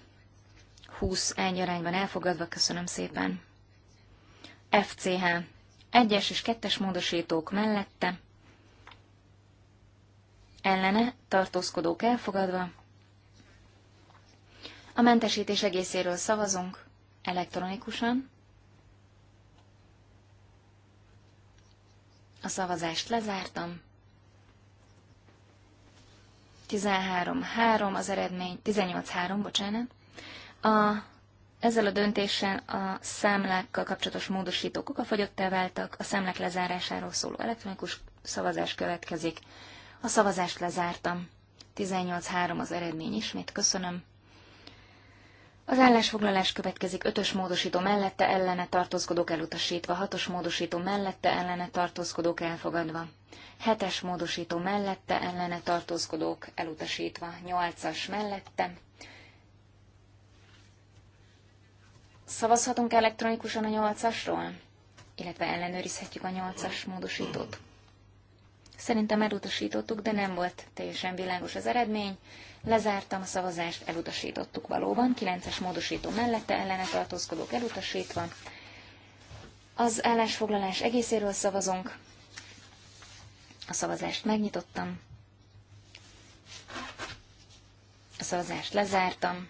20 egy arányban elfogadva, köszönöm szépen. FCH. Egyes és kettes módosítók mellette ellene tartózkodók elfogadva. A mentesítés egészéről szavazunk elektronikusan. A szavazást lezártam. 13-3 az eredmény, 18-3, bocsánat. A, ezzel a döntéssel a számlákkal kapcsolatos módosítók okafogyottá váltak, a számlák lezárásáról szóló elektronikus szavazás következik. A szavazást lezártam. 18-3 az eredmény ismét, köszönöm. Az állásfoglalás következik ötös módosító mellette ellene tartózkodók elutasítva, hatos módosító mellette ellene tartózkodók elfogadva, hetes módosító mellette ellene tartózkodók elutasítva, nyolcas mellette. Szavazhatunk elektronikusan a nyolcasról, illetve ellenőrizhetjük a nyolcas módosítót. Szerintem elutasítottuk, de nem volt teljesen világos az eredmény. Lezártam a szavazást, elutasítottuk valóban. 9-es módosító mellette ellene tartózkodók elutasítva. Az állásfoglalás egészéről szavazunk. A szavazást megnyitottam. A szavazást lezártam.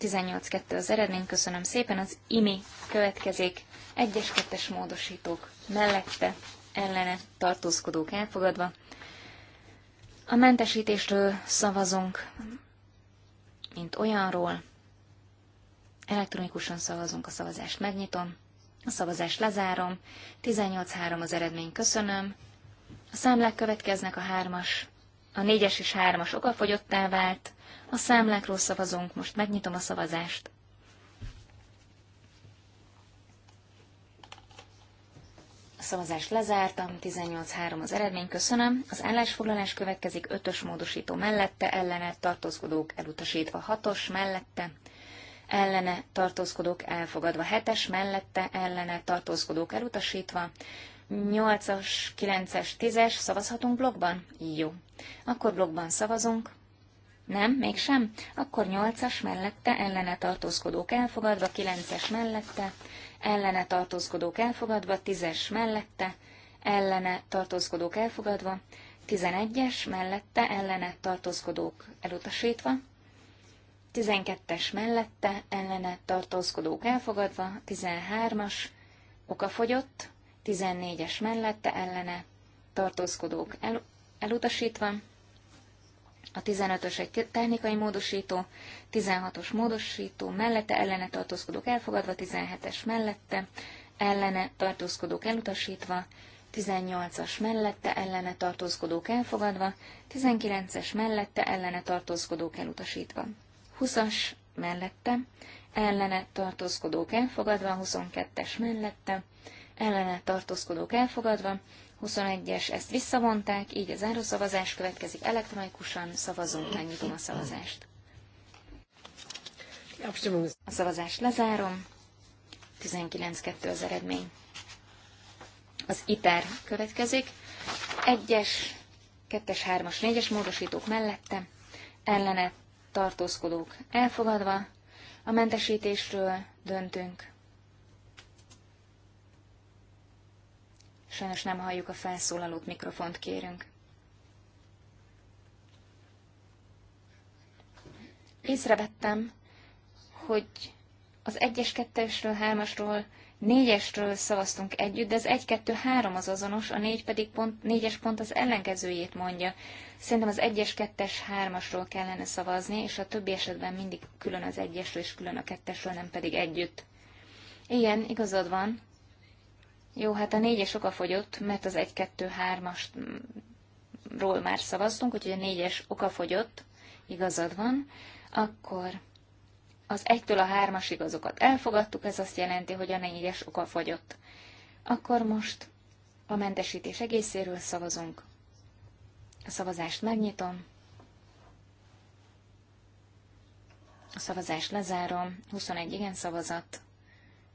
18-2 az eredmény, köszönöm szépen. Az IMI következik. 1-es, 2-es módosítók mellette ellene tartózkodók elfogadva. A mentesítésről szavazunk, mint olyanról. Elektronikusan szavazunk, a szavazást megnyitom. A szavazást lezárom. 18-3 az eredmény, köszönöm. A számlák következnek a hármas, a négyes és hármas okafogyottá vált. A számlákról szavazunk, most megnyitom a szavazást. A Szavazást lezártam, 18-3 az eredmény, köszönöm. Az állásfoglalás következik 5-ös módosító mellette, ellene tartózkodók elutasítva 6-os mellette, ellene tartózkodók elfogadva 7-es mellette, ellene tartózkodók elutasítva, 8-as, 9-es, 10-es, szavazhatunk blogban? Jó. Akkor blogban szavazunk. Nem, mégsem? Akkor 8-as mellette, ellene tartózkodók elfogadva, 9-es mellette, ellene tartózkodók elfogadva, tízes mellette, ellene tartózkodók elfogadva, tizenegyes mellette, ellene tartózkodók elutasítva, tizenkettes mellette, ellene tartózkodók elfogadva, tizenhármas, okafogyott, tizennégyes mellette, ellene tartózkodók el, elutasítva, a 15-ös egy technikai módosító, 16-os módosító, mellette ellene tartózkodók elfogadva, 17-es mellette, ellene tartózkodók elutasítva, 18-as mellette ellene tartózkodók elfogadva, 19-es mellette ellene tartózkodók elutasítva. 20-as mellette ellene tartózkodók elfogadva, 22-es mellette ellene tartózkodók elfogadva, 21-es, ezt visszavonták, így a zárószavazás következik elektronikusan, szavazunk, megnyitom a szavazást. A szavazást lezárom, 19-2 az eredmény. Az ITER következik, 1-es, 2-es, 3-as, 4-es módosítók mellette, ellene tartózkodók elfogadva, a mentesítésről döntünk. Sajnos nem halljuk a felszólalót, mikrofont kérünk. Észrevettem, hogy az 1-es, 2-esről, 3-asról, 4-esről szavaztunk együtt, de az 1-2-3 az azonos, a 4 pedig pont, 4-es pont az ellenkezőjét mondja. Szerintem az 1-es, 2-es, 3-asról kellene szavazni, és a többi esetben mindig külön az 1-esről és külön a 2-esről, nem pedig együtt. Igen, igazad van. Jó, hát a négyes oka fogyott, mert az 1-2-3-asról már szavaztunk, úgyhogy a négyes oka fogyott, igazad van. Akkor az 1-től a 3-asig azokat elfogadtuk, ez azt jelenti, hogy a négyes oka fogyott. Akkor most a mentesítés egészéről szavazunk. A szavazást megnyitom. A szavazást lezárom. 21 igen szavazat.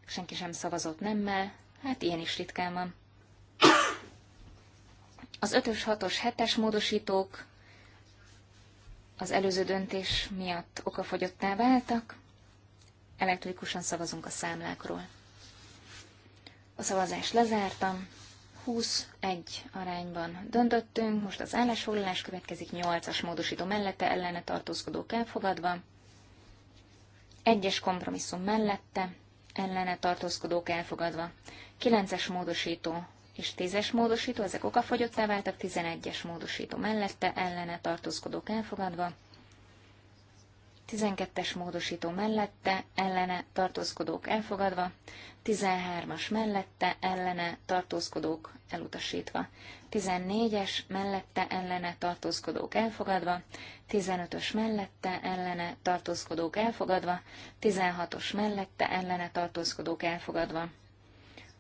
Senki sem szavazott nemmel. Hát ilyen is ritkán van. Az 5-ös, 6-os, 7-es módosítók az előző döntés miatt okafogyottá váltak, elektronikusan szavazunk a számlákról. A szavazást lezártam, 21 arányban döntöttünk, most az állásfoglalás következik 8-as módosító mellette, ellene tartózkodók elfogadva, 1-es kompromisszum mellette, ellene tartózkodók elfogadva, 9-es módosító és 10-es módosító, ezek okafogyottá váltak, 11-es módosító mellette, ellene tartózkodók elfogadva, 12-es módosító mellette, ellene tartózkodók elfogadva, 13-as mellette, ellene tartózkodók elutasítva, 14-es mellette, ellene tartózkodók elfogadva, 15-ös mellette, ellene tartózkodók elfogadva, 16-os mellette, ellene tartózkodók elfogadva.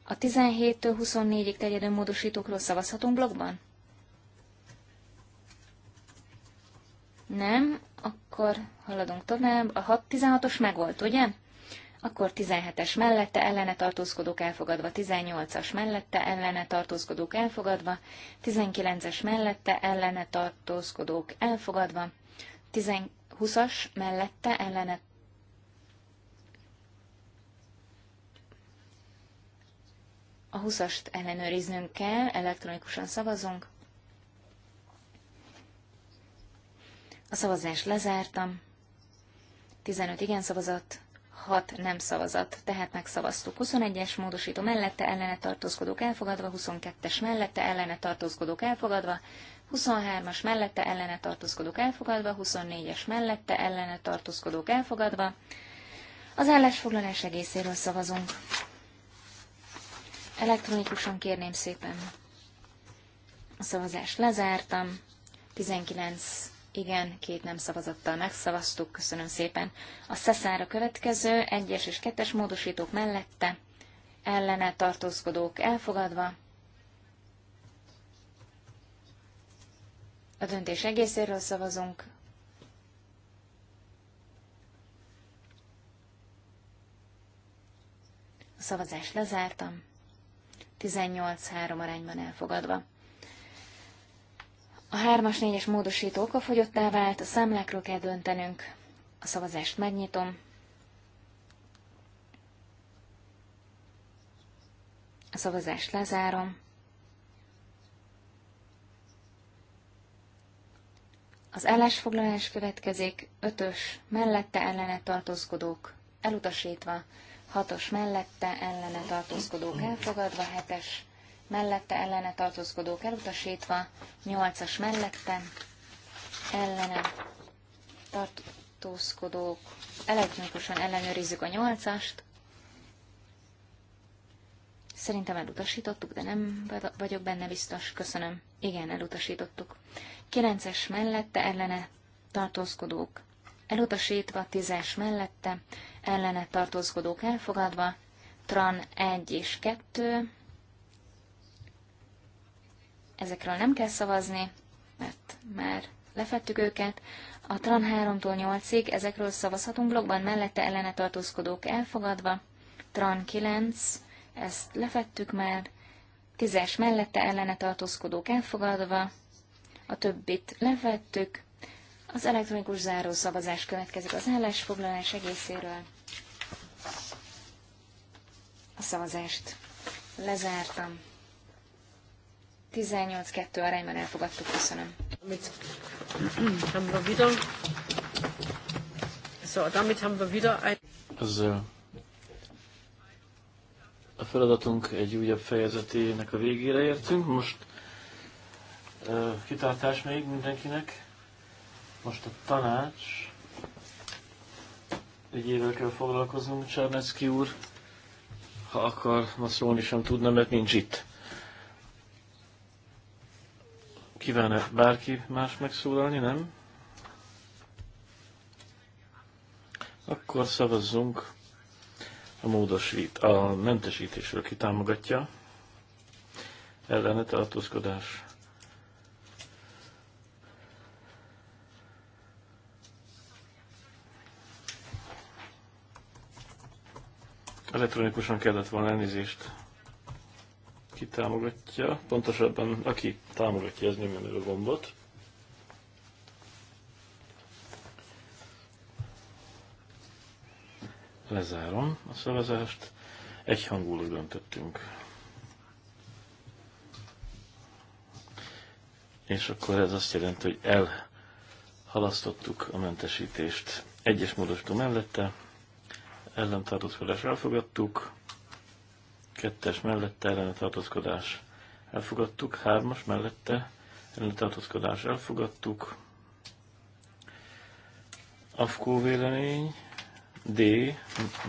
A 17-től 24-ig terjedő módosítókról szavazhatunk blogban? Nem, akkor haladunk tovább. A 16-os megvolt, ugye? Akkor 17-es mellette ellene tartózkodók elfogadva, 18-as mellette ellene tartózkodók elfogadva, 19-es mellette ellene tartózkodók elfogadva, 20-as mellette ellene A 20-ast ellenőriznünk kell, elektronikusan szavazunk. A szavazást lezártam. 15 igen szavazat, 6 nem szavazat, tehát megszavaztuk. 21-es módosító mellette ellene tartózkodók elfogadva, 22-es mellette ellene tartózkodók elfogadva, 23-as mellette ellene tartózkodók elfogadva, 24-es mellette ellene tartózkodók elfogadva. Az állásfoglalás egészéről szavazunk. Elektronikusan kérném szépen. A szavazást lezártam. 19 igen, két nem szavazattal megszavaztuk, köszönöm szépen. A szeszára következő, egyes és kettes módosítók mellette, ellene tartózkodók elfogadva. A döntés egészéről szavazunk. A szavazást lezártam. 18-3 arányban elfogadva. A 3-as, 4-es módosító okafogyottá vált, a számlákról kell döntenünk. A szavazást megnyitom. A szavazást lezárom. Az ellásfoglalás következik, ötös, mellette ellene tartózkodók, elutasítva, hatos mellette ellene tartózkodók elfogadva, hetes mellette ellene tartózkodók elutasítva, nyolcas mellette ellene tartózkodók, elektronikusan ellenőrizzük a nyolcast. Szerintem elutasítottuk, de nem vagyok benne biztos. Köszönöm. Igen, elutasítottuk. 9-es mellette ellene tartózkodók. Elutasítva 10-es mellette ellene tartózkodók elfogadva, TRAN 1 és 2, ezekről nem kell szavazni, mert már lefettük őket. A TRAN 3-tól 8-ig ezekről szavazhatunk blogban, mellette ellene tartózkodók elfogadva, TRAN 9, ezt lefettük már, 10-es mellette ellene tartózkodók elfogadva, a többit lefettük, az elektronikus záró szavazás következik az állásfoglalás egészéről. A szavazást lezártam. 18-2 arányban elfogadtuk, köszönöm. Amit haben wir wieder. So, damit haben wir wieder ein... a feladatunk egy újabb fejezetének a végére értünk. Most uh, kitartás még mindenkinek. Most a tanács. Egy évvel kell foglalkoznunk, Csárnecki úr ha akar, ma szólni sem tudna, mert nincs itt. Kíván-e bárki más megszólalni, nem? Akkor szavazzunk a módosít, a mentesítésről ki támogatja. Ellene tartózkodás Elektronikusan kellett volna elnézést. Ki támogatja? Pontosabban, aki támogatja, az nyomja meg a gombot. Lezárom a szavazást. Egyhangulag döntöttünk. És akkor ez azt jelenti, hogy elhalasztottuk a mentesítést egyes módosító mellette ellen tartózkodás elfogadtuk, kettes mellette ellen tartózkodás elfogadtuk, hármas mellette ellen tartózkodás elfogadtuk, AFKÓ vélemény, D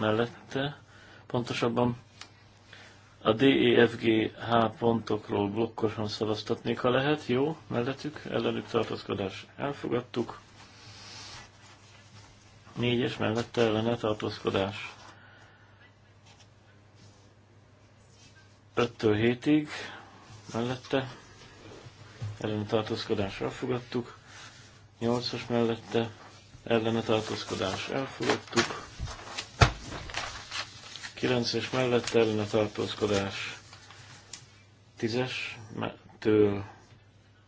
mellette, pontosabban a DEFGH pontokról blokkosan szavaztatnék, ha lehet, jó, mellettük, ellenük tartózkodás elfogadtuk, négyes mellette ellene tartózkodás. 5-től 7-ig mellette ellene tartózkodás elfogadtuk, 8-as mellette ellene tartózkodás elfogadtuk, 9-es mellette ellene tartózkodás 10-es től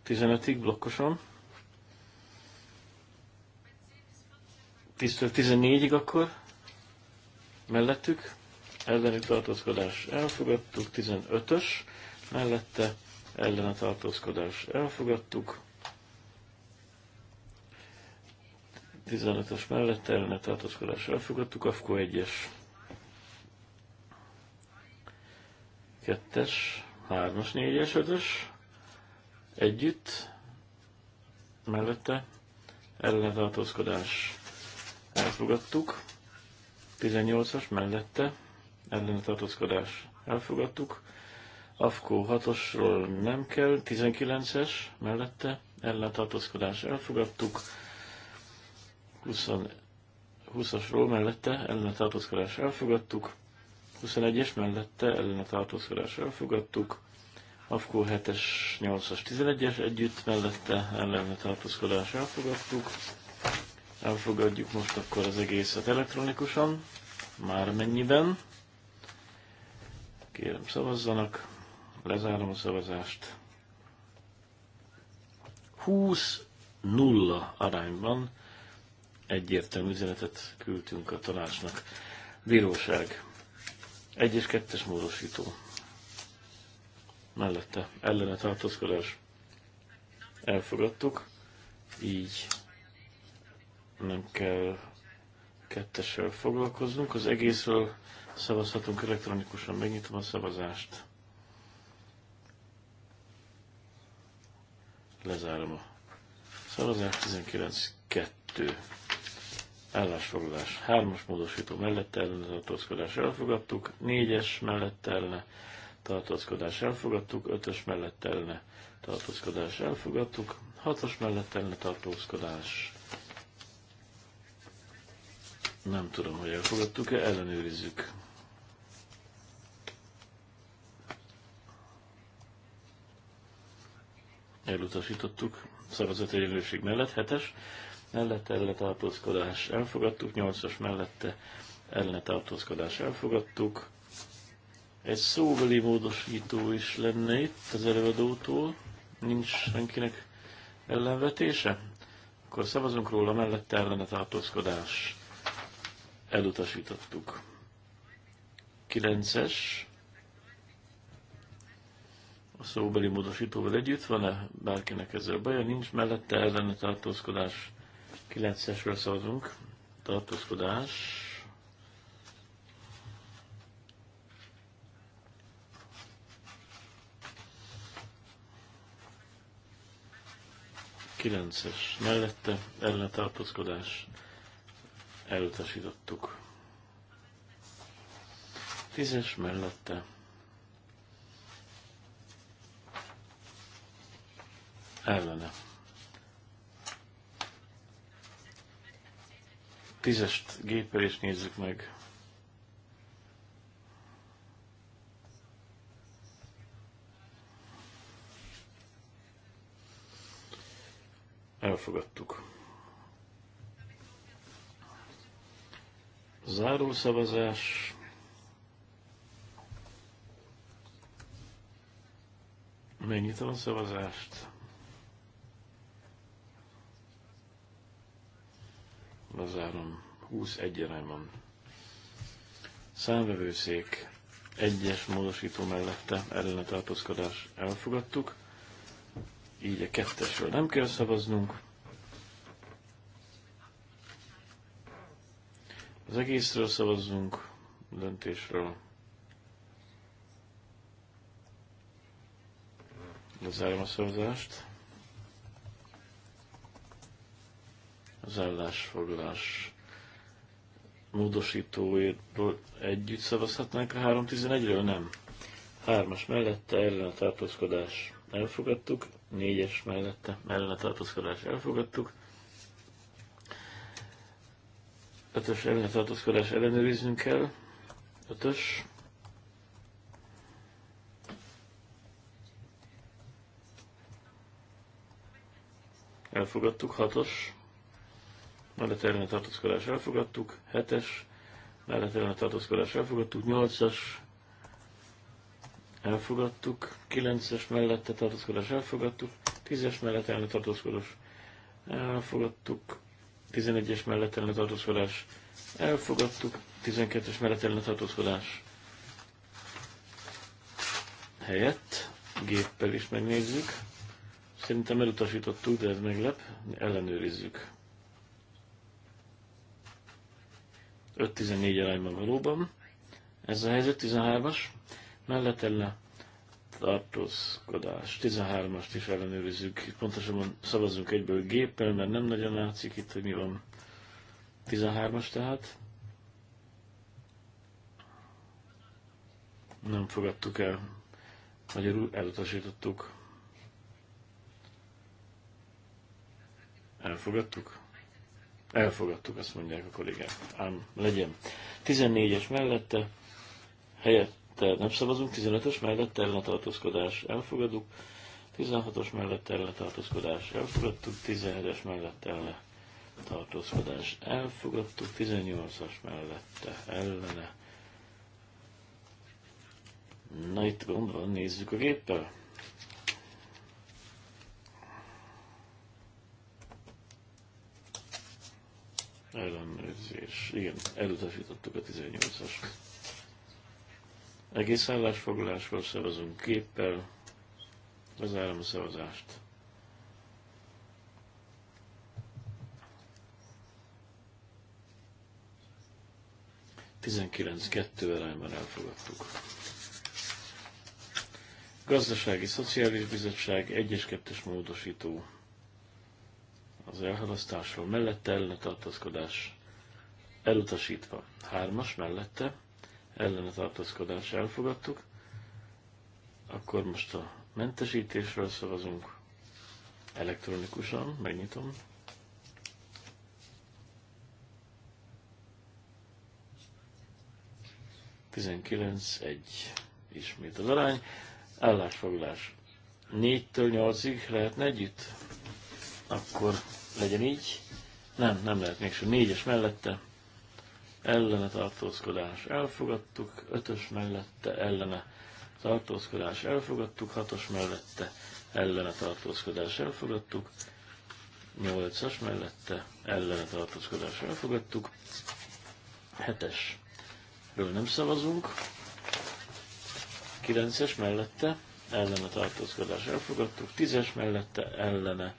15-ig blokkosan, 10-től 14-ig akkor mellettük, ellenük tartózkodás elfogadtuk, 15-ös mellette ellen a tartózkodás elfogadtuk, 15-ös mellette ellen a tartózkodás elfogadtuk, AFKO 1-es, 2-es, 3-as, 4-es, 5-ös, együtt, mellette ellen a tartózkodás elfogadtuk, elfogadtuk. 18-as mellette ellene tartózkodás elfogadtuk. Afkó 6-osról nem kell, 19-es mellette ellene tartózkodás elfogadtuk. 20-asról mellette ellene tartózkodás elfogadtuk. 21-es mellette ellene tartózkodás elfogadtuk. Afkó 7-es, 8-as, 11-es együtt mellette ellene tartózkodás elfogadtuk. Elfogadjuk most akkor az egészet elektronikusan, már mennyiben. Kérem szavazzanak, lezárom a szavazást. 20-0 arányban egyértelmű üzenetet küldtünk a tanácsnak. Bíróság. 1 és 2-es módosító. Mellette ellene tartózkodás. Elfogadtuk. Így nem kell kettessel foglalkoznunk. Az egészről szavazhatunk elektronikusan. Megnyitom a szavazást. Lezárom a szavazást. 19.2. Állásfoglalás. 3-as módosító mellette ellene tartózkodás elfogadtuk. 4-es mellette ellen tartózkodás elfogadtuk. 5-ös mellette ellen tartózkodás elfogadtuk. 6-os mellette ellen tartózkodás nem tudom, hogy elfogadtuk-e, ellenőrizzük. Elutasítottuk, szavazat egyenlőség mellett, hetes, mellette elletartózkodás elfogadtuk, nyolcas mellette elletartózkodás elfogadtuk. Egy szóbeli módosító is lenne itt az előadótól, nincs senkinek ellenvetése? Akkor szavazunk róla mellette ellene elutasítottuk. 9 a szóbeli módosítóval együtt van-e bárkinek ezzel baja? Nincs mellette ellene tartózkodás. 9 szavazunk. Tartózkodás. Kilences mellette ellene tartózkodás elutasítottuk. Tízes mellette ellene. Tízest géppel is nézzük meg. Elfogadtuk. Záró szavazás. Megnyitom a szavazást. Lezárom. 20 egyenem van. Számvevőszék egyes módosító mellette ellene tartózkodás elfogadtuk. Így a kettesről nem kell szavaznunk. Az egészről szavazzunk, döntésről. Lezárom a szavazást. Az állásfoglalás módosítóiról együtt szavazhatnánk a 3.11-ről? Nem. 3-as mellette ellen a tartózkodás elfogadtuk, 4-es mellette ellen a tartózkodás elfogadtuk, Ötös ellentartózkodás ellenőriznünk kell. Ötös. Elfogadtuk. Hatos. Mellett ellentartózkodás elfogadtuk. Hetes. Mellett ellentartózkodás elfogadtuk. Nyolcas. Elfogadtuk. Kilences mellette tartózkodás elfogadtuk. Tízes mellett ellentartózkodás elfogadtuk 11-es mellett ellen tartózkodás elfogadtuk, 12-es mellett ellen tartózkodás helyett géppel is megnézzük. Szerintem elutasítottuk, de ez meglep, ellenőrizzük. 5-14 arányban valóban. Ez a helyzet 13-as, mellett ellen tartózkodás. 13-ast is ellenőrizzük. Pontosabban szavazunk egyből géppel, mert nem nagyon látszik itt, hogy mi van. 13-as tehát. Nem fogadtuk el. Magyarul elutasítottuk. Elfogadtuk? Elfogadtuk, azt mondják a kollégák. Ám legyen. 14-es mellette helyett tehát nem szavazunk, 15-ös mellett ellenetartózkodás elfogadjuk. 16-os mellett ellenetartózkodás elfogadtuk, 17-es mellett ellenetartózkodás elfogadtuk, 18-as mellett ellene. Na itt gond van, nézzük a géppel. Ellenőrzés. Igen, elutasítottuk a 18-as. Egész állásfoglalásról szavazunk képpel. Lezárom a szavazást. Tizenkilenc kettő arányban elfogadtuk. Gazdasági Szociális Bizottság 1-es 2 módosító az elhalasztásról mellette elletartaszkodás elutasítva. Hármas mellette ellen a tartózkodást elfogadtuk. Akkor most a mentesítésről szavazunk elektronikusan, megnyitom. egy, ismét az arány. Állásfoglás. 4-től 8-ig lehetne együtt? Akkor legyen így. Nem, nem lehet mégsem. 4-es mellette ellene tartózkodás elfogadtuk, ötös mellette ellene tartózkodás elfogadtuk, hatos mellette ellene tartózkodás elfogadtuk, nyolcas mellette ellene tartózkodás elfogadtuk, hetesről nem szavazunk, kilences mellette ellene tartózkodás elfogadtuk, tízes mellette ellene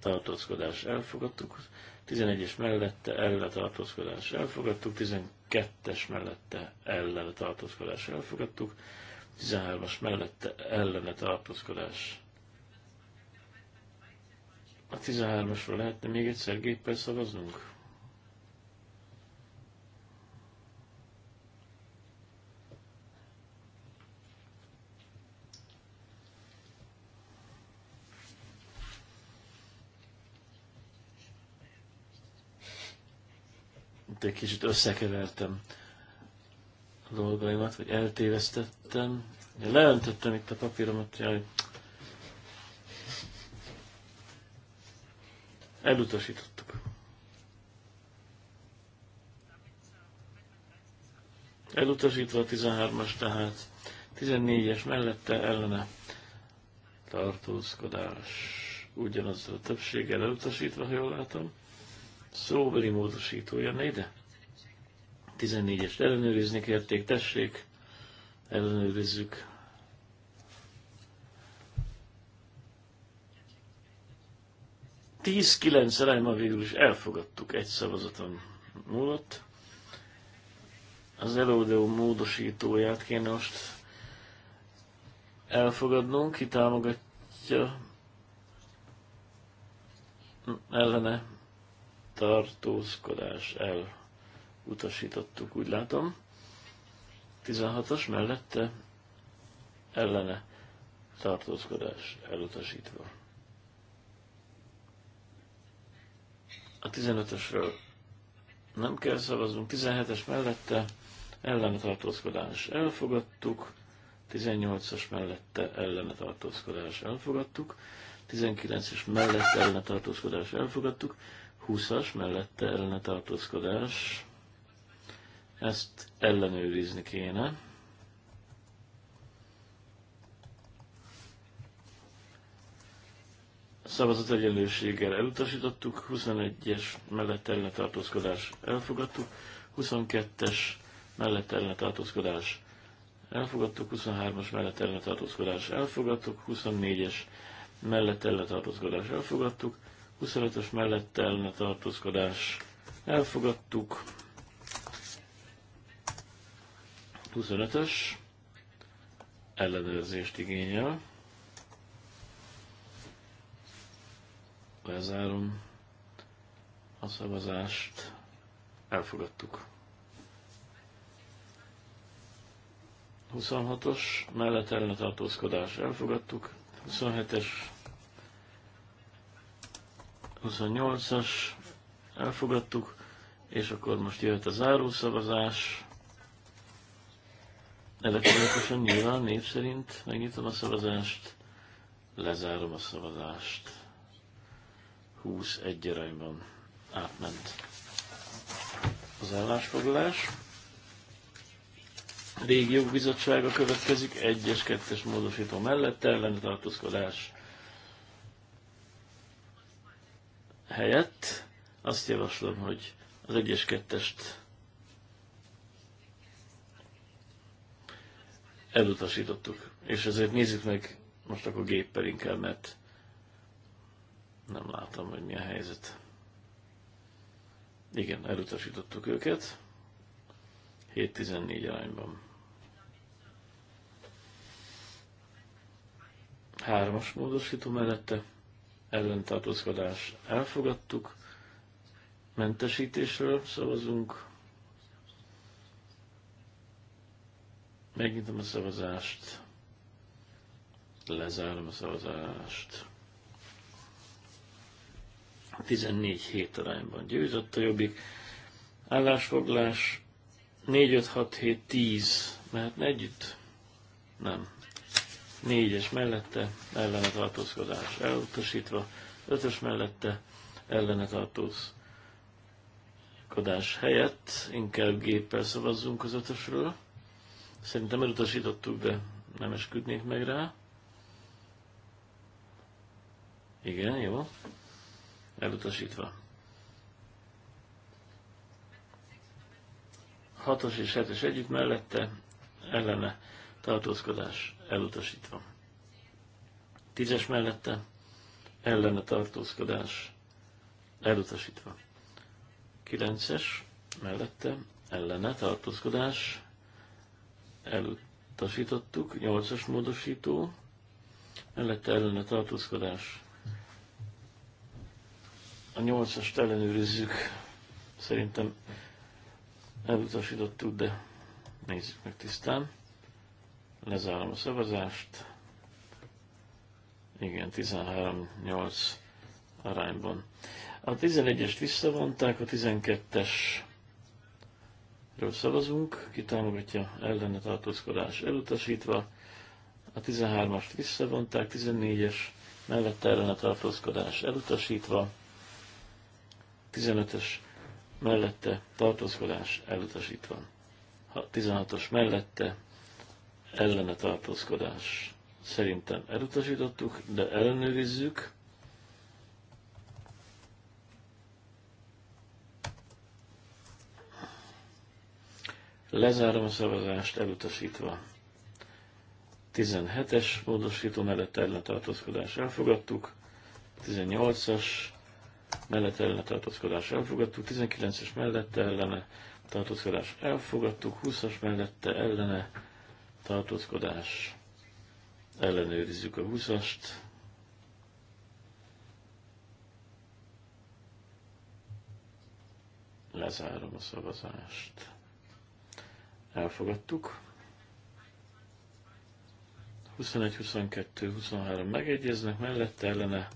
tartózkodás elfogadtuk, 11-es mellette ellene tartózkodás elfogadtuk, 12-es mellette ellene tartózkodás elfogadtuk, 13-as mellette ellene tartózkodás. A 13-asról lehetne még egyszer géppel szavaznunk? egy kicsit összekevertem a dolgaimat, vagy eltévesztettem. Én leöntöttem itt a papíromat, jaj. Elutasítottuk. Elutasítva a 13-as, tehát 14-es mellette ellene tartózkodás ugyanazzal a többséggel elutasítva, ha jól látom szóbeli módosító jönne ide. 14-est ellenőrizni kérték, tessék, ellenőrizzük. Tíz kilenc arányban végül is elfogadtuk egy szavazaton múlott. Az előadó módosítóját kéne most elfogadnunk, ki támogatja ellene tartózkodás elutasítottuk, úgy látom. 16 as mellette ellene tartózkodás elutasítva. A 15-ösről nem kell szavaznunk, 17-es mellette ellene tartózkodás elfogadtuk, 18-as mellette ellene tartózkodás elfogadtuk, 19-es mellette ellene tartózkodás elfogadtuk, 20-as mellette ellene tartózkodás. Ezt ellenőrizni kéne. Szavazat egyenlőséggel elutasítottuk, 21-es mellett ellene tartózkodás elfogadtuk, 22-es mellett ellene tartózkodás elfogadtuk, 23-as mellett ellene tartózkodás elfogadtuk, 24-es mellett ellene tartózkodás elfogadtuk, 25-ös mellett ellene tartózkodás elfogadtuk. 25-ös ellenőrzést igényel. Lezárom a szavazást. Elfogadtuk. 26-os mellett ellene tartózkodás elfogadtuk. 27-es 28-as, elfogadtuk, és akkor most jöhet a zárószavazás. Elektronikusan nyilván név szerint megnyitom a szavazást, lezárom a szavazást. 20 egy arányban átment az állásfoglalás. Régi jogbizottsága következik, 1-es, 2-es módosító mellette tartózkodás. helyett azt javaslom, hogy az egyes kettest elutasítottuk. És ezért nézzük meg most akkor géppel inkább, mert nem látom, hogy mi a helyzet. Igen, elutasítottuk őket. 7-14 arányban. Hármas módosító mellette ellentartózkodás elfogadtuk, mentesítésről szavazunk, megnyitom a szavazást, lezárom a szavazást. 14 hét arányban győzött a jobbik. Állásfoglás 4, 5, 6, 7, 10 mehetne együtt? Nem négyes mellette ellene tartózkodás elutasítva, ötös mellette ellene tartózkodás helyett inkább géppel szavazzunk az ötösről. Szerintem elutasítottuk, de nem esküdnék meg rá. Igen, jó. Elutasítva. 6-os és 7-es együtt mellette ellene tartózkodás elutasítva. Tízes mellette ellene tartózkodás elutasítva. Kilences mellette ellene tartózkodás elutasítottuk. Nyolcas módosító mellette ellene tartózkodás a nyolcast ellenőrizzük. Szerintem elutasítottuk, de nézzük meg tisztán. Lezárom a szavazást. Igen, 13-8 arányban. A 11-est visszavonták, a 12-es szavazunk, ki támogatja ellene tartózkodás elutasítva. A 13-ast visszavonták, 14-es mellette ellene tartózkodás elutasítva. 15-ös mellette tartózkodás elutasítva. 16-os mellette ellene tartózkodás. Szerintem elutasítottuk, de ellenőrizzük. Lezárom a szavazást elutasítva. 17-es módosító mellett ellentartózkodás elfogadtuk, 18-as mellett ellentartózkodás elfogadtuk, 19-es mellette ellene tartózkodás elfogadtuk, 20-as mellette ellene tartózkodás, ellenőrizzük a 20 lezárom a szavazást. Elfogadtuk. 21, 22, 23 megegyeznek, mellette ellene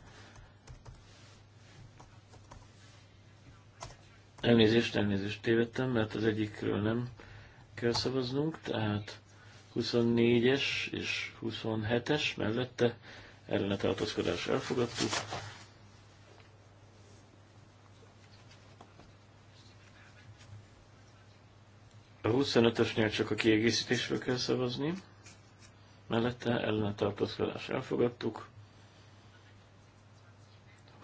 Elnézést, elnézést tévedtem, mert az egyikről nem kell szavaznunk, tehát 24-es és 27-es mellette ellene tartózkodás elfogadtuk. A 25-ösnél csak a kiegészítésről kell szavazni. Mellette ellene tartózkodás elfogadtuk.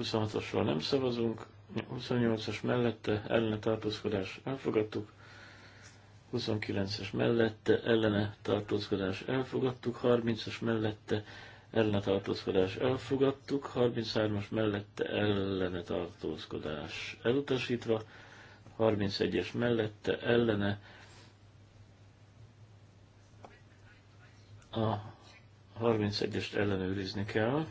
26-osról nem szavazunk. 28-as mellette ellene tartózkodás elfogadtuk. 29-es mellette ellene tartózkodás elfogadtuk, 30-as mellette ellene tartózkodás elfogadtuk, 33-as mellette ellene tartózkodás elutasítva, 31-es mellette ellene a 31-est ellenőrizni kell.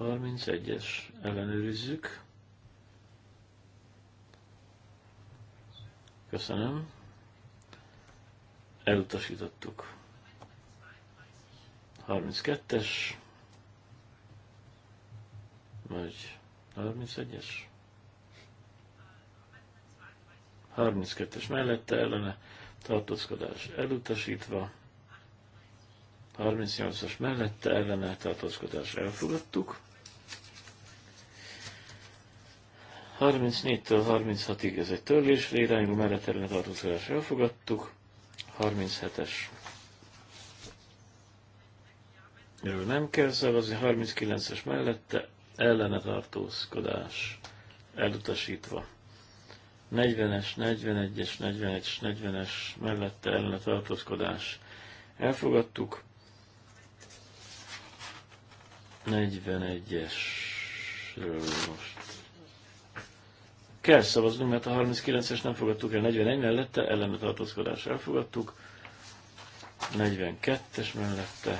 31-es ellenőrizzük. Köszönöm. Elutasítottuk. 32-es, vagy 31-es. 32-es mellette ellene tartózkodás elutasítva. 38-as mellette ellene tartózkodás elfogadtuk. 34-től 36-ig ez egy törlésre irányuló mellett ellene tartózkodás elfogadtuk. 37-es. Erről nem kell szavazni. 39-es mellette ellene tartózkodás elutasítva. 40-es, 41-es, 41-es, 40-es mellette ellene tartózkodás elfogadtuk. 41-esről most kell szavaznunk, mert a 39-es nem fogadtuk el, 41 mellette ellene tartózkodás elfogadtuk, 42-es mellette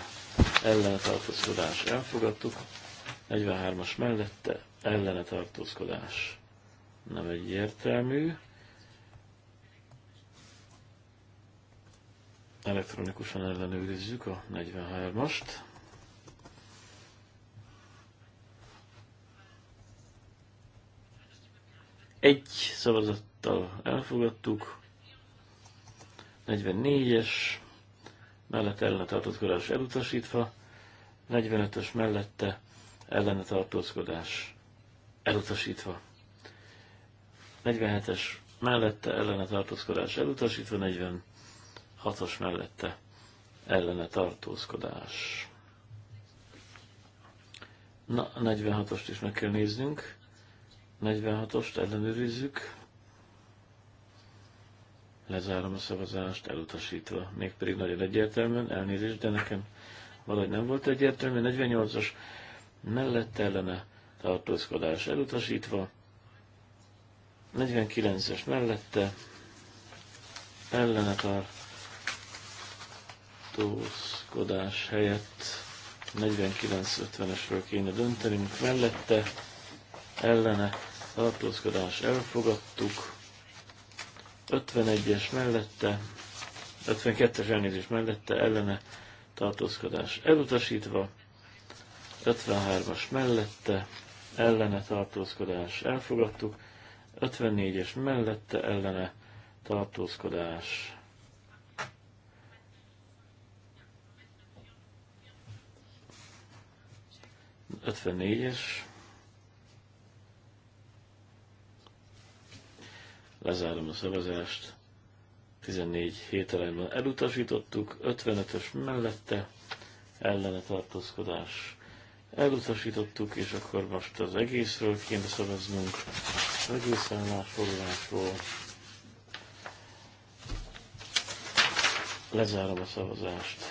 ellene tartózkodás elfogadtuk, 43-as mellette ellene tartózkodás nem egyértelmű. Elektronikusan ellenőrizzük a 43-ast. Egy szavazattal elfogadtuk. 44-es mellett ellene tartózkodás elutasítva. 45-ös mellette ellene tartózkodás elutasítva. 47-es mellette ellene tartózkodás elutasítva, 46-os mellette ellene tartózkodás. Na, 46-ost is meg kell néznünk. 46-ost ellenőrizzük. Lezárom a szavazást, elutasítva. Mégpedig nagyon egyértelműen, elnézést, de nekem valahogy nem volt egyértelmű. 48-as mellett ellene tartózkodás elutasítva. 49-es mellette ellene tartózkodás helyett 49-50-esről kéne döntenünk mellette ellene tartózkodás elfogadtuk, 51-es mellette, 52-es elnézés mellette ellene tartózkodás elutasítva, 53-as mellette ellene tartózkodás elfogadtuk, 54-es mellette ellene tartózkodás ötvennégyes Lezárom a szavazást. 14 hét arányban elutasítottuk, 55-ös mellette ellene tartózkodás elutasítottuk, és akkor most az egészről kéne szavaznunk, az egész állásfoglalásról. Lezárom a szavazást.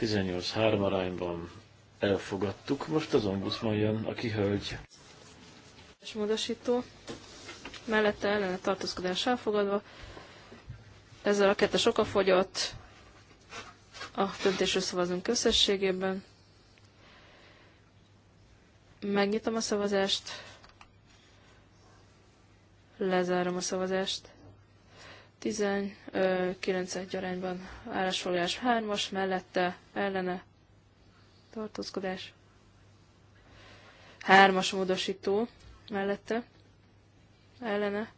18-3 arányban elfogadtuk. Most az ombudsman jön, aki hölgy. És módosító mellette ellene tartózkodás elfogadva. Ezzel a kettes oka fogyott. A döntésről szavazunk összességében. Megnyitom a szavazást. Lezárom a szavazást. 19 arányban állásfoglalás 3-as, mellette ellene tartózkodás. 3-as módosító mellette ellene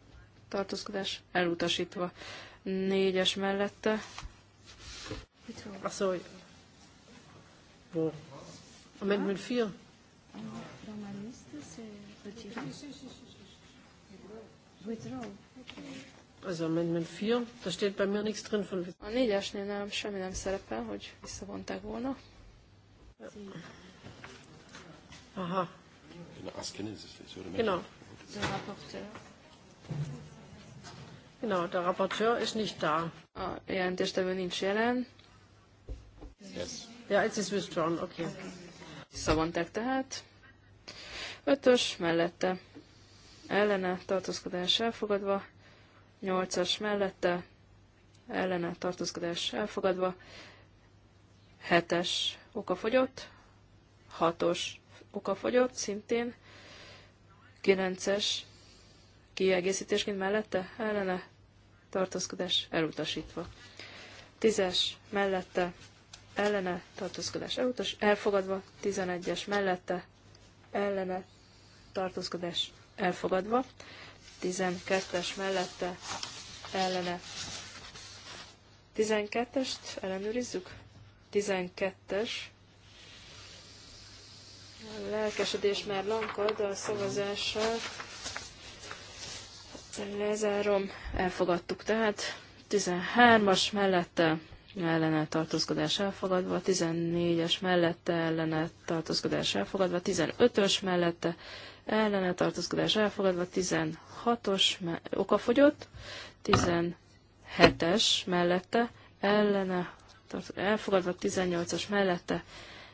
tartózkodás elutasítva. Négyes mellette. Azt hogy... A Amendment fia? Dans a liste, fia, retiré. da steht bei mir nichts drin von A négyesnél nem, semmi nem szerepel, hogy visszavonták volna. Aha. Genau. Genau, der Rapporteur ist nicht da. A jelentéstevő jelen. Yes. Ja, withdrawn, okay. tehát. Ötös mellette. Ellene tartózkodás elfogadva. Nyolcas mellette. Ellene tartózkodás elfogadva. Hetes okafogyott. Hatos okafogyott szintén. Kilences kiegészítésként mellette ellene tartózkodás elutasítva. Tízes mellette ellene tartózkodás elutas, elfogadva, tizenegyes mellette ellene tartózkodás elfogadva, tizenkettes mellette ellene. tizenkettest ellenőrizzük? Tizenkettes lelkesedés már lankad a szavazással. Lezárom, elfogadtuk tehát. 13-as mellette ellene tartózkodás elfogadva, 14-es mellette ellene tartózkodás elfogadva, 15-ös mellette ellene tartózkodás elfogadva, 16-os okafogyott, 17-es mellette ellene elfogadva, 18-as mellette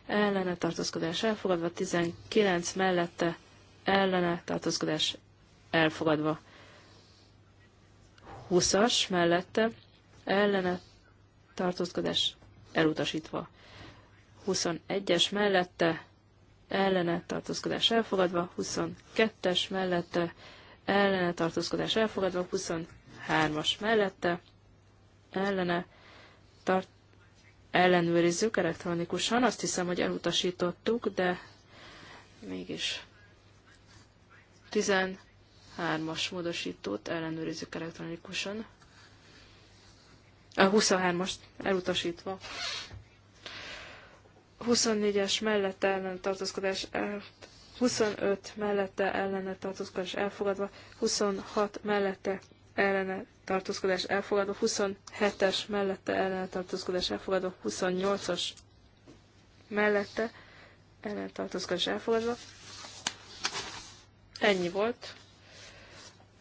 ellene tartózkodás elfogadva, 19 mellette ellene tartózkodás elfogadva. 20-as mellette ellene tartózkodás elutasítva. 21-es mellette ellene tartózkodás elfogadva, 22-es mellette ellene tartózkodás elfogadva, 23-as mellette ellene tart ellenőrizzük elektronikusan. Azt hiszem, hogy elutasítottuk, de mégis 23-as módosítót ellenőrizzük elektronikusan. A 23 as elutasítva. 24-es mellette ellen tartózkodás el, 25 mellette ellene tartózkodás elfogadva, 26 mellette ellene tartózkodás elfogadva, 27-es mellette ellene tartózkodás elfogadva, 28-as mellette ellene tartózkodás elfogadva. Ennyi volt.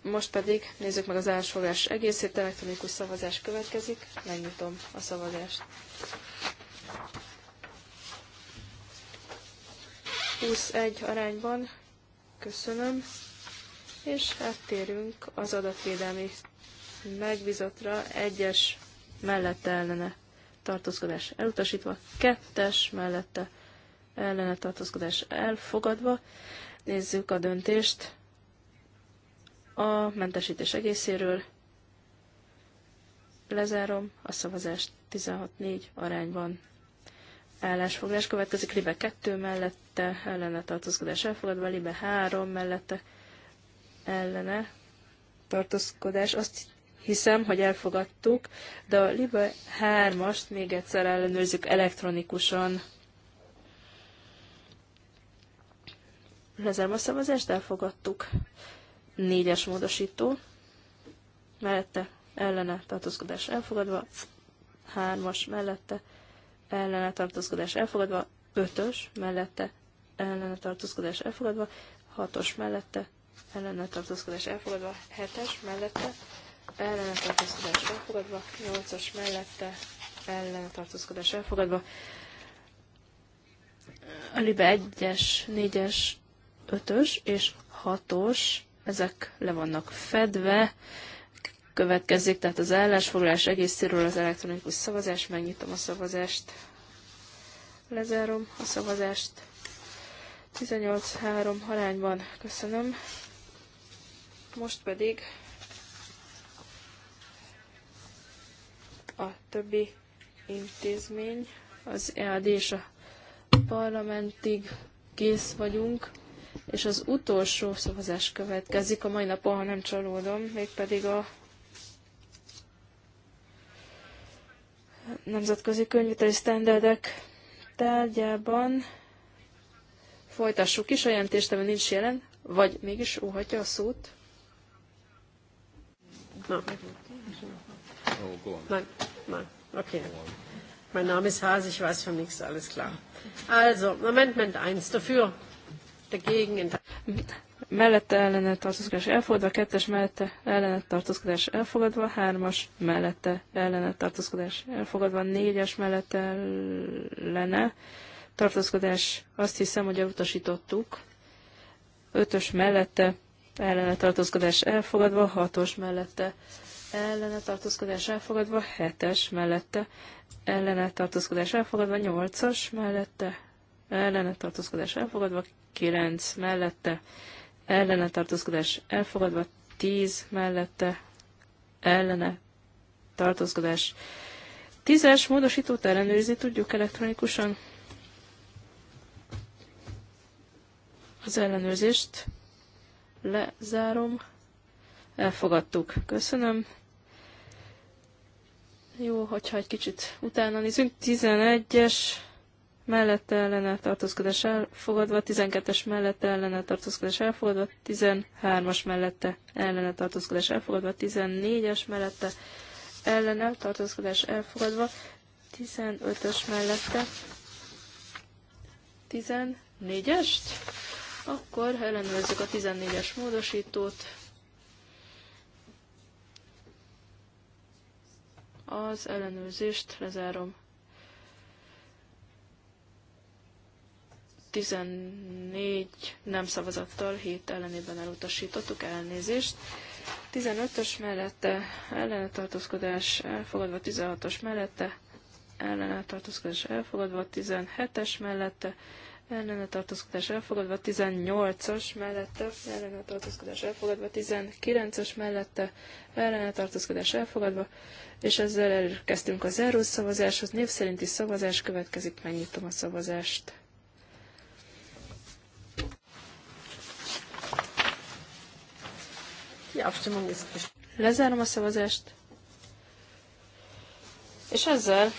Most pedig nézzük meg az állásfogás egészét, elektronikus szavazás következik, megnyitom a szavazást. 21 arányban, köszönöm, és áttérünk az adatvédelmi megbizatra, egyes mellette ellene tartózkodás elutasítva, kettes mellette ellene tartózkodás elfogadva. Nézzük a döntést a mentesítés egészéről. Lezárom a szavazást 16-4 arányban. Állásfoglás következik Libe 2 mellette, ellene tartózkodás elfogadva, Libe 3 mellette, ellene tartózkodás. Azt hiszem, hogy elfogadtuk, de a Libe 3-ast még egyszer ellenőrzzük elektronikusan. Lezárom a szavazást, elfogadtuk. Négyes módosító. Mellette ellene tartózkodás elfogadva. Hármas mellette ellene tartózkodás elfogadva. Ötös mellette ellene tartózkodás elfogadva. Hatos mellette ellene tartózkodás elfogadva. Hetes mellette ellene tartózkodás elfogadva. Nyolcas mellette ellene tartózkodás elfogadva. Alibe 1-es, 4-es, 5-ös és 6-os ezek le vannak fedve. Következik tehát az állásfoglalás egészéről az elektronikus szavazás. Megnyitom a szavazást. Lezárom a szavazást. 18-3 arányban. Köszönöm. Most pedig a többi intézmény, az EAD és a parlamentig kész vagyunk és az utolsó szavazás következik a mai napon, ha nem csalódom, mégpedig a nemzetközi könyvételi sztenderdek tárgyában folytassuk is a jelentést, ami nincs jelen, vagy mégis óhatja a szót. Na. Oh, Na. Nein, nein, okay. Mein Name ist Haas, ich weiß von nichts, alles klar. Also, Amendment 1 dafür dagegen, mellette ellene tartózkodás elfogadva, kettes mellette ellene tartózkodás elfogadva, hármas mellette ellene tartózkodás elfogadva, négyes mellette ellene tartózkodás, azt hiszem, hogy elutasítottuk, ötös mellette ellene tartózkodás elfogadva, hatos mellette ellene tartózkodás elfogadva, hetes mellette ellene tartózkodás elfogadva, nyolcas mellette ellene tartózkodás elfogadva, 9 mellette, ellene tartózkodás elfogadva, 10 mellette, ellene tartózkodás. 10-es módosítót ellenőrizni tudjuk elektronikusan. Az ellenőrzést lezárom. Elfogadtuk. Köszönöm. Jó, hogyha egy kicsit utána nézünk. 11-es mellette ellene tartózkodás elfogadva, 12-es mellette ellene tartózkodás elfogadva, 13-as mellette ellene tartózkodás elfogadva, 14-es mellette ellene tartózkodás elfogadva, 15-ös mellette 14-est, akkor ellenőrizzük a 14-es módosítót. Az ellenőrzést lezárom. 14 nem szavazattal, 7 ellenében elutasítottuk, elnézést. 15-ös mellette ellenetartózkodás elfogadva, 16-os mellette ellenetartózkodás elfogadva, 17-es mellette ellenetartózkodás elfogadva, 18-as mellette ellenetartózkodás elfogadva, 19-es mellette ellenetartózkodás elfogadva, és ezzel elkezdtünk a záró szavazáshoz. Név szerinti szavazás következik, megnyitom a szavazást. Die Abstimmung ist Lezárom a szavazást. És ezzel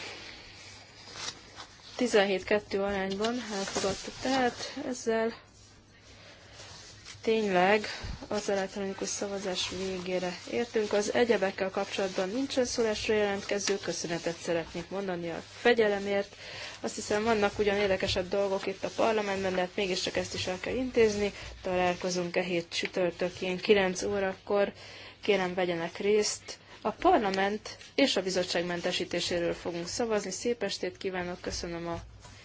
17-2 arányban elfogadtuk. Tehát ezzel tényleg az elektronikus szavazás végére értünk. Az egyebekkel kapcsolatban nincsen szólásra jelentkező, köszönetet szeretnék mondani a fegyelemért. Azt hiszem, vannak ugyan érdekesebb dolgok itt a parlamentben, de hát mégiscsak ezt is el kell intézni. Találkozunk e hét csütörtökén 9 órakor. Kérem, vegyenek részt. A parlament és a bizottság mentesítéséről fogunk szavazni. Szép estét kívánok, köszönöm a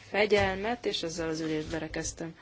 fegyelmet, és ezzel az ülést berekeztem.